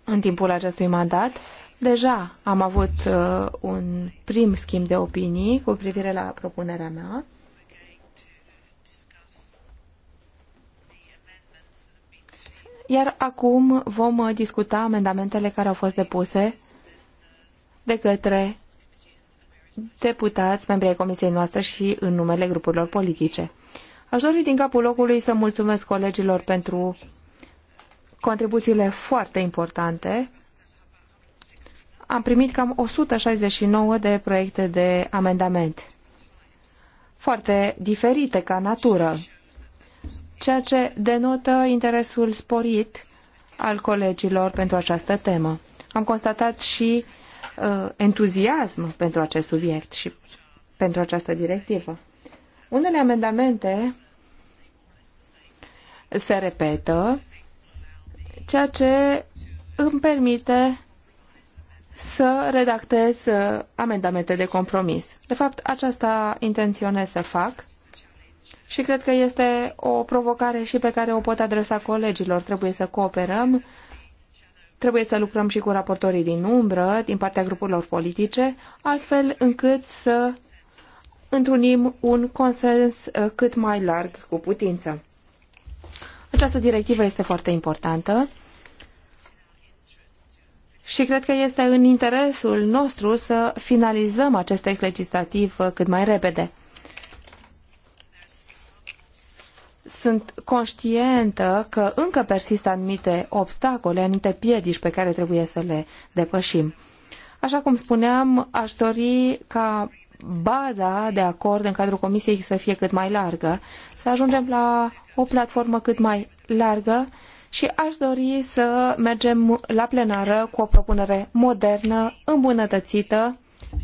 în timpul acestui mandat. Deja am avut uh, un prim schimb de opinii cu privire la propunerea mea. Iar acum vom uh, discuta amendamentele care au fost depuse de către deputați, membrii ai comisiei noastre și în numele grupurilor politice. Aș dori din capul locului să mulțumesc colegilor pentru contribuțiile foarte importante. Am primit cam 169 de proiecte de amendament, foarte diferite ca natură, ceea ce denotă interesul sporit al colegilor pentru această temă. Am constatat și uh, entuziasm pentru acest subiect și pentru această directivă. Unele amendamente se repetă, ceea ce îmi permite să redactez uh, amendamente de compromis. De fapt, aceasta intenționez să fac și cred că este o provocare și pe care o pot adresa colegilor. Trebuie să cooperăm, trebuie să lucrăm și cu raportorii din umbră, din partea grupurilor politice, astfel încât să întrunim un consens uh, cât mai larg cu putință. Această directivă este foarte importantă și cred că este în interesul nostru să finalizăm acest text legislativ uh, cât mai repede. Sunt conștientă că încă persistă anumite obstacole, anumite piedici pe care trebuie să le depășim. Așa cum spuneam, aș dori ca baza de acord în cadrul Comisiei să fie cât mai largă, să ajungem la o platformă cât mai largă și aș dori să mergem la plenară cu o propunere modernă, îmbunătățită,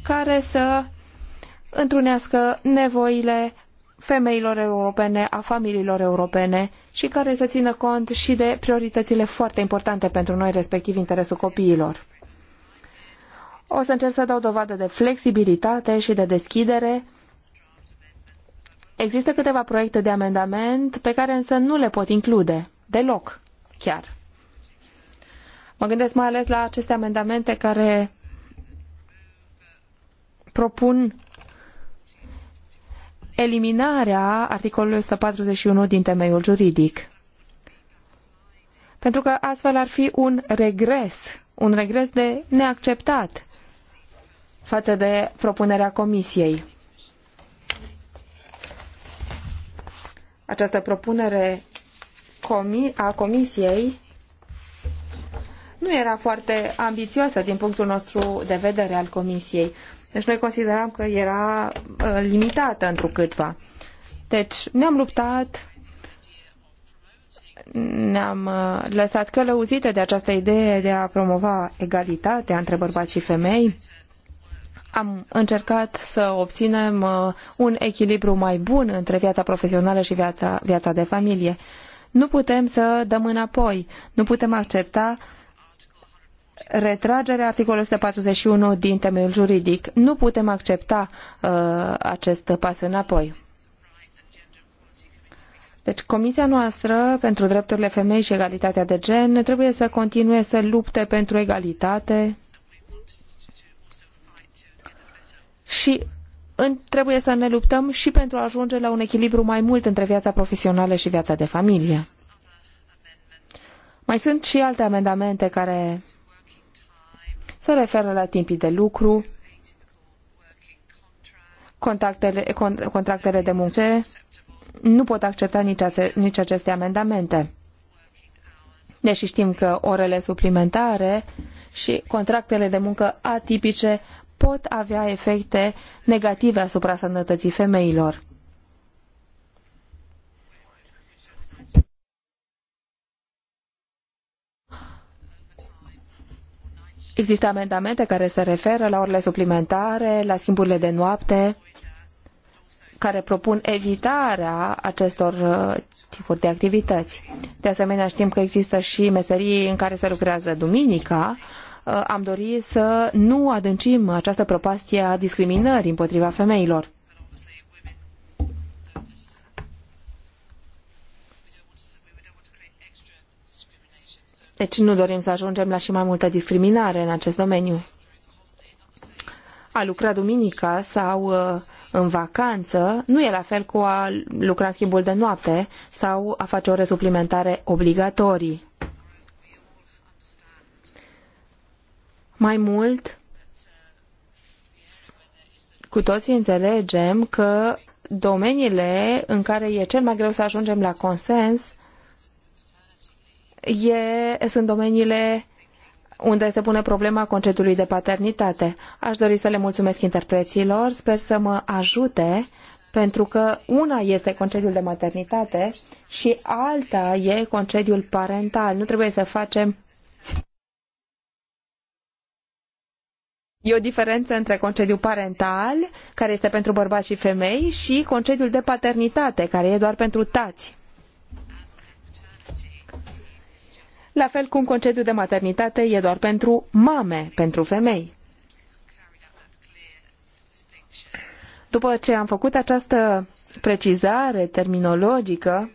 care să întrunească nevoile femeilor europene, a familiilor europene și care să țină cont și de prioritățile foarte importante pentru noi, respectiv interesul copiilor. O să încerc să dau dovadă de flexibilitate și de deschidere Există câteva proiecte de amendament pe care însă nu le pot include, deloc, chiar. Mă gândesc mai ales la aceste amendamente care propun eliminarea articolului 141 din temeiul juridic. Pentru că astfel ar fi un regres, un regres de neacceptat față de propunerea Comisiei. această propunere a Comisiei nu era foarte ambițioasă din punctul nostru de vedere al Comisiei. Deci noi consideram că era ă, limitată întrucâtva. Deci ne-am luptat, ne-am ă, lăsat călăuzite de această idee de a promova egalitatea între bărbați și femei am încercat să obținem uh, un echilibru mai bun între viața profesională și viața, viața de familie. Nu putem să dăm înapoi, nu putem accepta retragerea articolului 141 din temeiul juridic. Nu putem accepta uh, acest pas înapoi. Deci Comisia noastră pentru drepturile femei și egalitatea de gen trebuie să continue să lupte pentru egalitate, și trebuie să ne luptăm și pentru a ajunge la un echilibru mai mult între viața profesională și viața de familie. Mai sunt și alte amendamente care se referă la timpii de lucru, contractele contractele de muncă. Nu pot accepta nici, ace, nici aceste amendamente. Deși știm că orele suplimentare și contractele de muncă atipice pot avea efecte negative asupra sănătății femeilor. Există amendamente care se referă la orele suplimentare, la schimburile de noapte, care propun evitarea acestor uh, tipuri de activități. De asemenea, știm că există și meserii în care se lucrează duminica, Uh, am dori să nu adâncim această propastie a discriminării împotriva femeilor. Deci nu dorim să ajungem la și mai multă discriminare în acest domeniu. A lucra duminica sau uh, în vacanță nu e la fel cu a lucra în schimbul de noapte sau a face ore suplimentare obligatorii. Mai mult, cu toții înțelegem că domeniile în care e cel mai greu să ajungem la consens e, sunt domeniile unde se pune problema concediului de paternitate. Aș dori să le mulțumesc interpreților, sper să mă ajute, pentru că una este concediul de maternitate și alta e concediul parental. Nu trebuie să facem E o diferență între concediu parental, care este pentru bărbați și femei, și concediul de paternitate, care e doar pentru tați. La fel cum concediul de maternitate e doar pentru mame, pentru femei. După ce am făcut această precizare terminologică,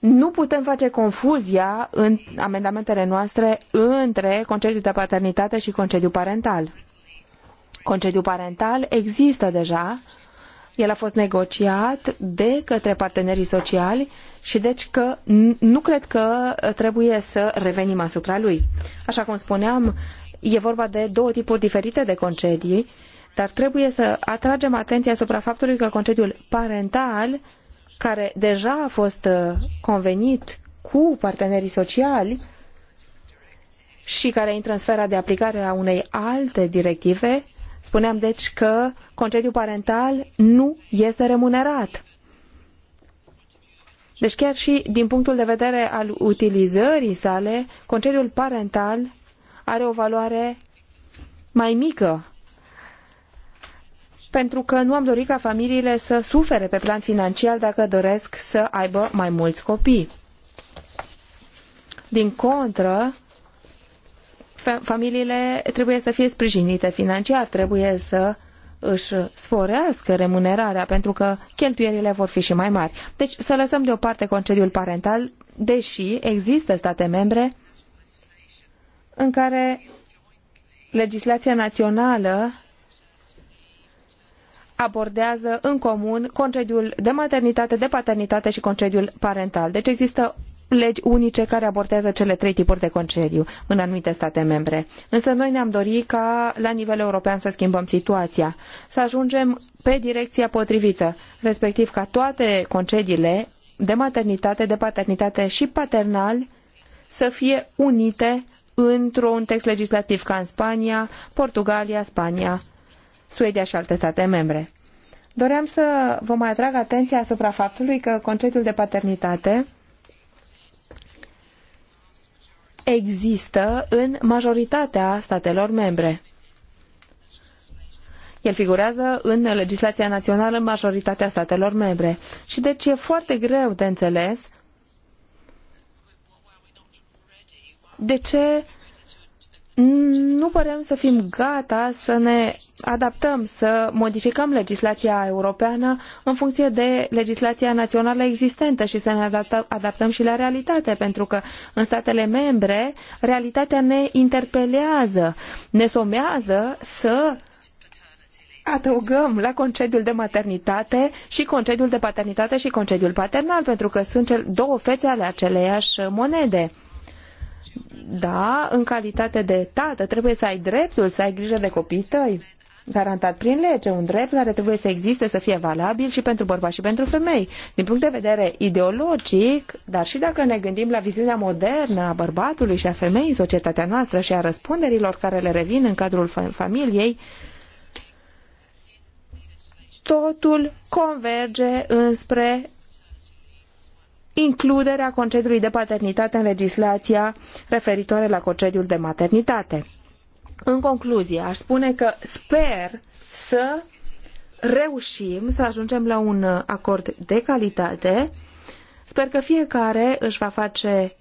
nu putem face confuzia în amendamentele noastre între concediul de paternitate și concediul parental. Concediul parental există deja, el a fost negociat de către partenerii sociali și deci că nu cred că trebuie să revenim asupra lui. Așa cum spuneam, e vorba de două tipuri diferite de concedii, dar trebuie să atragem atenția asupra faptului că concediul parental care deja a fost uh, convenit cu partenerii sociali și care intră în sfera de aplicare a unei alte directive, spuneam deci că concediul parental nu este remunerat. Deci chiar și din punctul de vedere al utilizării sale, concediul parental are o valoare mai mică pentru că nu am dorit ca familiile să sufere pe plan financiar dacă doresc să aibă mai mulți copii. Din contră, familiile trebuie să fie sprijinite financiar, trebuie să își sporească remunerarea pentru că cheltuielile vor fi și mai mari. Deci să lăsăm deoparte concediul parental, deși există state membre în care legislația națională abordează în comun concediul de maternitate, de paternitate și concediul parental. Deci există legi unice care abordează cele trei tipuri de concediu în anumite state membre. Însă noi ne-am dorit ca la nivel european să schimbăm situația, să ajungem pe direcția potrivită, respectiv ca toate concediile de maternitate, de paternitate și paternal să fie unite într-un text legislativ ca în Spania, Portugalia, Spania Suedia și alte state membre. Doream să vă mai atrag atenția asupra faptului că concediul de paternitate există în majoritatea statelor membre. El figurează în legislația națională în majoritatea statelor membre. Și deci e foarte greu de înțeles de ce nu părem să fim gata să ne adaptăm, să modificăm legislația europeană în funcție de legislația națională existentă și să ne adaptăm și la realitate, pentru că în statele membre realitatea ne interpelează, ne somează să adăugăm la concediul de maternitate și concediul de paternitate și concediul paternal, pentru că sunt două fețe ale aceleiași monede. Da, în calitate de tată trebuie să ai dreptul să ai grijă de copiii tăi. Garantat prin lege, un drept care trebuie să existe, să fie valabil și pentru bărbați și pentru femei. Din punct de vedere ideologic, dar și dacă ne gândim la viziunea modernă a bărbatului și a femeii în societatea noastră și a răspunderilor care le revin în cadrul familiei, totul converge înspre includerea concediului de paternitate în legislația referitoare la concediul de maternitate. În concluzie, aș spune că sper să reușim să ajungem la un acord de calitate. Sper că fiecare își va face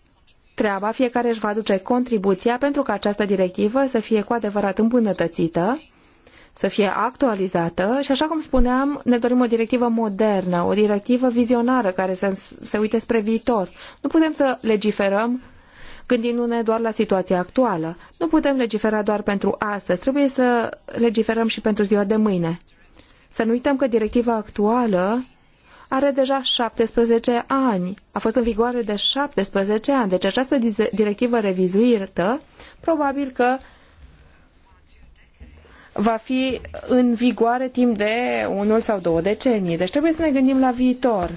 treaba, fiecare își va aduce contribuția pentru ca această directivă să fie cu adevărat îmbunătățită să fie actualizată și, așa cum spuneam, ne dorim o directivă modernă, o directivă vizionară care să se uite spre viitor. Nu putem să legiferăm gândindu-ne doar la situația actuală. Nu putem legifera doar pentru astăzi, trebuie să legiferăm și pentru ziua de mâine. Să nu uităm că directiva actuală are deja 17 ani. A fost în vigoare de 17 ani, deci această directivă revizuită probabil că va fi în vigoare timp de unul sau două decenii. Deci trebuie să ne gândim la viitor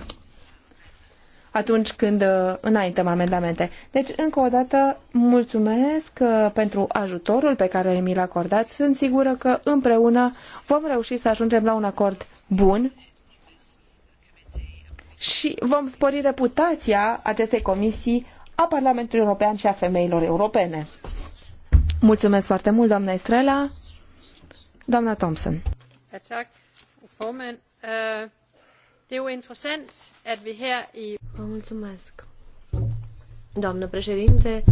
atunci când uh, înaintăm amendamente. Deci, încă o dată, mulțumesc uh, pentru ajutorul pe care mi l acordați. Sunt sigură că împreună vom reuși să ajungem la un acord bun și vom spori reputația acestei comisii a Parlamentului European și a femeilor europene. Mulțumesc foarte mult, doamna Estrela. Doamna Thompson. Øh, er mulțumesc. Doamnă președinte,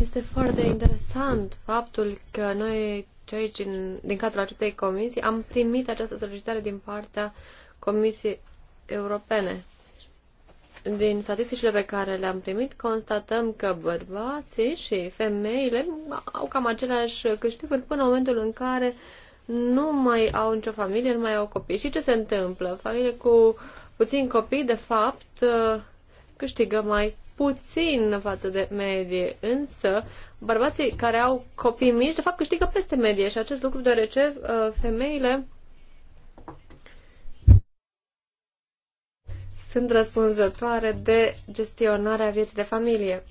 este foarte interesant faptul că noi, cei din, din cadrul acestei comisii, am primit această solicitare din partea Comisiei Europene. Din statisticile pe care le-am primit, constatăm că bărbații și femeile au cam aceleași câștiguri până în momentul în care uh, nu mai au nicio familie, nu mai au copii. Și ce se întâmplă? Familie cu puțin copii, de fapt, uh, câștigă mai puțin față de medie, însă bărbații care au copii mici, de fapt, câștigă peste medie și acest lucru deoarece uh, femeile sunt răspunzătoare de gestionarea vieții de familie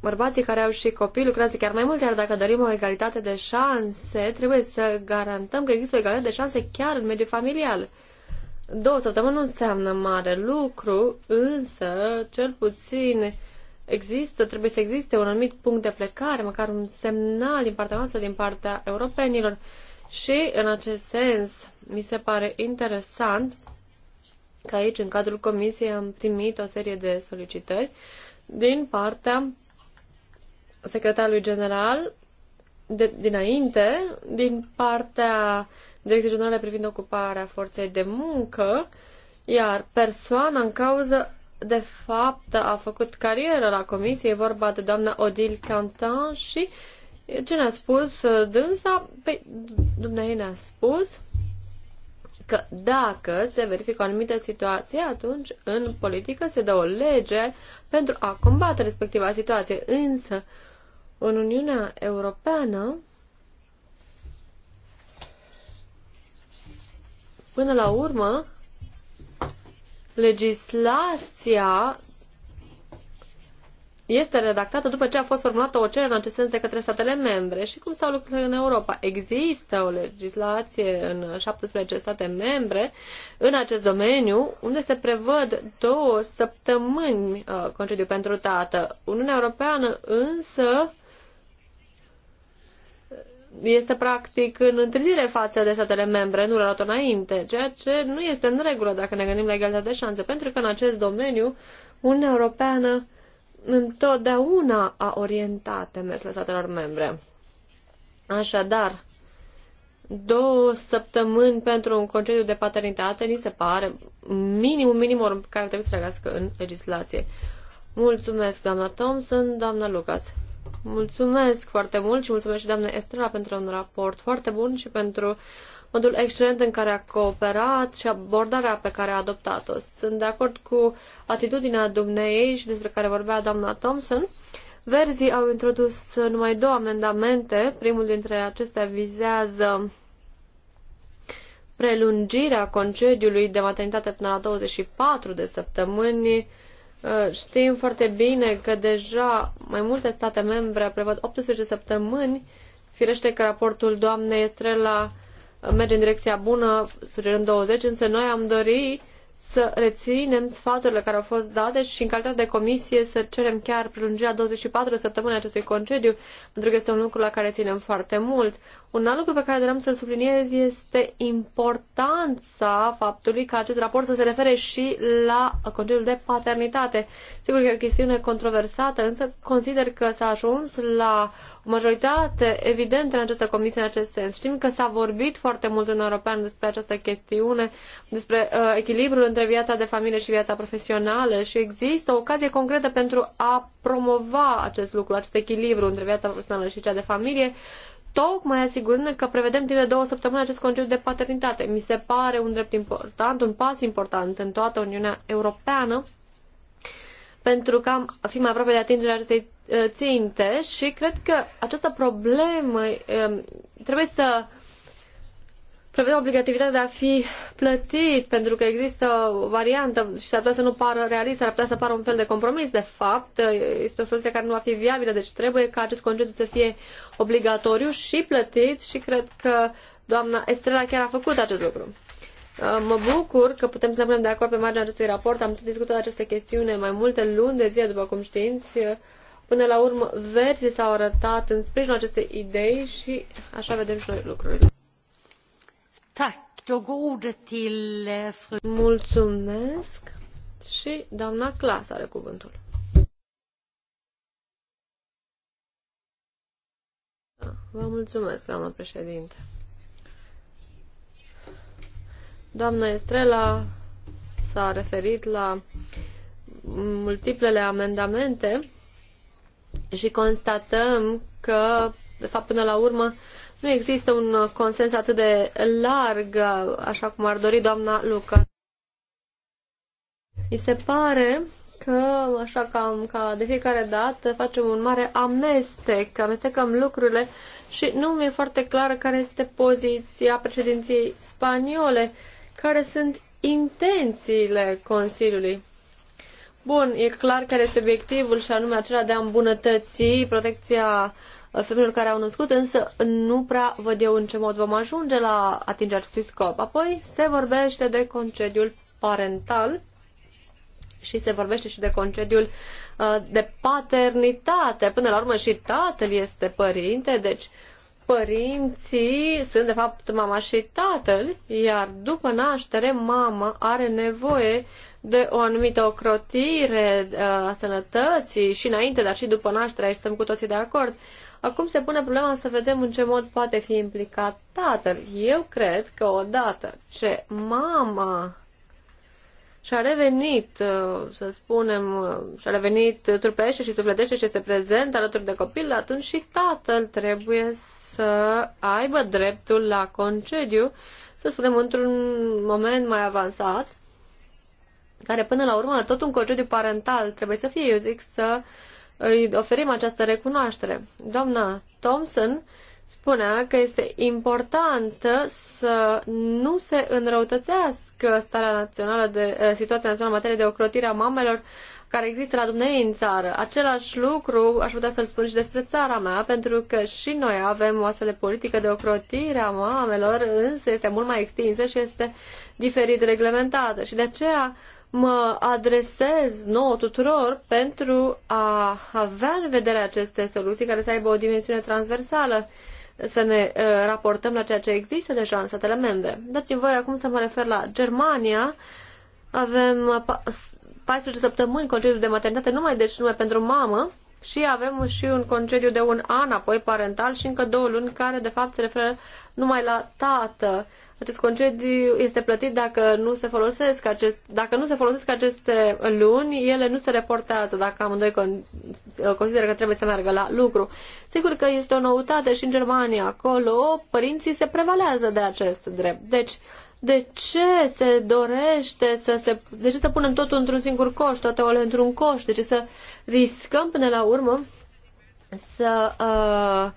bărbații care au și copii lucrează chiar mai mult, iar dacă dorim o egalitate de șanse, trebuie să garantăm că există o egalitate de șanse chiar în mediul familial. Două săptămâni nu înseamnă mare lucru, însă, cel puțin, există, trebuie să existe un anumit punct de plecare, măcar un semnal din partea noastră, din partea europenilor. Și, în acest sens, mi se pare interesant că aici, în cadrul comisiei, am primit o serie de solicitări din partea secretarului general de, dinainte, din partea Direcției Generale privind ocuparea forței de muncă, iar persoana în cauză de fapt a făcut carieră la comisie, e vorba de doamna Odil Cantan și ce ne-a spus uh, dânsa? Păi, dumneavoastră ne-a spus că dacă se verifică o anumită situație, atunci în politică se dă o lege pentru a combate respectiva situație. Însă, în Uniunea Europeană, până la urmă, legislația este redactată după ce a fost formulată o cerere în acest sens de către statele membre. Și cum s-au lucrurile în Europa? Există o legislație în 17 state membre în acest domeniu unde se prevăd două săptămâni uh, concediu pentru tată. Uniunea Europeană însă uh, este practic în întârziere față de statele membre, nu le-a înainte, ceea ce nu este în regulă dacă ne gândim la egalitatea de șanse, pentru că în acest domeniu Uniunea Europeană întotdeauna a orientat demersurile statelor membre. Așadar, două săptămâni pentru un concediu de paternitate, ni se pare minimul minimum care trebuie să tregească în legislație. Mulțumesc, doamna Thompson, doamna Lucas. Mulțumesc foarte mult și mulțumesc și doamne Estrela pentru un raport foarte bun și pentru modul excelent în care a cooperat și abordarea pe care a adoptat-o. Sunt de acord cu atitudinea dumneei și despre care vorbea doamna Thompson. Verzii au introdus numai două amendamente. Primul dintre acestea vizează prelungirea concediului de maternitate până la 24 de săptămâni Uh, știm foarte bine că deja mai multe state membre prevăd 18 săptămâni. Firește că raportul doamnei Estrela merge în direcția bună, sugerând 20, însă noi am dorit să reținem sfaturile care au fost date și în calitate de comisie să cerem chiar prelungirea 24 de săptămâni a acestui concediu, pentru că este un lucru la care ținem foarte mult. Un alt lucru pe care doream să-l subliniez este importanța faptului că acest raport să se refere și la concediul de paternitate. Sigur că e o chestiune controversată, însă consider că s-a ajuns la o majoritate evidentă în această comisie în acest sens. Știm că s-a vorbit foarte mult în european despre această chestiune, despre uh, echilibrul între viața de familie și viața profesională și există o ocazie concretă pentru a promova acest lucru, acest echilibru între viața profesională și cea de familie, tocmai asigurând că prevedem timp de două săptămâni acest concediu de paternitate. Mi se pare un drept important, un pas important în toată Uniunea Europeană pentru că am fi mai aproape de atingerea acestei Uh, ținte și cred că această problemă um, trebuie să prevedem obligativitatea de a fi plătit, pentru că există o variantă și s-ar putea să nu pară realist, s-ar putea să pară un fel de compromis, de fapt. Uh, este o soluție care nu va fi viabilă, deci trebuie ca acest concediu să fie obligatoriu și plătit și cred că doamna Estrela chiar a făcut acest lucru. Uh, mă bucur că putem să ne punem de acord pe marginea acestui raport. Am discutat aceste chestiune mai multe luni de zile, după cum știți. Până la urmă, verzi s-au arătat în sprijinul acestei idei și așa vedem și noi lucrurile. Eh, mulțumesc și doamna Clas are cuvântul. Ah, vă mulțumesc, doamnă președinte. Doamna Estrela s-a referit la multiplele amendamente și constatăm că, de fapt, până la urmă, nu există un consens atât de larg, așa cum ar dori doamna Luca. Mi se pare că, așa cam ca de fiecare dată, facem un mare amestec, amestecăm lucrurile și nu mi-e foarte clară care este poziția președinției spaniole, care sunt intențiile Consiliului. Bun, e clar care este obiectivul și anume acela de a îmbunătăți protecția uh, femeilor care au născut, însă nu prea văd eu în ce mod vom ajunge la atingerea acestui scop. Apoi se vorbește de concediul parental și se vorbește și de concediul uh, de paternitate. Până la urmă și tatăl este părinte, deci părinții sunt de fapt mama și tatăl, iar după naștere mama are nevoie de o anumită ocrotire uh, a sănătății și înainte, dar și după naștere, aici suntem cu toții de acord. Acum se pune problema să vedem în ce mod poate fi implicat tatăl. Eu cred că odată ce mama și-a revenit, uh, să spunem, uh, și-a revenit trupește și sufletește și se prezent alături de copil, atunci și tatăl trebuie să aibă dreptul la concediu, să spunem, într-un moment mai avansat, care până la urmă, tot un concediu parental trebuie să fie, eu zic, să îi oferim această recunoaștere. Doamna Thompson spunea că este important să nu se înrăutățească starea națională de, eh, situația națională în materie de ocrotire a mamelor care există la dumneavoastră în țară. Același lucru aș putea să-l spun și despre țara mea, pentru că și noi avem o astfel de politică de ocrotire a mamelor, însă este mult mai extinsă și este diferit reglementată. Și de aceea mă adresez nouă tuturor pentru a avea în vedere aceste soluții care să aibă o dimensiune transversală să ne uh, raportăm la ceea ce există deja în statele membre. Dați-mi voi acum să mă refer la Germania. Avem 14 săptămâni concediu de maternitate numai deci numai pentru mamă și avem și un concediu de un an apoi parental și încă două luni care de fapt se referă numai la tată. Acest concediu este plătit dacă nu se folosesc acest, dacă nu se folosesc aceste luni, ele nu se reportează dacă amândoi consideră că trebuie să meargă la lucru. Sigur că este o noutate și în Germania acolo părinții se prevalează de acest drept. Deci, de ce se dorește să se... De ce să punem totul într-un singur coș, toate ouăle într-un coș? De ce să riscăm până la urmă să uh,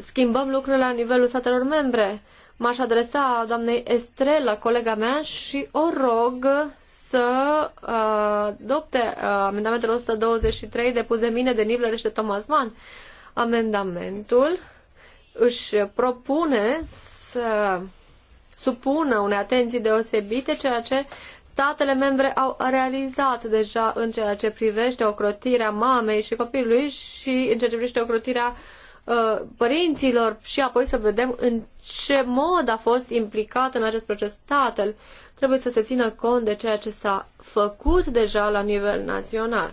schimbăm lucrurile la nivelul statelor membre? M-aș adresa doamnei Estrela, colega mea, și o rog să uh, adopte uh, amendamentul 123 depus de mine, de Nibler și de Thomas Mann. Amendamentul își propune să supună unei atenții deosebite, ceea ce statele membre au realizat deja în ceea ce privește ocrotirea mamei și copilului și în ceea ce privește ocrotirea uh, părinților și apoi să vedem în ce mod a fost implicat în acest proces statul. Trebuie să se țină cont de ceea ce s-a făcut deja la nivel național.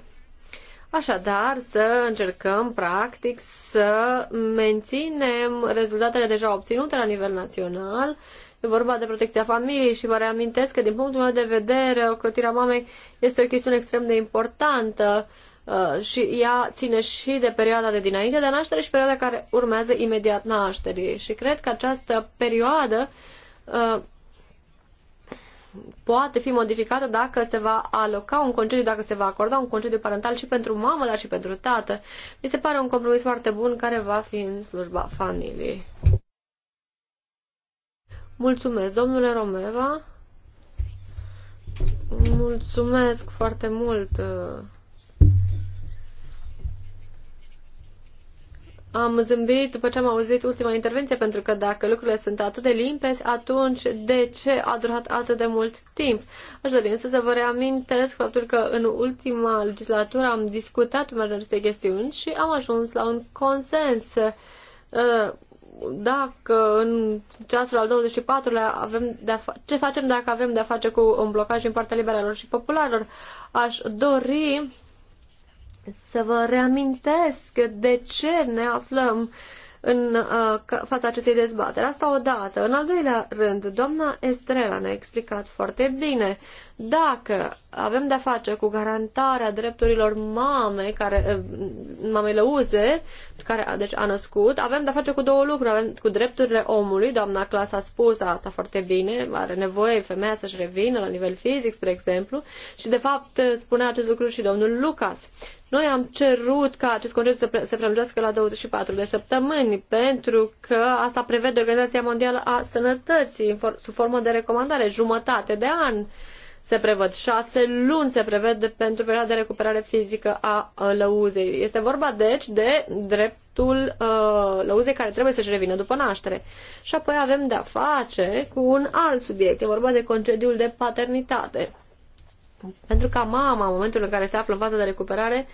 Așadar, să încercăm, practic, să menținem rezultatele deja obținute la nivel național E vorba de protecția familiei și vă reamintesc că, din punctul meu de vedere, ocrotirea mamei este o chestiune extrem de importantă uh, și ea ține și de perioada de dinainte de naștere și perioada care urmează imediat nașterii. Și cred că această perioadă uh, poate fi modificată dacă se va aloca un concediu, dacă se va acorda un concediu parental și pentru mamă, dar și pentru tată. Mi se pare un compromis foarte bun care va fi în slujba familiei. Mulțumesc, domnule Romeva. Mulțumesc foarte mult. Am zâmbit după ce am auzit ultima intervenție, pentru că dacă lucrurile sunt atât de limpezi, atunci de ce a durat atât de mult timp? Aș dori însă să vă reamintesc faptul că în ultima legislatură am discutat mai aceste chestiuni și am ajuns la un consens uh, dacă în ceasul al 24-lea avem de fa- ce facem dacă avem de-a face cu un blocaj din partea liberalilor și popularilor. Aș dori să vă reamintesc de ce ne aflăm în uh, fața acestei dezbateri. Asta odată. În al doilea rând, doamna Estrela ne-a explicat foarte bine. Dacă avem de-a face cu garantarea drepturilor mame care, uh, mamele uze, care deci, a născut, avem de-a face cu două lucruri. Avem cu drepturile omului, doamna Clas a spus asta foarte bine, are nevoie femeia să-și revină la nivel fizic, spre exemplu, și de fapt spunea acest lucru și domnul Lucas. Noi am cerut ca acest concediu să pre- se prelungească la 24 de săptămâni, pentru că asta prevede Organizația Mondială a Sănătății, sub formă de recomandare, jumătate de an se prevăd șase luni, se prevede pentru perioada de recuperare fizică a lăuzei. Este vorba, deci, de dreptul uh, lăuzei care trebuie să-și revină după naștere. Și apoi avem de-a face cu un alt subiect. E vorba de concediul de paternitate pentru ca mama, în momentul în care se află în fază de recuperare,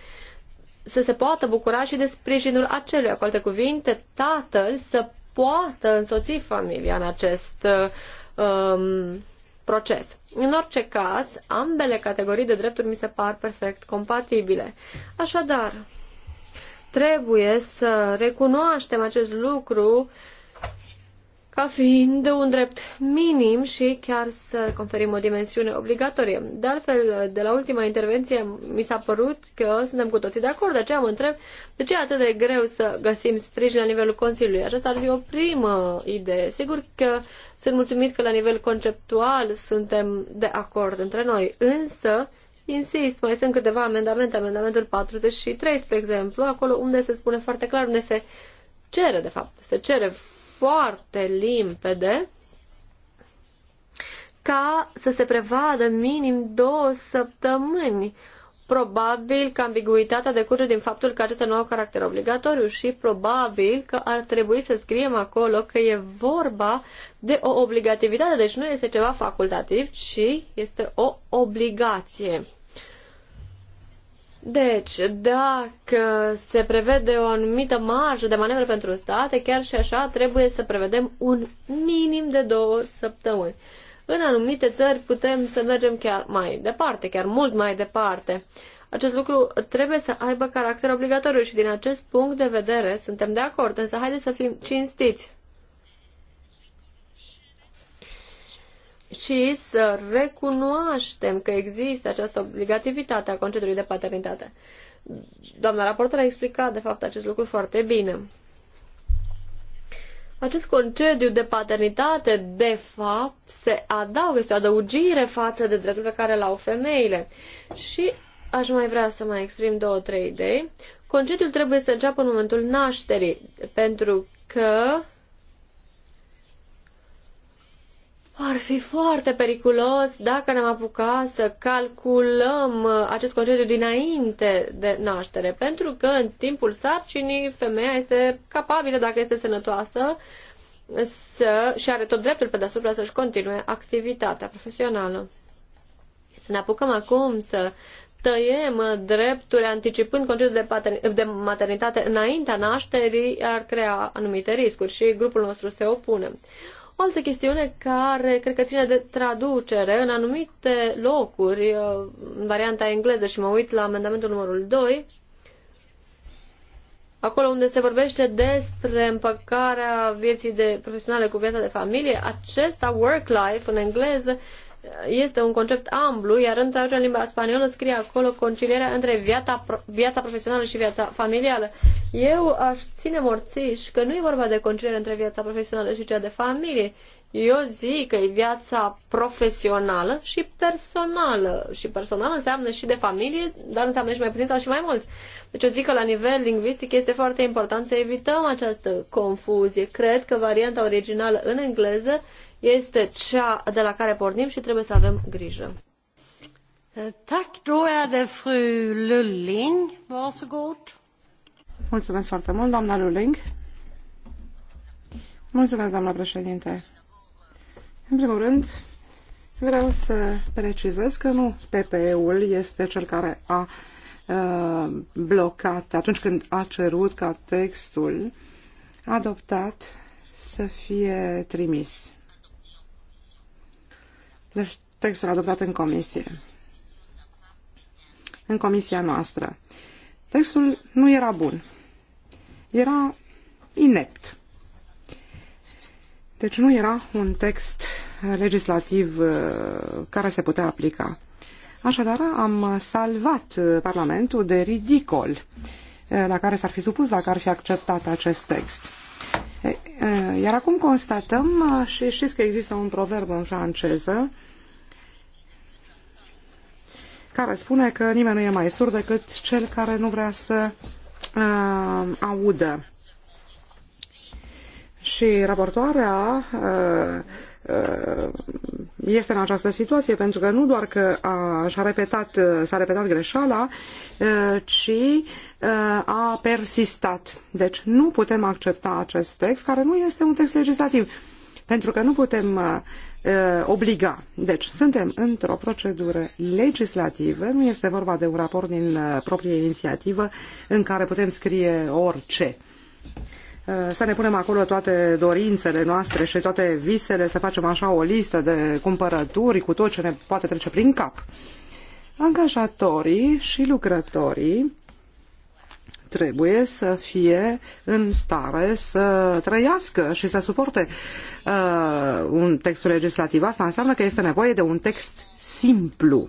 să se poată bucura și de sprijinul acelui. Cu alte cuvinte, tatăl să poată însoți familia în acest um, proces. În orice caz, ambele categorii de drepturi mi se par perfect compatibile. Așadar, trebuie să recunoaștem acest lucru ca fiind un drept minim și chiar să conferim o dimensiune obligatorie. De altfel, de la ultima intervenție mi s-a părut că suntem cu toții de acord, de aceea mă întreb de ce e atât de greu să găsim sprijin la nivelul Consiliului. Aceasta ar fi o primă idee. Sigur că sunt mulțumit că la nivel conceptual suntem de acord între noi, însă Insist, mai sunt câteva amendamente, amendamentul 43, spre exemplu, acolo unde se spune foarte clar, unde se cere, de fapt, se cere foarte limpede ca să se prevadă minim două săptămâni. Probabil că ambiguitatea decurge din faptul că acestea nu au caracter obligatoriu și probabil că ar trebui să scriem acolo că e vorba de o obligativitate, deci nu este ceva facultativ, ci este o obligație. Deci, dacă se prevede o anumită marjă de manevră pentru state, chiar și așa trebuie să prevedem un minim de două săptămâni. În anumite țări putem să mergem chiar mai departe, chiar mult mai departe. Acest lucru trebuie să aibă caracter obligatoriu și din acest punct de vedere suntem de acord, însă haideți să fim cinstiți. și să recunoaștem că există această obligativitate a concediului de paternitate. Doamna raportor a explicat, de fapt, acest lucru foarte bine. Acest concediu de paternitate, de fapt, se adaugă, este o adăugire față de dreptul pe care l-au femeile. Și aș mai vrea să mai exprim două, trei idei. Concediul trebuie să înceapă în momentul nașterii, pentru că Ar fi foarte periculos dacă ne-am apucat să calculăm uh, acest concediu dinainte de naștere, pentru că în timpul sarcinii femeia este capabilă, dacă este sănătoasă, să, și are tot dreptul pe deasupra să-și continue activitatea profesională. Să ne apucăm acum să tăiem uh, drepturi anticipând concediul de, patern- de maternitate înaintea nașterii ar crea anumite riscuri și grupul nostru se opune. O altă chestiune care cred că ține de traducere în anumite locuri, uh, în varianta engleză și mă uit la amendamentul numărul 2, acolo unde se vorbește despre împăcarea vieții de profesionale cu viața de familie, acesta work life în engleză este un concept amplu, iar în traducerea în limba spaniolă scrie acolo concilierea între viața, viața profesională și viața familială. Eu aș ține morțiș că nu e vorba de concilierea între viața profesională și cea de familie. Eu zic că e viața profesională și personală. Și personală înseamnă și de familie, dar înseamnă și mai puțin sau și mai mult. Deci eu zic că la nivel lingvistic este foarte important să evităm această confuzie. Cred că varianta originală în engleză este cea de la care pornim și trebuie să avem grijă. Tak, då är det fru Lulling. Varsågod. Mulțumesc foarte mult, doamna Lulling. Mulțumesc, doamna președinte. În primul rând, vreau să precizez că nu PPE-ul este cel care a uh, blocat atunci când a cerut ca textul adoptat să fie trimis. Deci textul adoptat în comisie. În comisia noastră. Textul nu era bun. Era inept. Deci nu era un text legislativ uh, care se putea aplica. Așadar, am salvat uh, Parlamentul de ridicol uh, la care s-ar fi supus dacă ar fi acceptat acest text. Iar acum constatăm, și știți că există un proverb în franceză, care spune că nimeni nu e mai surd decât cel care nu vrea să uh, audă. Și raportoarea uh, uh este în această situație, pentru că nu doar că a, a repetat, uh, repetat greșeala, uh, ci uh, a persistat. Deci nu putem accepta acest text, care nu este un text legislativ, pentru că nu putem Uh, obliga. Deci, suntem într-o procedură legislativă, nu este vorba de un raport din uh, proprie inițiativă în care putem scrie orice. Uh, să ne punem acolo toate dorințele noastre și toate visele, să facem așa o listă de cumpărături cu tot ce ne poate trece prin cap. Angajatorii și lucrătorii trebuie să fie în stare să trăiască și să suporte uh, un text legislativ. Asta înseamnă că este nevoie de un text simplu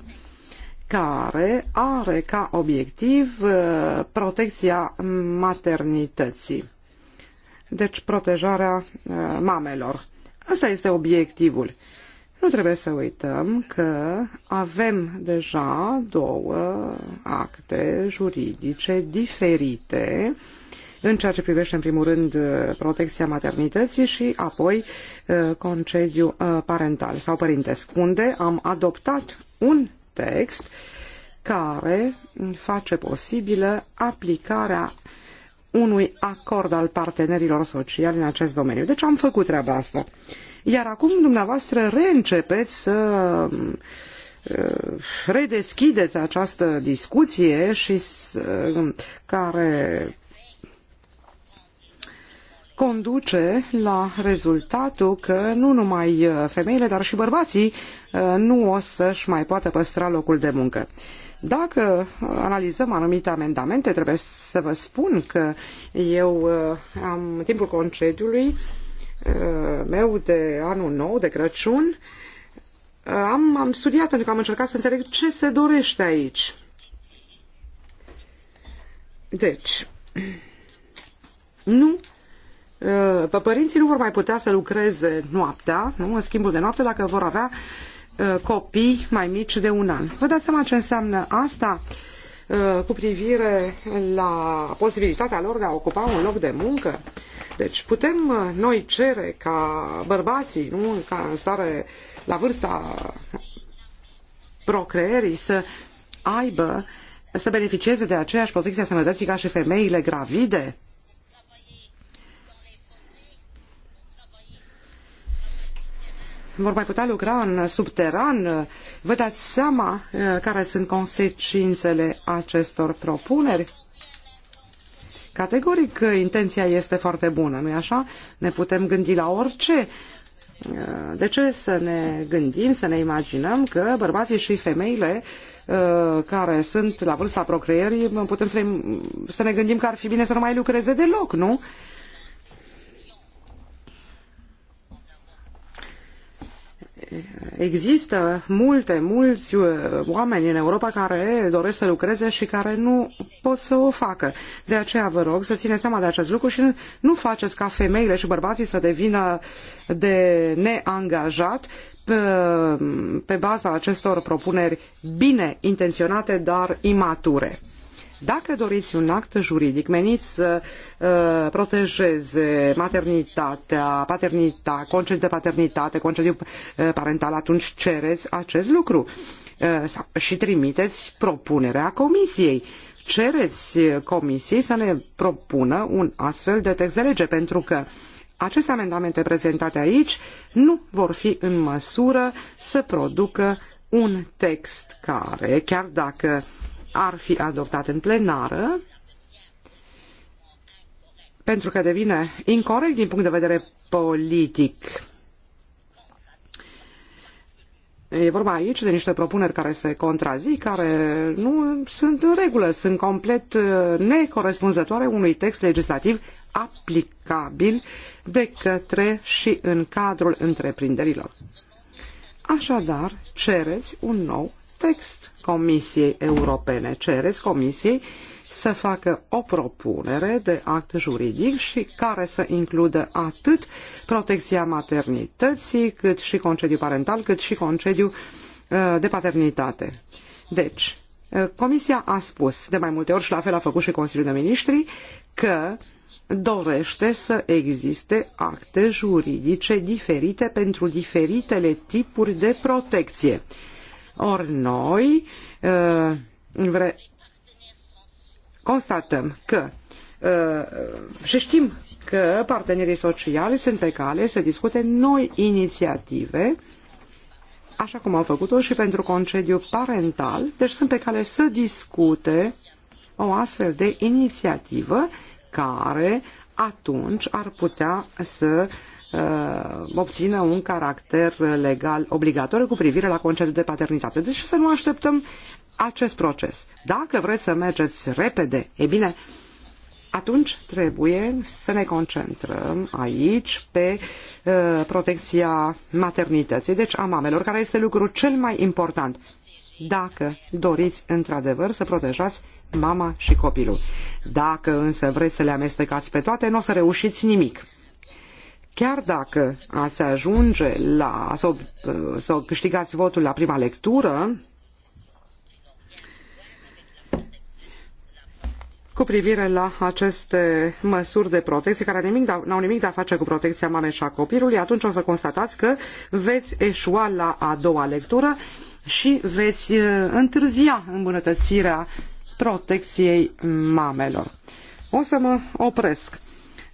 care are ca obiectiv uh, protecția maternității. Deci protejarea uh, mamelor. Asta este obiectivul. Uh, nu trebuie să uităm că avem deja două acte juridice diferite în ceea ce privește, în primul rând, protecția maternității și apoi uh, concediu uh, parental sau părintesc, unde am adoptat un text care face posibilă aplicarea unui acord al partenerilor sociali în acest domeniu. Deci am făcut treaba asta. Iar acum dumneavoastră reîncepeți să uh, redeschideți această discuție și să, care conduce la rezultatul că nu numai uh, femeile, dar și bărbații uh, nu o să-și mai poată păstra locul de muncă. Dacă analizăm anumite amendamente, trebuie să vă spun că eu am timpul concediului Uh, meu de anul nou, de Crăciun, uh, am, am studiat pentru că am încercat să înțeleg ce se dorește aici. Deci, nu uh, pe părinții nu vor mai putea să lucreze noaptea, nu? în schimbul de noapte, dacă vor avea copii mai mici de un an. Vă dați seama ce înseamnă asta? Uh, Uh, cu privire la posibilitatea lor de a ocupa un loc de muncă. Deci putem uh, noi cere ca bărbații, nu ca în stare la vârsta procreerii, să aibă, să beneficieze de aceeași protecție a sănătății ca și femeile gravide? vor mai putea lucra în subteran. Vă dați seama uh, care sunt consecințele acestor propuneri? Categoric, uh, intenția este foarte bună, nu-i așa? Ne putem gândi la orice. Uh, de ce să ne gândim, să ne imaginăm că bărbații și femeile care sunt la vârsta procreierii, putem să ne, să ne gândim că ar fi bine să nu mai lucreze deloc, nu? Uh, există multe, mulți uh, oameni în Europa care doresc să lucreze și care nu pot să o facă. De aceea vă rog să țineți seama de acest lucru și nu faceți ca femeile și bărbații să devină de neangajat pe, uh, pe baza acestor propuneri bine intenționate, dar imature. Dacă doriți un act juridic menit să uh, protejeze maternitatea, paternitatea, concediu de paternitate, concediu uh, parental, atunci cereți acest lucru uh, și trimiteți propunerea comisiei. Cereți comisiei să ne propună un astfel de text de lege, pentru că aceste amendamente prezentate aici nu vor fi în măsură să producă un text care, chiar dacă ar fi adoptat în plenară, pentru că devine incorrect din punct de vedere politic. E vorba aici de niște propuneri care se contrazic, care nu sunt în regulă, sunt complet uh, necorespunzătoare unui text legislativ aplicabil de către și în cadrul întreprinderilor. Așadar, cereți un nou text Comisiei Europene. Cereți Comisiei să facă o propunere de act juridic și care să includă atât protecția maternității, cât și concediu parental, cât și concediu uh, de paternitate. Deci, uh, Comisia a spus de mai multe ori și la fel a făcut și Consiliul de Ministri că dorește să existe acte juridice diferite pentru diferitele tipuri de protecție. Ori noi uh, vre, constatăm că uh, și știm că partenerii sociali sunt pe cale să discute noi inițiative așa cum au făcut-o și pentru concediu parental, deci sunt pe cale să discute o astfel de inițiativă care atunci ar putea să Uh, obțină un caracter legal obligatoriu cu privire la concediul de paternitate. Deci să nu așteptăm acest proces. Dacă vreți să mergeți repede, e bine, atunci trebuie să ne concentrăm aici pe uh, protecția maternității, deci a mamelor, care este lucrul cel mai important dacă doriți într-adevăr să protejați mama și copilul. Dacă însă vreți să le amestecați pe toate, nu o să reușiți nimic chiar dacă ați ajunge la, să, să câștigați votul la prima lectură, cu privire la aceste măsuri de protecție care n-au nimic de a face cu protecția mamei și a copilului, atunci o să constatați că veți eșua la a doua lectură și veți uh, întârzia îmbunătățirea protecției mamelor. O să mă opresc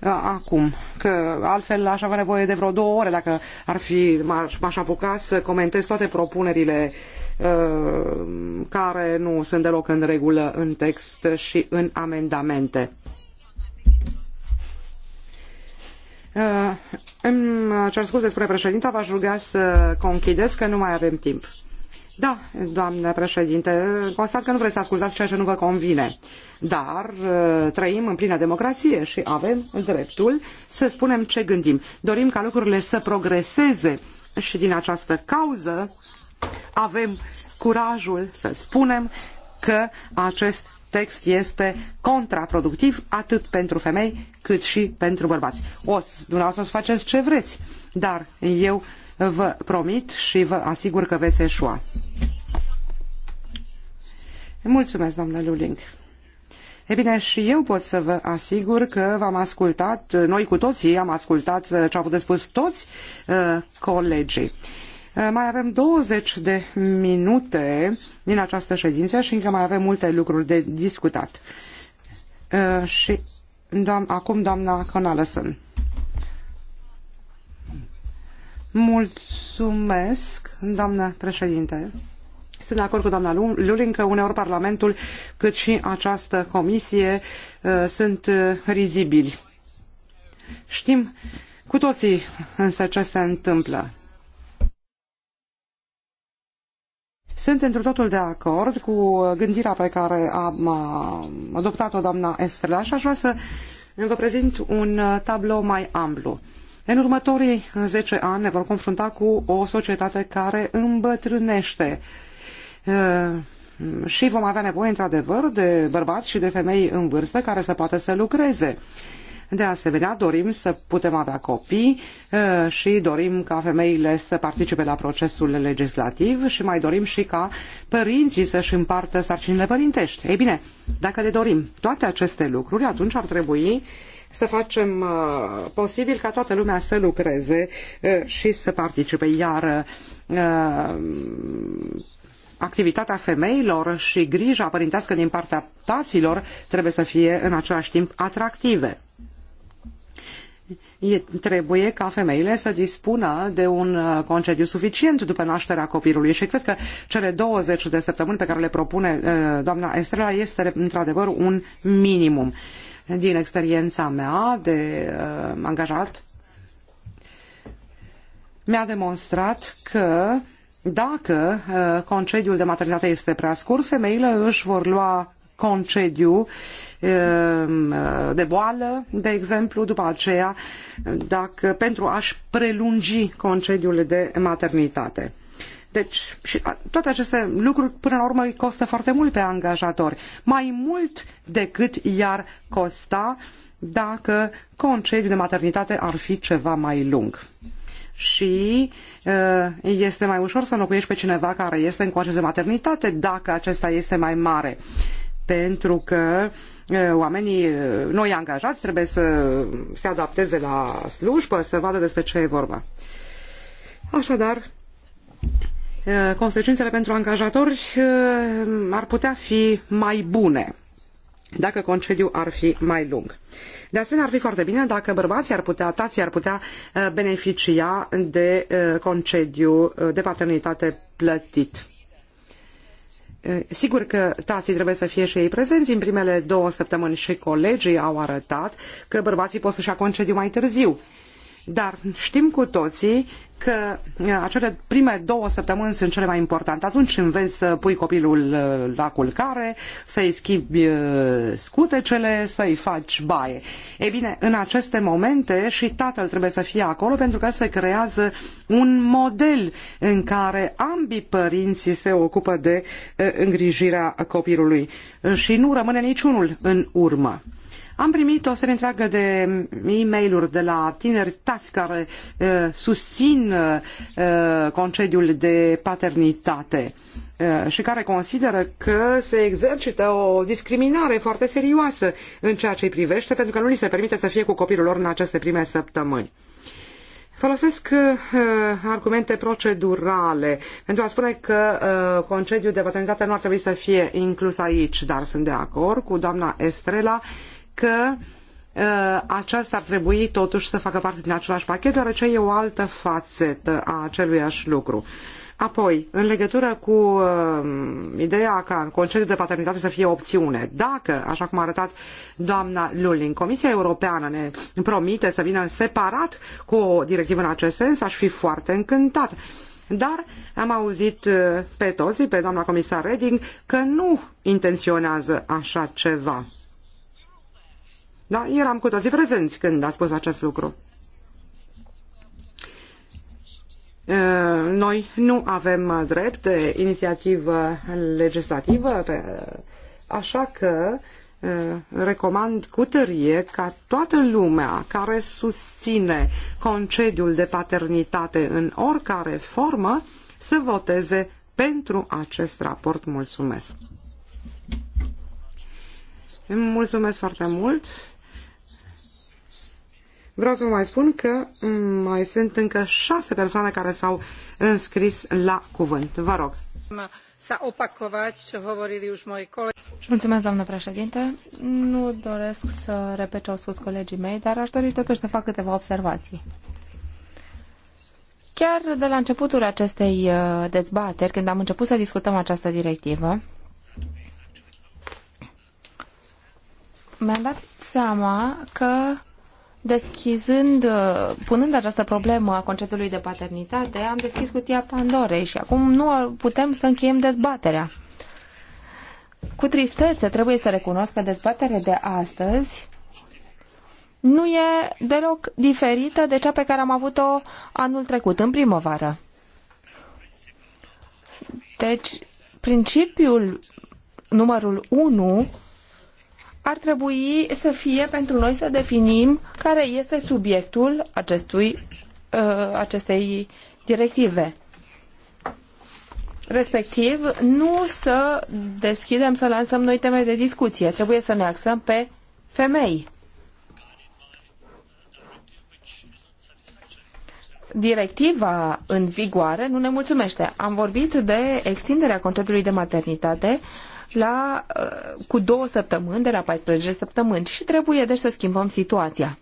acum, că altfel aș avea nevoie de vreo două ore dacă ar fi, m-aș apuca să comentez toate propunerile ă, care nu sunt deloc în regulă în text și în amendamente. Ă, îmi cer scuze, spune președinta, v-aș ruga să conchideți că nu mai avem timp. Da, doamnă președinte, constat că nu vreți să ascultați ceea ce nu vă convine. Dar uh, trăim în plină democrație și avem dreptul să spunem ce gândim. Dorim ca lucrurile să progreseze și din această cauză avem curajul să spunem că acest text este contraproductiv atât pentru femei cât și pentru bărbați. O, să dumneavoastră să faceți ce vreți, dar eu Vă promit și vă asigur că veți eșua. Mulțumesc, doamnă Luling. E bine, și eu pot să vă asigur că v-am ascultat, noi cu toții am ascultat uh, ce au de spus toți uh, colegii. Uh, mai avem 20 de minute din această ședință și încă mai avem multe lucruri de discutat. Uh, și doam, acum doamna Conalăsân. Mulțumesc, doamnă președinte. Sunt de acord cu doamna Luling că uneori Parlamentul cât și această comisie uh, sunt uh, rizibili. Știm cu toții însă ce se întâmplă. Sunt într totul de acord cu gândirea pe care a adoptat-o doamna Estrela și aș vrea să vă prezint un uh, tablou mai amplu. În următorii 10 ani ne vor confrunta cu o societate care îmbătrânește uh, și vom avea nevoie, într-adevăr, de bărbați și de femei în vârstă care să poată să lucreze. De asemenea, dorim să putem avea copii uh, și dorim ca femeile să participe la procesul legislativ și mai dorim și ca părinții să-și împartă sarcinile părintești. Ei bine, dacă le dorim toate aceste lucruri, atunci ar trebui să facem uh, posibil ca toată lumea să lucreze uh, și să participe. Iar uh, activitatea femeilor și grija părintească din partea taților trebuie să fie în același timp atractive. E, trebuie ca femeile să dispună de un uh, concediu suficient după nașterea copilului și cred că cele 20 de săptămâni pe care le propune uh, doamna Estrela este într-adevăr un minimum. Uh, din experiența mea de uh, angajat mi-a demonstrat că dacă uh, concediul de maternitate este prea scurt, femeile își vor lua concediu um, de boală, de exemplu, după aceea, dacă, pentru a-și prelungi concediul de maternitate. Deci, și toate aceste lucruri, până la urmă, îi costă foarte mult pe angajatori. Mai mult decât i-ar costa dacă concediul de maternitate ar fi ceva mai lung. Și uh, este mai ușor să înlocuiești pe cineva care este în concediu de maternitate dacă acesta este mai mare. Pentru că uh, oamenii uh, noi angajați trebuie să se adapteze la slujbă, să vadă despre ce e vorba. Așadar, Eh, consecințele pentru angajatori eh, ar putea fi mai bune dacă concediu ar fi mai lung. De asemenea, ar fi foarte bine dacă bărbații ar putea, tații ar putea eh, beneficia de concediu de paternitate plătit. Sigur că tații trebuie să fie și ei prezenți în primele două săptămâni și colegii au arătat că bărbații pot să-și ia concediu mai târziu. Dar știm cu toții că uh, acele prime două săptămâni sunt cele mai importante. Atunci înveți să pui copilul uh, la culcare, să-i schimbi uh, scutecele, să-i faci baie. Ei bine, în aceste momente și tatăl trebuie să fie acolo pentru că se creează un model în care ambii părinții se ocupă de îngrijirea copilului și nu rămâne niciunul în urmă. Am primit o serie întreagă de e mail de la tineri tați care uh, susțin uh, concediul de paternitate eh, și care consideră că se exercită o discriminare foarte serioasă în ceea ce îi privește, pentru că nu li se permite să fie cu copilul lor în aceste prime săptămâni. Folosesc uh, argumente procedurale pentru a spune că uh, concediul de paternitate nu ar trebui să fie inclus aici, dar sunt de acord cu doamna Estrela uh, că uh, aceasta ar trebui totuși să facă parte din același pachet, deoarece e o altă fațetă a aceluiași lucru. Apoi, în legătură cu uh, ideea ca concediul de paternitate să fie o opțiune, dacă, așa cum a arătat doamna Lulling, Comisia Europeană ne promite să vină separat cu o directivă în acest sens, aș fi foarte încântat. Dar am auzit uh, pe toți, pe doamna comisar Reding, că nu intenționează așa ceva. Da, eram cu toții prezenți când a spus acest lucru. Noi nu avem drept de inițiativă legislativă, așa că recomand cu tărie ca toată lumea care susține concediul de paternitate în oricare formă să voteze pentru acest raport. Mulțumesc! Mulțumesc foarte mult! Vreau să vă mai spun că mai sunt încă șase persoane care s-au înscris la cuvânt. Vă rog. Mulțumesc, doamnă președinte. Nu doresc să repet ce au spus colegii mei, dar aș dori totuși să fac câteva observații. Chiar de la începutul acestei uh, dezbateri, când am început să discutăm această directivă, mi-am dat seama că deschizând, uh, punând această problemă a concediului de paternitate, am deschis cutia Pandorei și acum nu putem să încheiem dezbaterea. Cu tristețe trebuie să recunosc că dezbaterea de astăzi nu e deloc diferită de cea pe care am avut-o anul trecut, în primăvară. Deci, principiul numărul 1 ar trebui să fie pentru noi să definim care este subiectul acestui, uh, acestei directive. Respectiv, nu să deschidem, să lansăm noi teme de discuție. Trebuie să ne axăm pe femei. Directiva în vigoare nu ne mulțumește. Am vorbit de extinderea concediului de maternitate uh, la, uh, cu două săptămâni, de la 14 săptămâni și trebuie deci să schimbăm situația.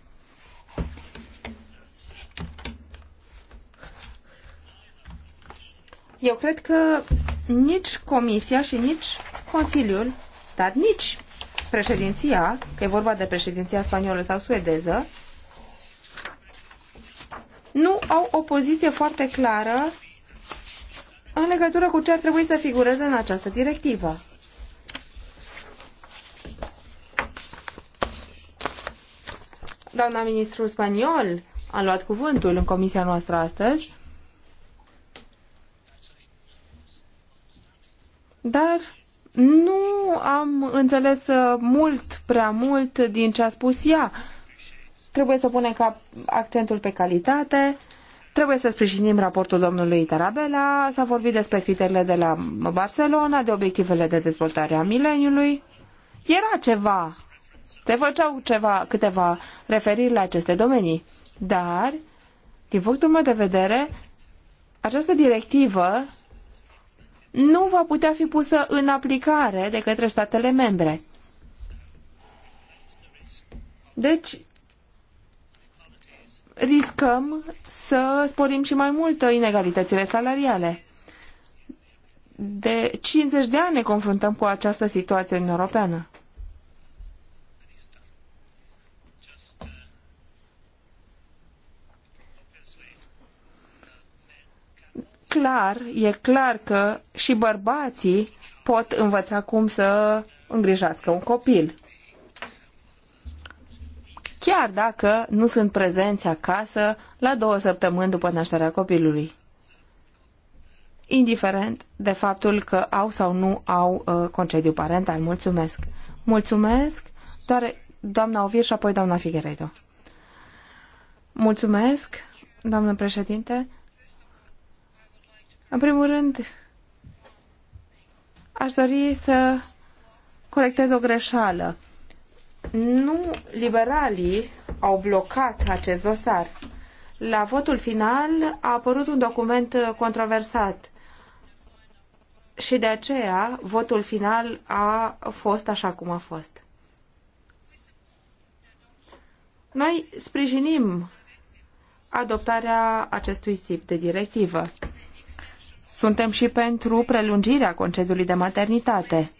Eu cred că nici Comisia și nici Consiliul, dar nici președinția, că e vorba de președinția spaniolă sau suedeză, nu au o poziție foarte clară în legătură cu ce ar trebui să figureze în această directivă. Doamna ministru spaniol a luat cuvântul în comisia noastră astăzi. Dar nu am înțeles uh, mult prea mult din ce a spus ea. Trebuie să punem cap accentul pe calitate, Trebuie să sprijinim raportul domnului Tarabella, s-a vorbit despre criteriile de la Barcelona, de obiectivele de dezvoltare a mileniului. Era ceva se făceau ceva, câteva referiri la aceste domenii, dar, din punctul meu de vedere, această directivă nu va putea fi pusă în aplicare de către statele membre. Deci, riscăm să sporim și mai mult inegalitățile salariale. De 50 de ani ne confruntăm cu această situație în europeană. clar, e clar că și bărbații pot învăța cum să îngrijească un copil. Chiar dacă nu sunt prezenți acasă la două săptămâni după nașterea copilului. Indiferent de faptul că au sau nu au uh, concediu parental. Mulțumesc! Mulțumesc! Doar doamna Ovir și apoi doamna Figueredo. Mulțumesc, doamnă președinte. În primul rând, aș dori să corectez o greșeală. Nu liberalii au blocat acest dosar. La votul final a apărut un document controversat și de aceea votul final a fost așa cum a fost. Noi sprijinim adoptarea acestui tip de directivă. Suntem și pentru prelungirea concediului de maternitate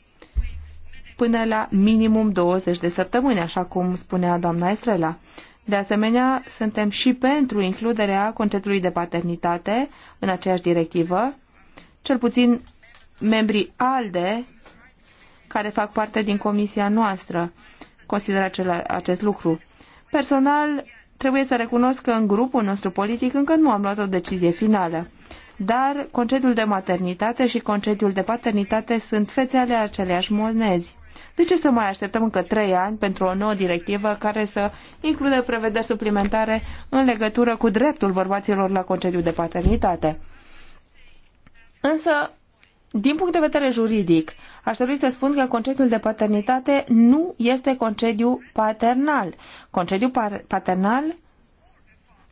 până la minimum 20 de săptămâni, așa cum spunea doamna Estrela. De asemenea, suntem și pentru includerea concediului de paternitate în aceeași directivă, cel puțin membrii ALDE, care fac parte din comisia noastră, consideră acest lucru. Personal, trebuie să recunosc că în grupul nostru politic încă nu am luat o decizie finală dar concediul de maternitate și concediul de paternitate sunt fețe ale aceleiași monezi. De ce să mai așteptăm încă trei ani pentru o nouă directivă care să includă prevederi suplimentare în legătură cu dreptul bărbaților la concediu de paternitate? Însă, din punct de vedere juridic, aș trebui să spun că concediul de paternitate nu este concediu paternal. Concediu paternal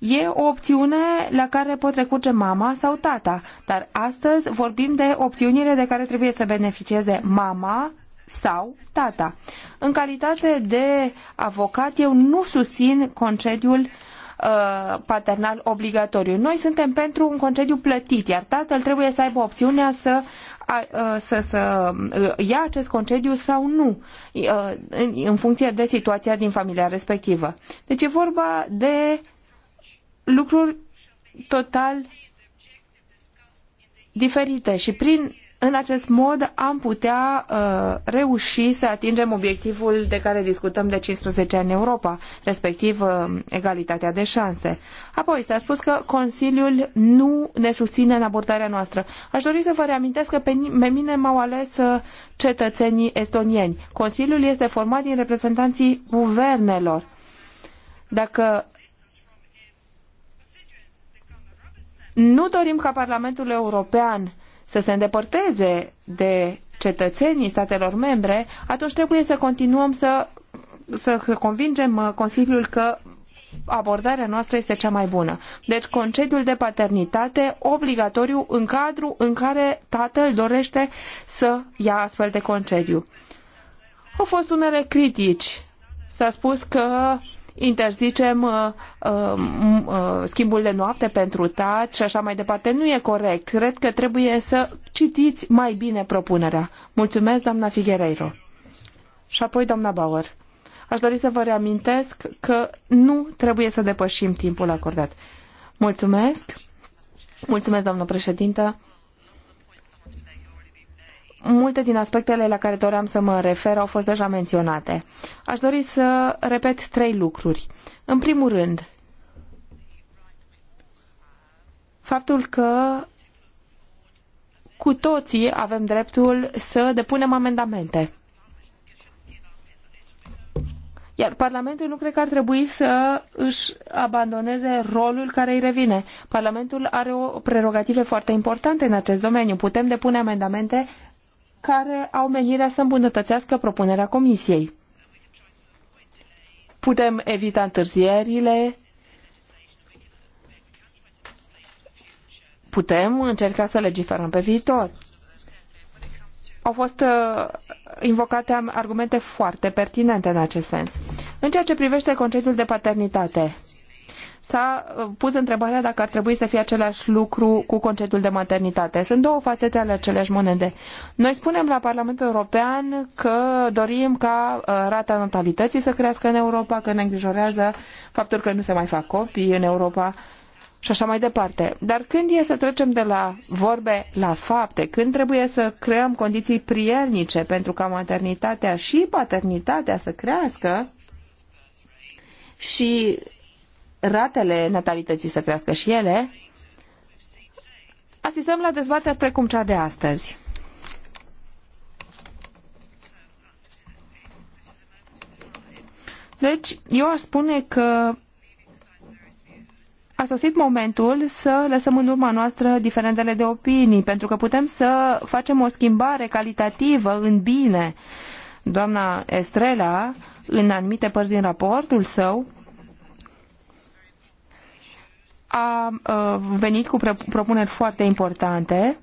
E o opțiune la care pot recurge mama sau tata, dar astăzi vorbim de opțiunile de care trebuie să beneficieze mama sau tata. În calitate de avocat, eu nu susțin concediul uh, paternal obligatoriu. Noi suntem pentru un concediu plătit, iar tatăl trebuie să aibă opțiunea să uh, să, să uh, ia acest concediu sau nu, în funcție de situația din familia respectivă. Deci e vorba de lucruri total diferite și prin în acest mod am putea uh, reuși să atingem obiectivul de care discutăm de 15 ani în Europa, respectiv uh, egalitatea de șanse. Apoi s-a spus că Consiliul nu ne susține în abordarea noastră. Aș dori să vă reamintesc că pe, pe mine m-au ales uh, cetățenii estonieni. Consiliul este format din reprezentanții guvernelor. Dacă Nu dorim ca Parlamentul European să se îndepărteze de cetățenii statelor membre, atunci trebuie să continuăm să, să convingem uh, Consiliul că abordarea noastră este cea mai bună. Deci concediul de paternitate obligatoriu în cadrul în care tatăl dorește să ia astfel de concediu. Au fost unele critici. S-a spus că uh, interzicem uh, uh, uh, schimbul de noapte pentru tați și așa mai departe. Nu e corect. Cred că trebuie să citiți mai bine propunerea. Mulțumesc, doamna Figueiredo. Și apoi, doamna Bauer. Aș dori să vă reamintesc că nu trebuie să depășim timpul acordat. Mulțumesc. Mulțumesc, doamnă președintă multe din aspectele la care doream să mă refer au fost deja menționate. Aș dori să repet trei lucruri. În primul rând, faptul că cu toții avem dreptul să depunem amendamente. Iar Parlamentul nu cred că ar trebui să își abandoneze rolul care îi revine. Parlamentul are o prerogative foarte importantă în acest domeniu. Putem depune amendamente care au menirea să îmbunătățească propunerea Comisiei. Putem evita întârzierile, putem încerca să legiferăm pe viitor. Au fost uh, invocate argumente foarte pertinente în acest sens. În ceea ce privește concediul de paternitate, s-a uh, pus întrebarea dacă ar trebui să fie același lucru cu concediul de maternitate. Sunt două fațete ale aceleași monede. Noi spunem la Parlamentul European că dorim ca uh, rata natalității să crească în Europa, că ne îngrijorează faptul că nu se mai fac copii în Europa și așa mai departe. Dar când e să trecem de la vorbe la fapte, când trebuie să creăm condiții prielnice pentru ca maternitatea și paternitatea să crească și ratele natalității să crească și ele, asistăm la dezbateri precum cea de astăzi. Deci, eu aș spune că a sosit momentul să lăsăm în urma noastră diferendele de opinii, pentru că putem să facem o schimbare calitativă în bine. Doamna Estrela, în anumite părți din raportul său, a venit cu propuneri foarte importante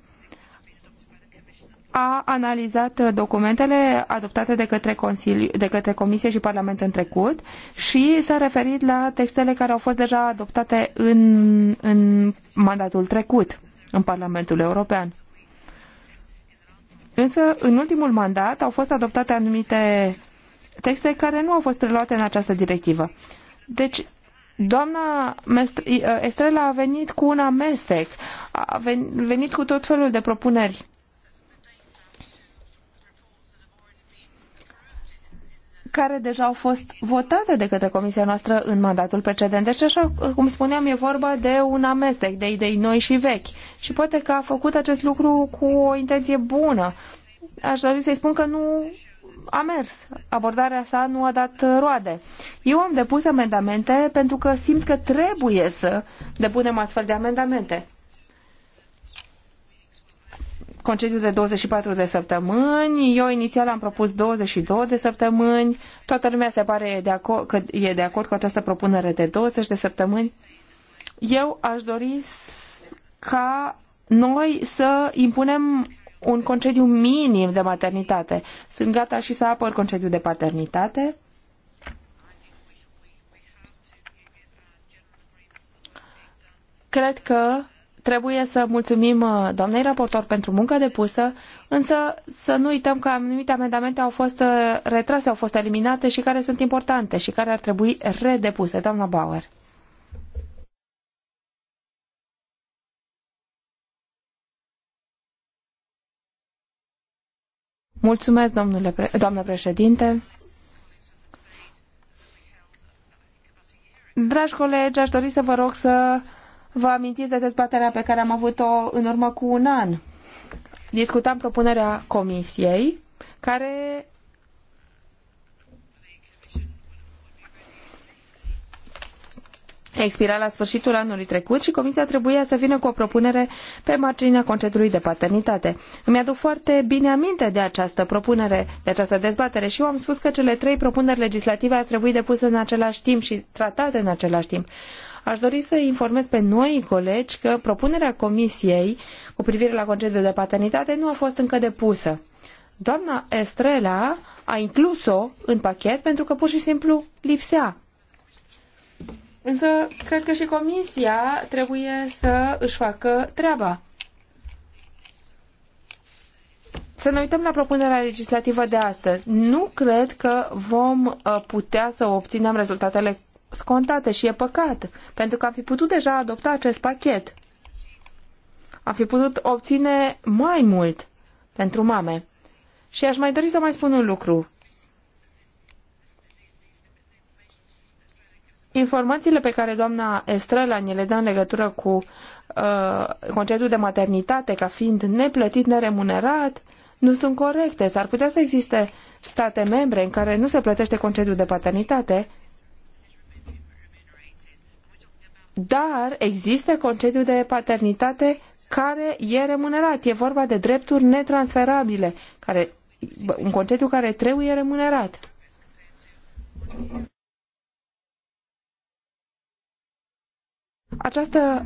a analizat documentele adoptate de către, Consiliu, de către Comisie și Parlament în trecut și s-a referit la textele care au fost deja adoptate în, în mandatul trecut în Parlamentul European. Însă, în ultimul mandat au fost adoptate anumite texte care nu au fost preluate în această directivă. Deci, Doamna uh, Estrela a venit cu un amestec, a venit cu tot felul de propuneri. care deja au fost votate de către comisia noastră în mandatul precedent. Deci, așa cum spuneam, e vorba de un amestec de idei noi și vechi. Și poate că a făcut acest lucru cu o intenție bună. Aș dori să-i spun că nu a mers. Abordarea sa nu a dat uh, roade. Eu am depus amendamente pentru că simt că trebuie să depunem astfel de amendamente. Concediul de 24 de săptămâni, eu inițial am propus 22 de săptămâni, toată lumea se pare de acord, că e de acord cu această propunere de 20 de săptămâni. Eu aș dori ca noi să impunem un concediu minim de maternitate. Sunt gata și să apăr concediul de paternitate. Cred că trebuie să mulțumim uh, doamnei raportor pentru munca depusă, însă să nu uităm că anumite amendamente au fost uh, retrase, au fost eliminate și care sunt importante și care ar trebui redepuse. Doamna Bauer. Mulțumesc, domnule pre- doamnă președinte. Dragi colegi, aș dori să vă rog să vă amintiți de dezbaterea pe care am avut-o în urmă cu un an. Discutam propunerea comisiei care expira la sfârșitul anului trecut și comisia trebuia să vină cu o propunere pe marginea concediului de paternitate. Îmi aduc foarte bine aminte de această propunere, de această dezbatere și eu am spus că cele trei propuneri legislative ar trebui depuse în același timp și tratate în același timp. Aș dori să informez pe noi colegi că propunerea comisiei cu privire la concediul de paternitate nu a fost încă depusă. Doamna Estrela a inclus-o în pachet pentru că pur și simplu lipsea Însă, cred că și Comisia trebuie să își facă treaba. Să ne uităm la propunerea legislativă de astăzi. Nu cred că vom uh, putea să obținem rezultatele scontate și e păcat, pentru că am fi putut deja adopta acest pachet. Am fi putut obține mai mult pentru mame. Și aș mai dori să mai spun un lucru. Informațiile pe care doamna Estrela ne le dă în legătură cu uh, concediul de maternitate ca fiind neplătit, neremunerat, nu sunt corecte. S-ar putea să existe state membre în care nu se plătește concediul de paternitate, dar există concediul de paternitate care e remunerat. E vorba de drepturi netransferabile, care, un concediu care trebuie remunerat. Această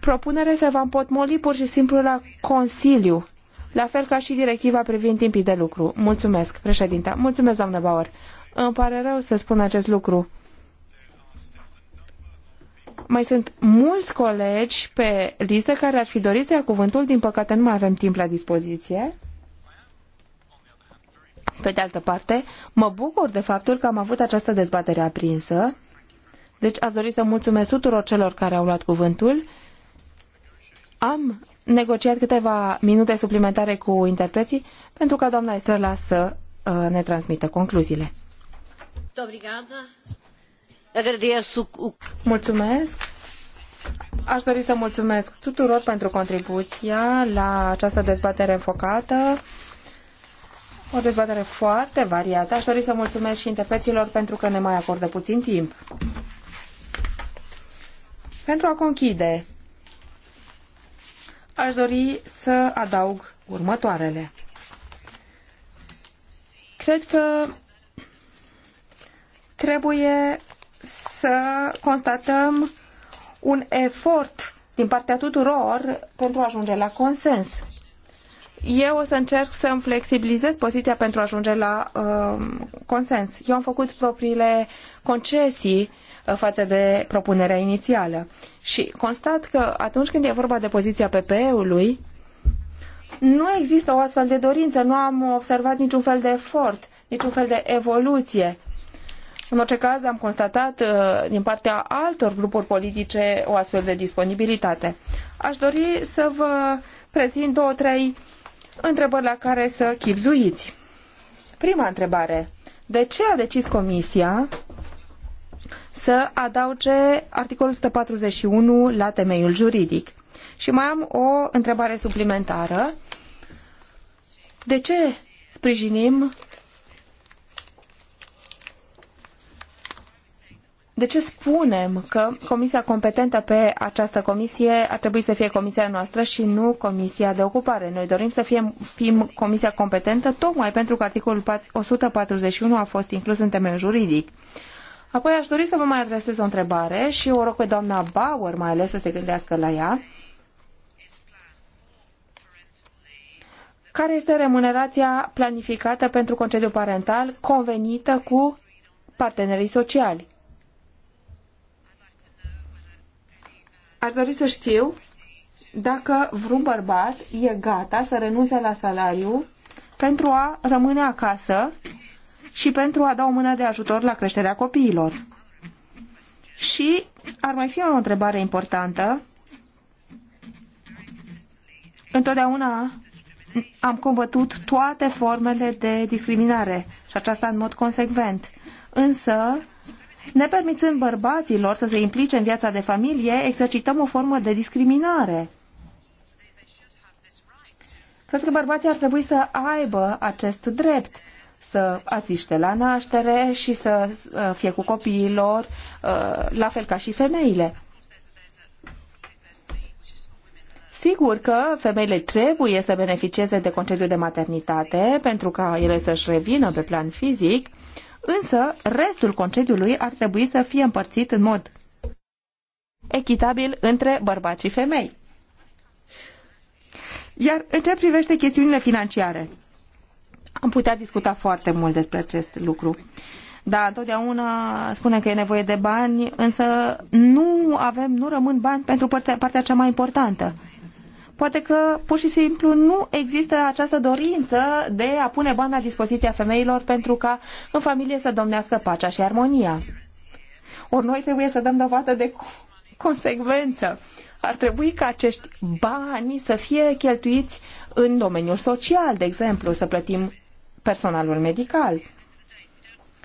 propunere se va împotmoli pur și simplu la Consiliu, la fel ca și directiva privind timpii de lucru. Mulțumesc, președinte. Mulțumesc, doamnă Bauer. Îmi pare rău să spun acest lucru. Mai sunt mulți colegi pe listă care ar fi dorit să ia cuvântul, din păcate nu mai avem timp la dispoziție. Pe de altă parte, mă bucur de faptul că am avut această dezbatere aprinsă deci aș dori să mulțumesc tuturor celor care au luat cuvântul. Am negociat câteva minute suplimentare cu interpreții pentru ca doamna Estrela să uh, ne transmită concluziile. Mulțumesc. Aș dori să mulțumesc tuturor pentru contribuția la această dezbatere înfocată. O dezbatere foarte variată. Aș dori să mulțumesc și interpreților pentru că ne mai acordă puțin timp. Pentru a conchide, aș dori să adaug următoarele. Cred că trebuie să constatăm un efort din partea tuturor pentru a ajunge la consens. Eu o să încerc să îmi flexibilizez poziția pentru a ajunge la uh, consens. Eu am făcut propriile concesii Uh, față de propunerea inițială. Și constat că atunci când e vorba de poziția PPE-ului, nu există o astfel de dorință, nu am observat niciun fel de efort, niciun fel de evoluție. În orice caz, am constatat uh, din partea altor grupuri politice o astfel de disponibilitate. Aș dori să vă prezint două, trei întrebări la care să chipzuiți. Prima întrebare. De ce a decis Comisia să adauge articolul 141 la temeiul juridic. Și mai am o întrebare suplimentară. De ce sprijinim De ce spunem că comisia competentă pe această comisie ar trebui să fie comisia noastră și nu comisia de ocupare? Noi dorim să fie, fim comisia competentă tocmai pentru că articolul 141 a fost inclus în temeiul juridic. Apoi aș dori să vă mai adresez o întrebare și o rog pe doamna Bauer mai ales să se gândească la ea. Care este remunerația planificată pentru concediu parental convenită cu partenerii sociali? Aș dori să știu dacă vreun bărbat e gata să renunțe la salariu pentru a rămâne acasă și pentru a da o mână de ajutor la creșterea copiilor. Și ar mai fi o întrebare importantă. Întotdeauna am combătut toate formele de discriminare și aceasta în mod consecvent. Însă, nepermițând bărbaților să se implice în viața de familie, exercităm o formă de discriminare. Cred că bărbații ar trebui să aibă acest drept să asiste la naștere și să uh, fie cu copiilor, uh, la fel ca și femeile. Sigur că femeile trebuie să beneficieze de concediu de maternitate pentru ca ele să-și revină pe plan fizic, însă restul concediului ar trebui să fie împărțit în mod echitabil între bărbați și femei. Iar în ce privește chestiunile financiare? Am putea discuta foarte mult despre acest lucru. Da, întotdeauna spune că e nevoie de bani, însă nu avem, nu rămân bani pentru partea, partea cea mai importantă. Poate că pur și simplu nu există această dorință de a pune bani la dispoziția femeilor pentru ca în familie să domnească pacea și armonia. Ori noi trebuie să dăm dovadă de consecvență. Ar trebui ca acești bani să fie cheltuiți în domeniul social, de exemplu, să plătim personalul medical.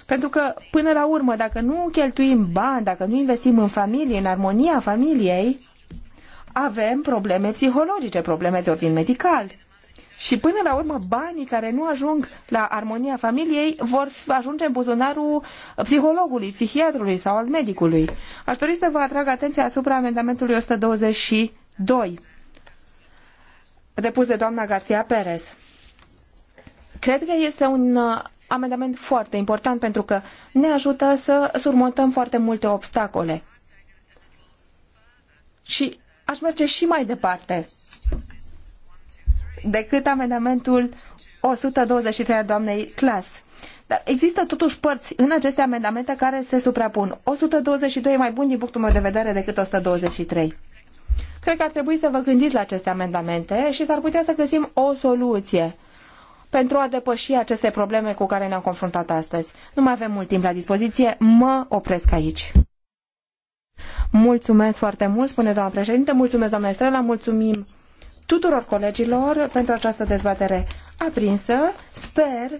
Pentru că, până la urmă, dacă nu cheltuim bani, dacă nu investim în familie, în armonia familiei, avem probleme psihologice, probleme de ordin medical. Și până la urmă, banii care nu ajung la armonia familiei vor ajunge în buzunarul psihologului, psihiatrului sau al medicului. Aș dori să vă atrag atenția asupra amendamentului 122 depus de doamna Garcia Perez. Cred că este un uh, amendament foarte important pentru că ne ajută să surmontăm foarte multe obstacole. Și aș merge și mai departe decât amendamentul 123 a doamnei Clas. Dar există totuși părți în aceste amendamente care se suprapun. 122 e mai bun din punctul meu de vedere decât 123. Cred că ar trebui să vă gândiți la aceste amendamente și s-ar putea să găsim o soluție pentru a depăși aceste probleme cu care ne-am confruntat astăzi. Nu mai avem mult timp la dispoziție, mă opresc aici. Mulțumesc foarte mult, spune doamna președinte, mulțumesc doamna Estrela, mulțumim tuturor colegilor pentru această dezbatere aprinsă. Sper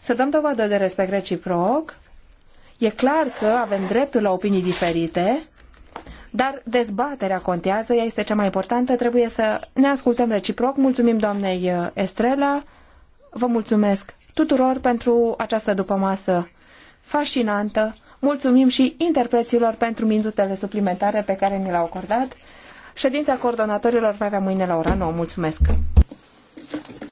să dăm dovadă de respect reciproc. E clar că avem dreptul la opinii diferite, dar dezbaterea contează, ea este cea mai importantă, trebuie să ne ascultăm reciproc. Mulțumim doamnei Estrela Vă mulțumesc tuturor pentru această dupămasă fascinantă. Mulțumim și interpreților pentru minutele suplimentare pe care ni le-au acordat. Ședința coordonatorilor va avea mâine la ora 9. Mulțumesc!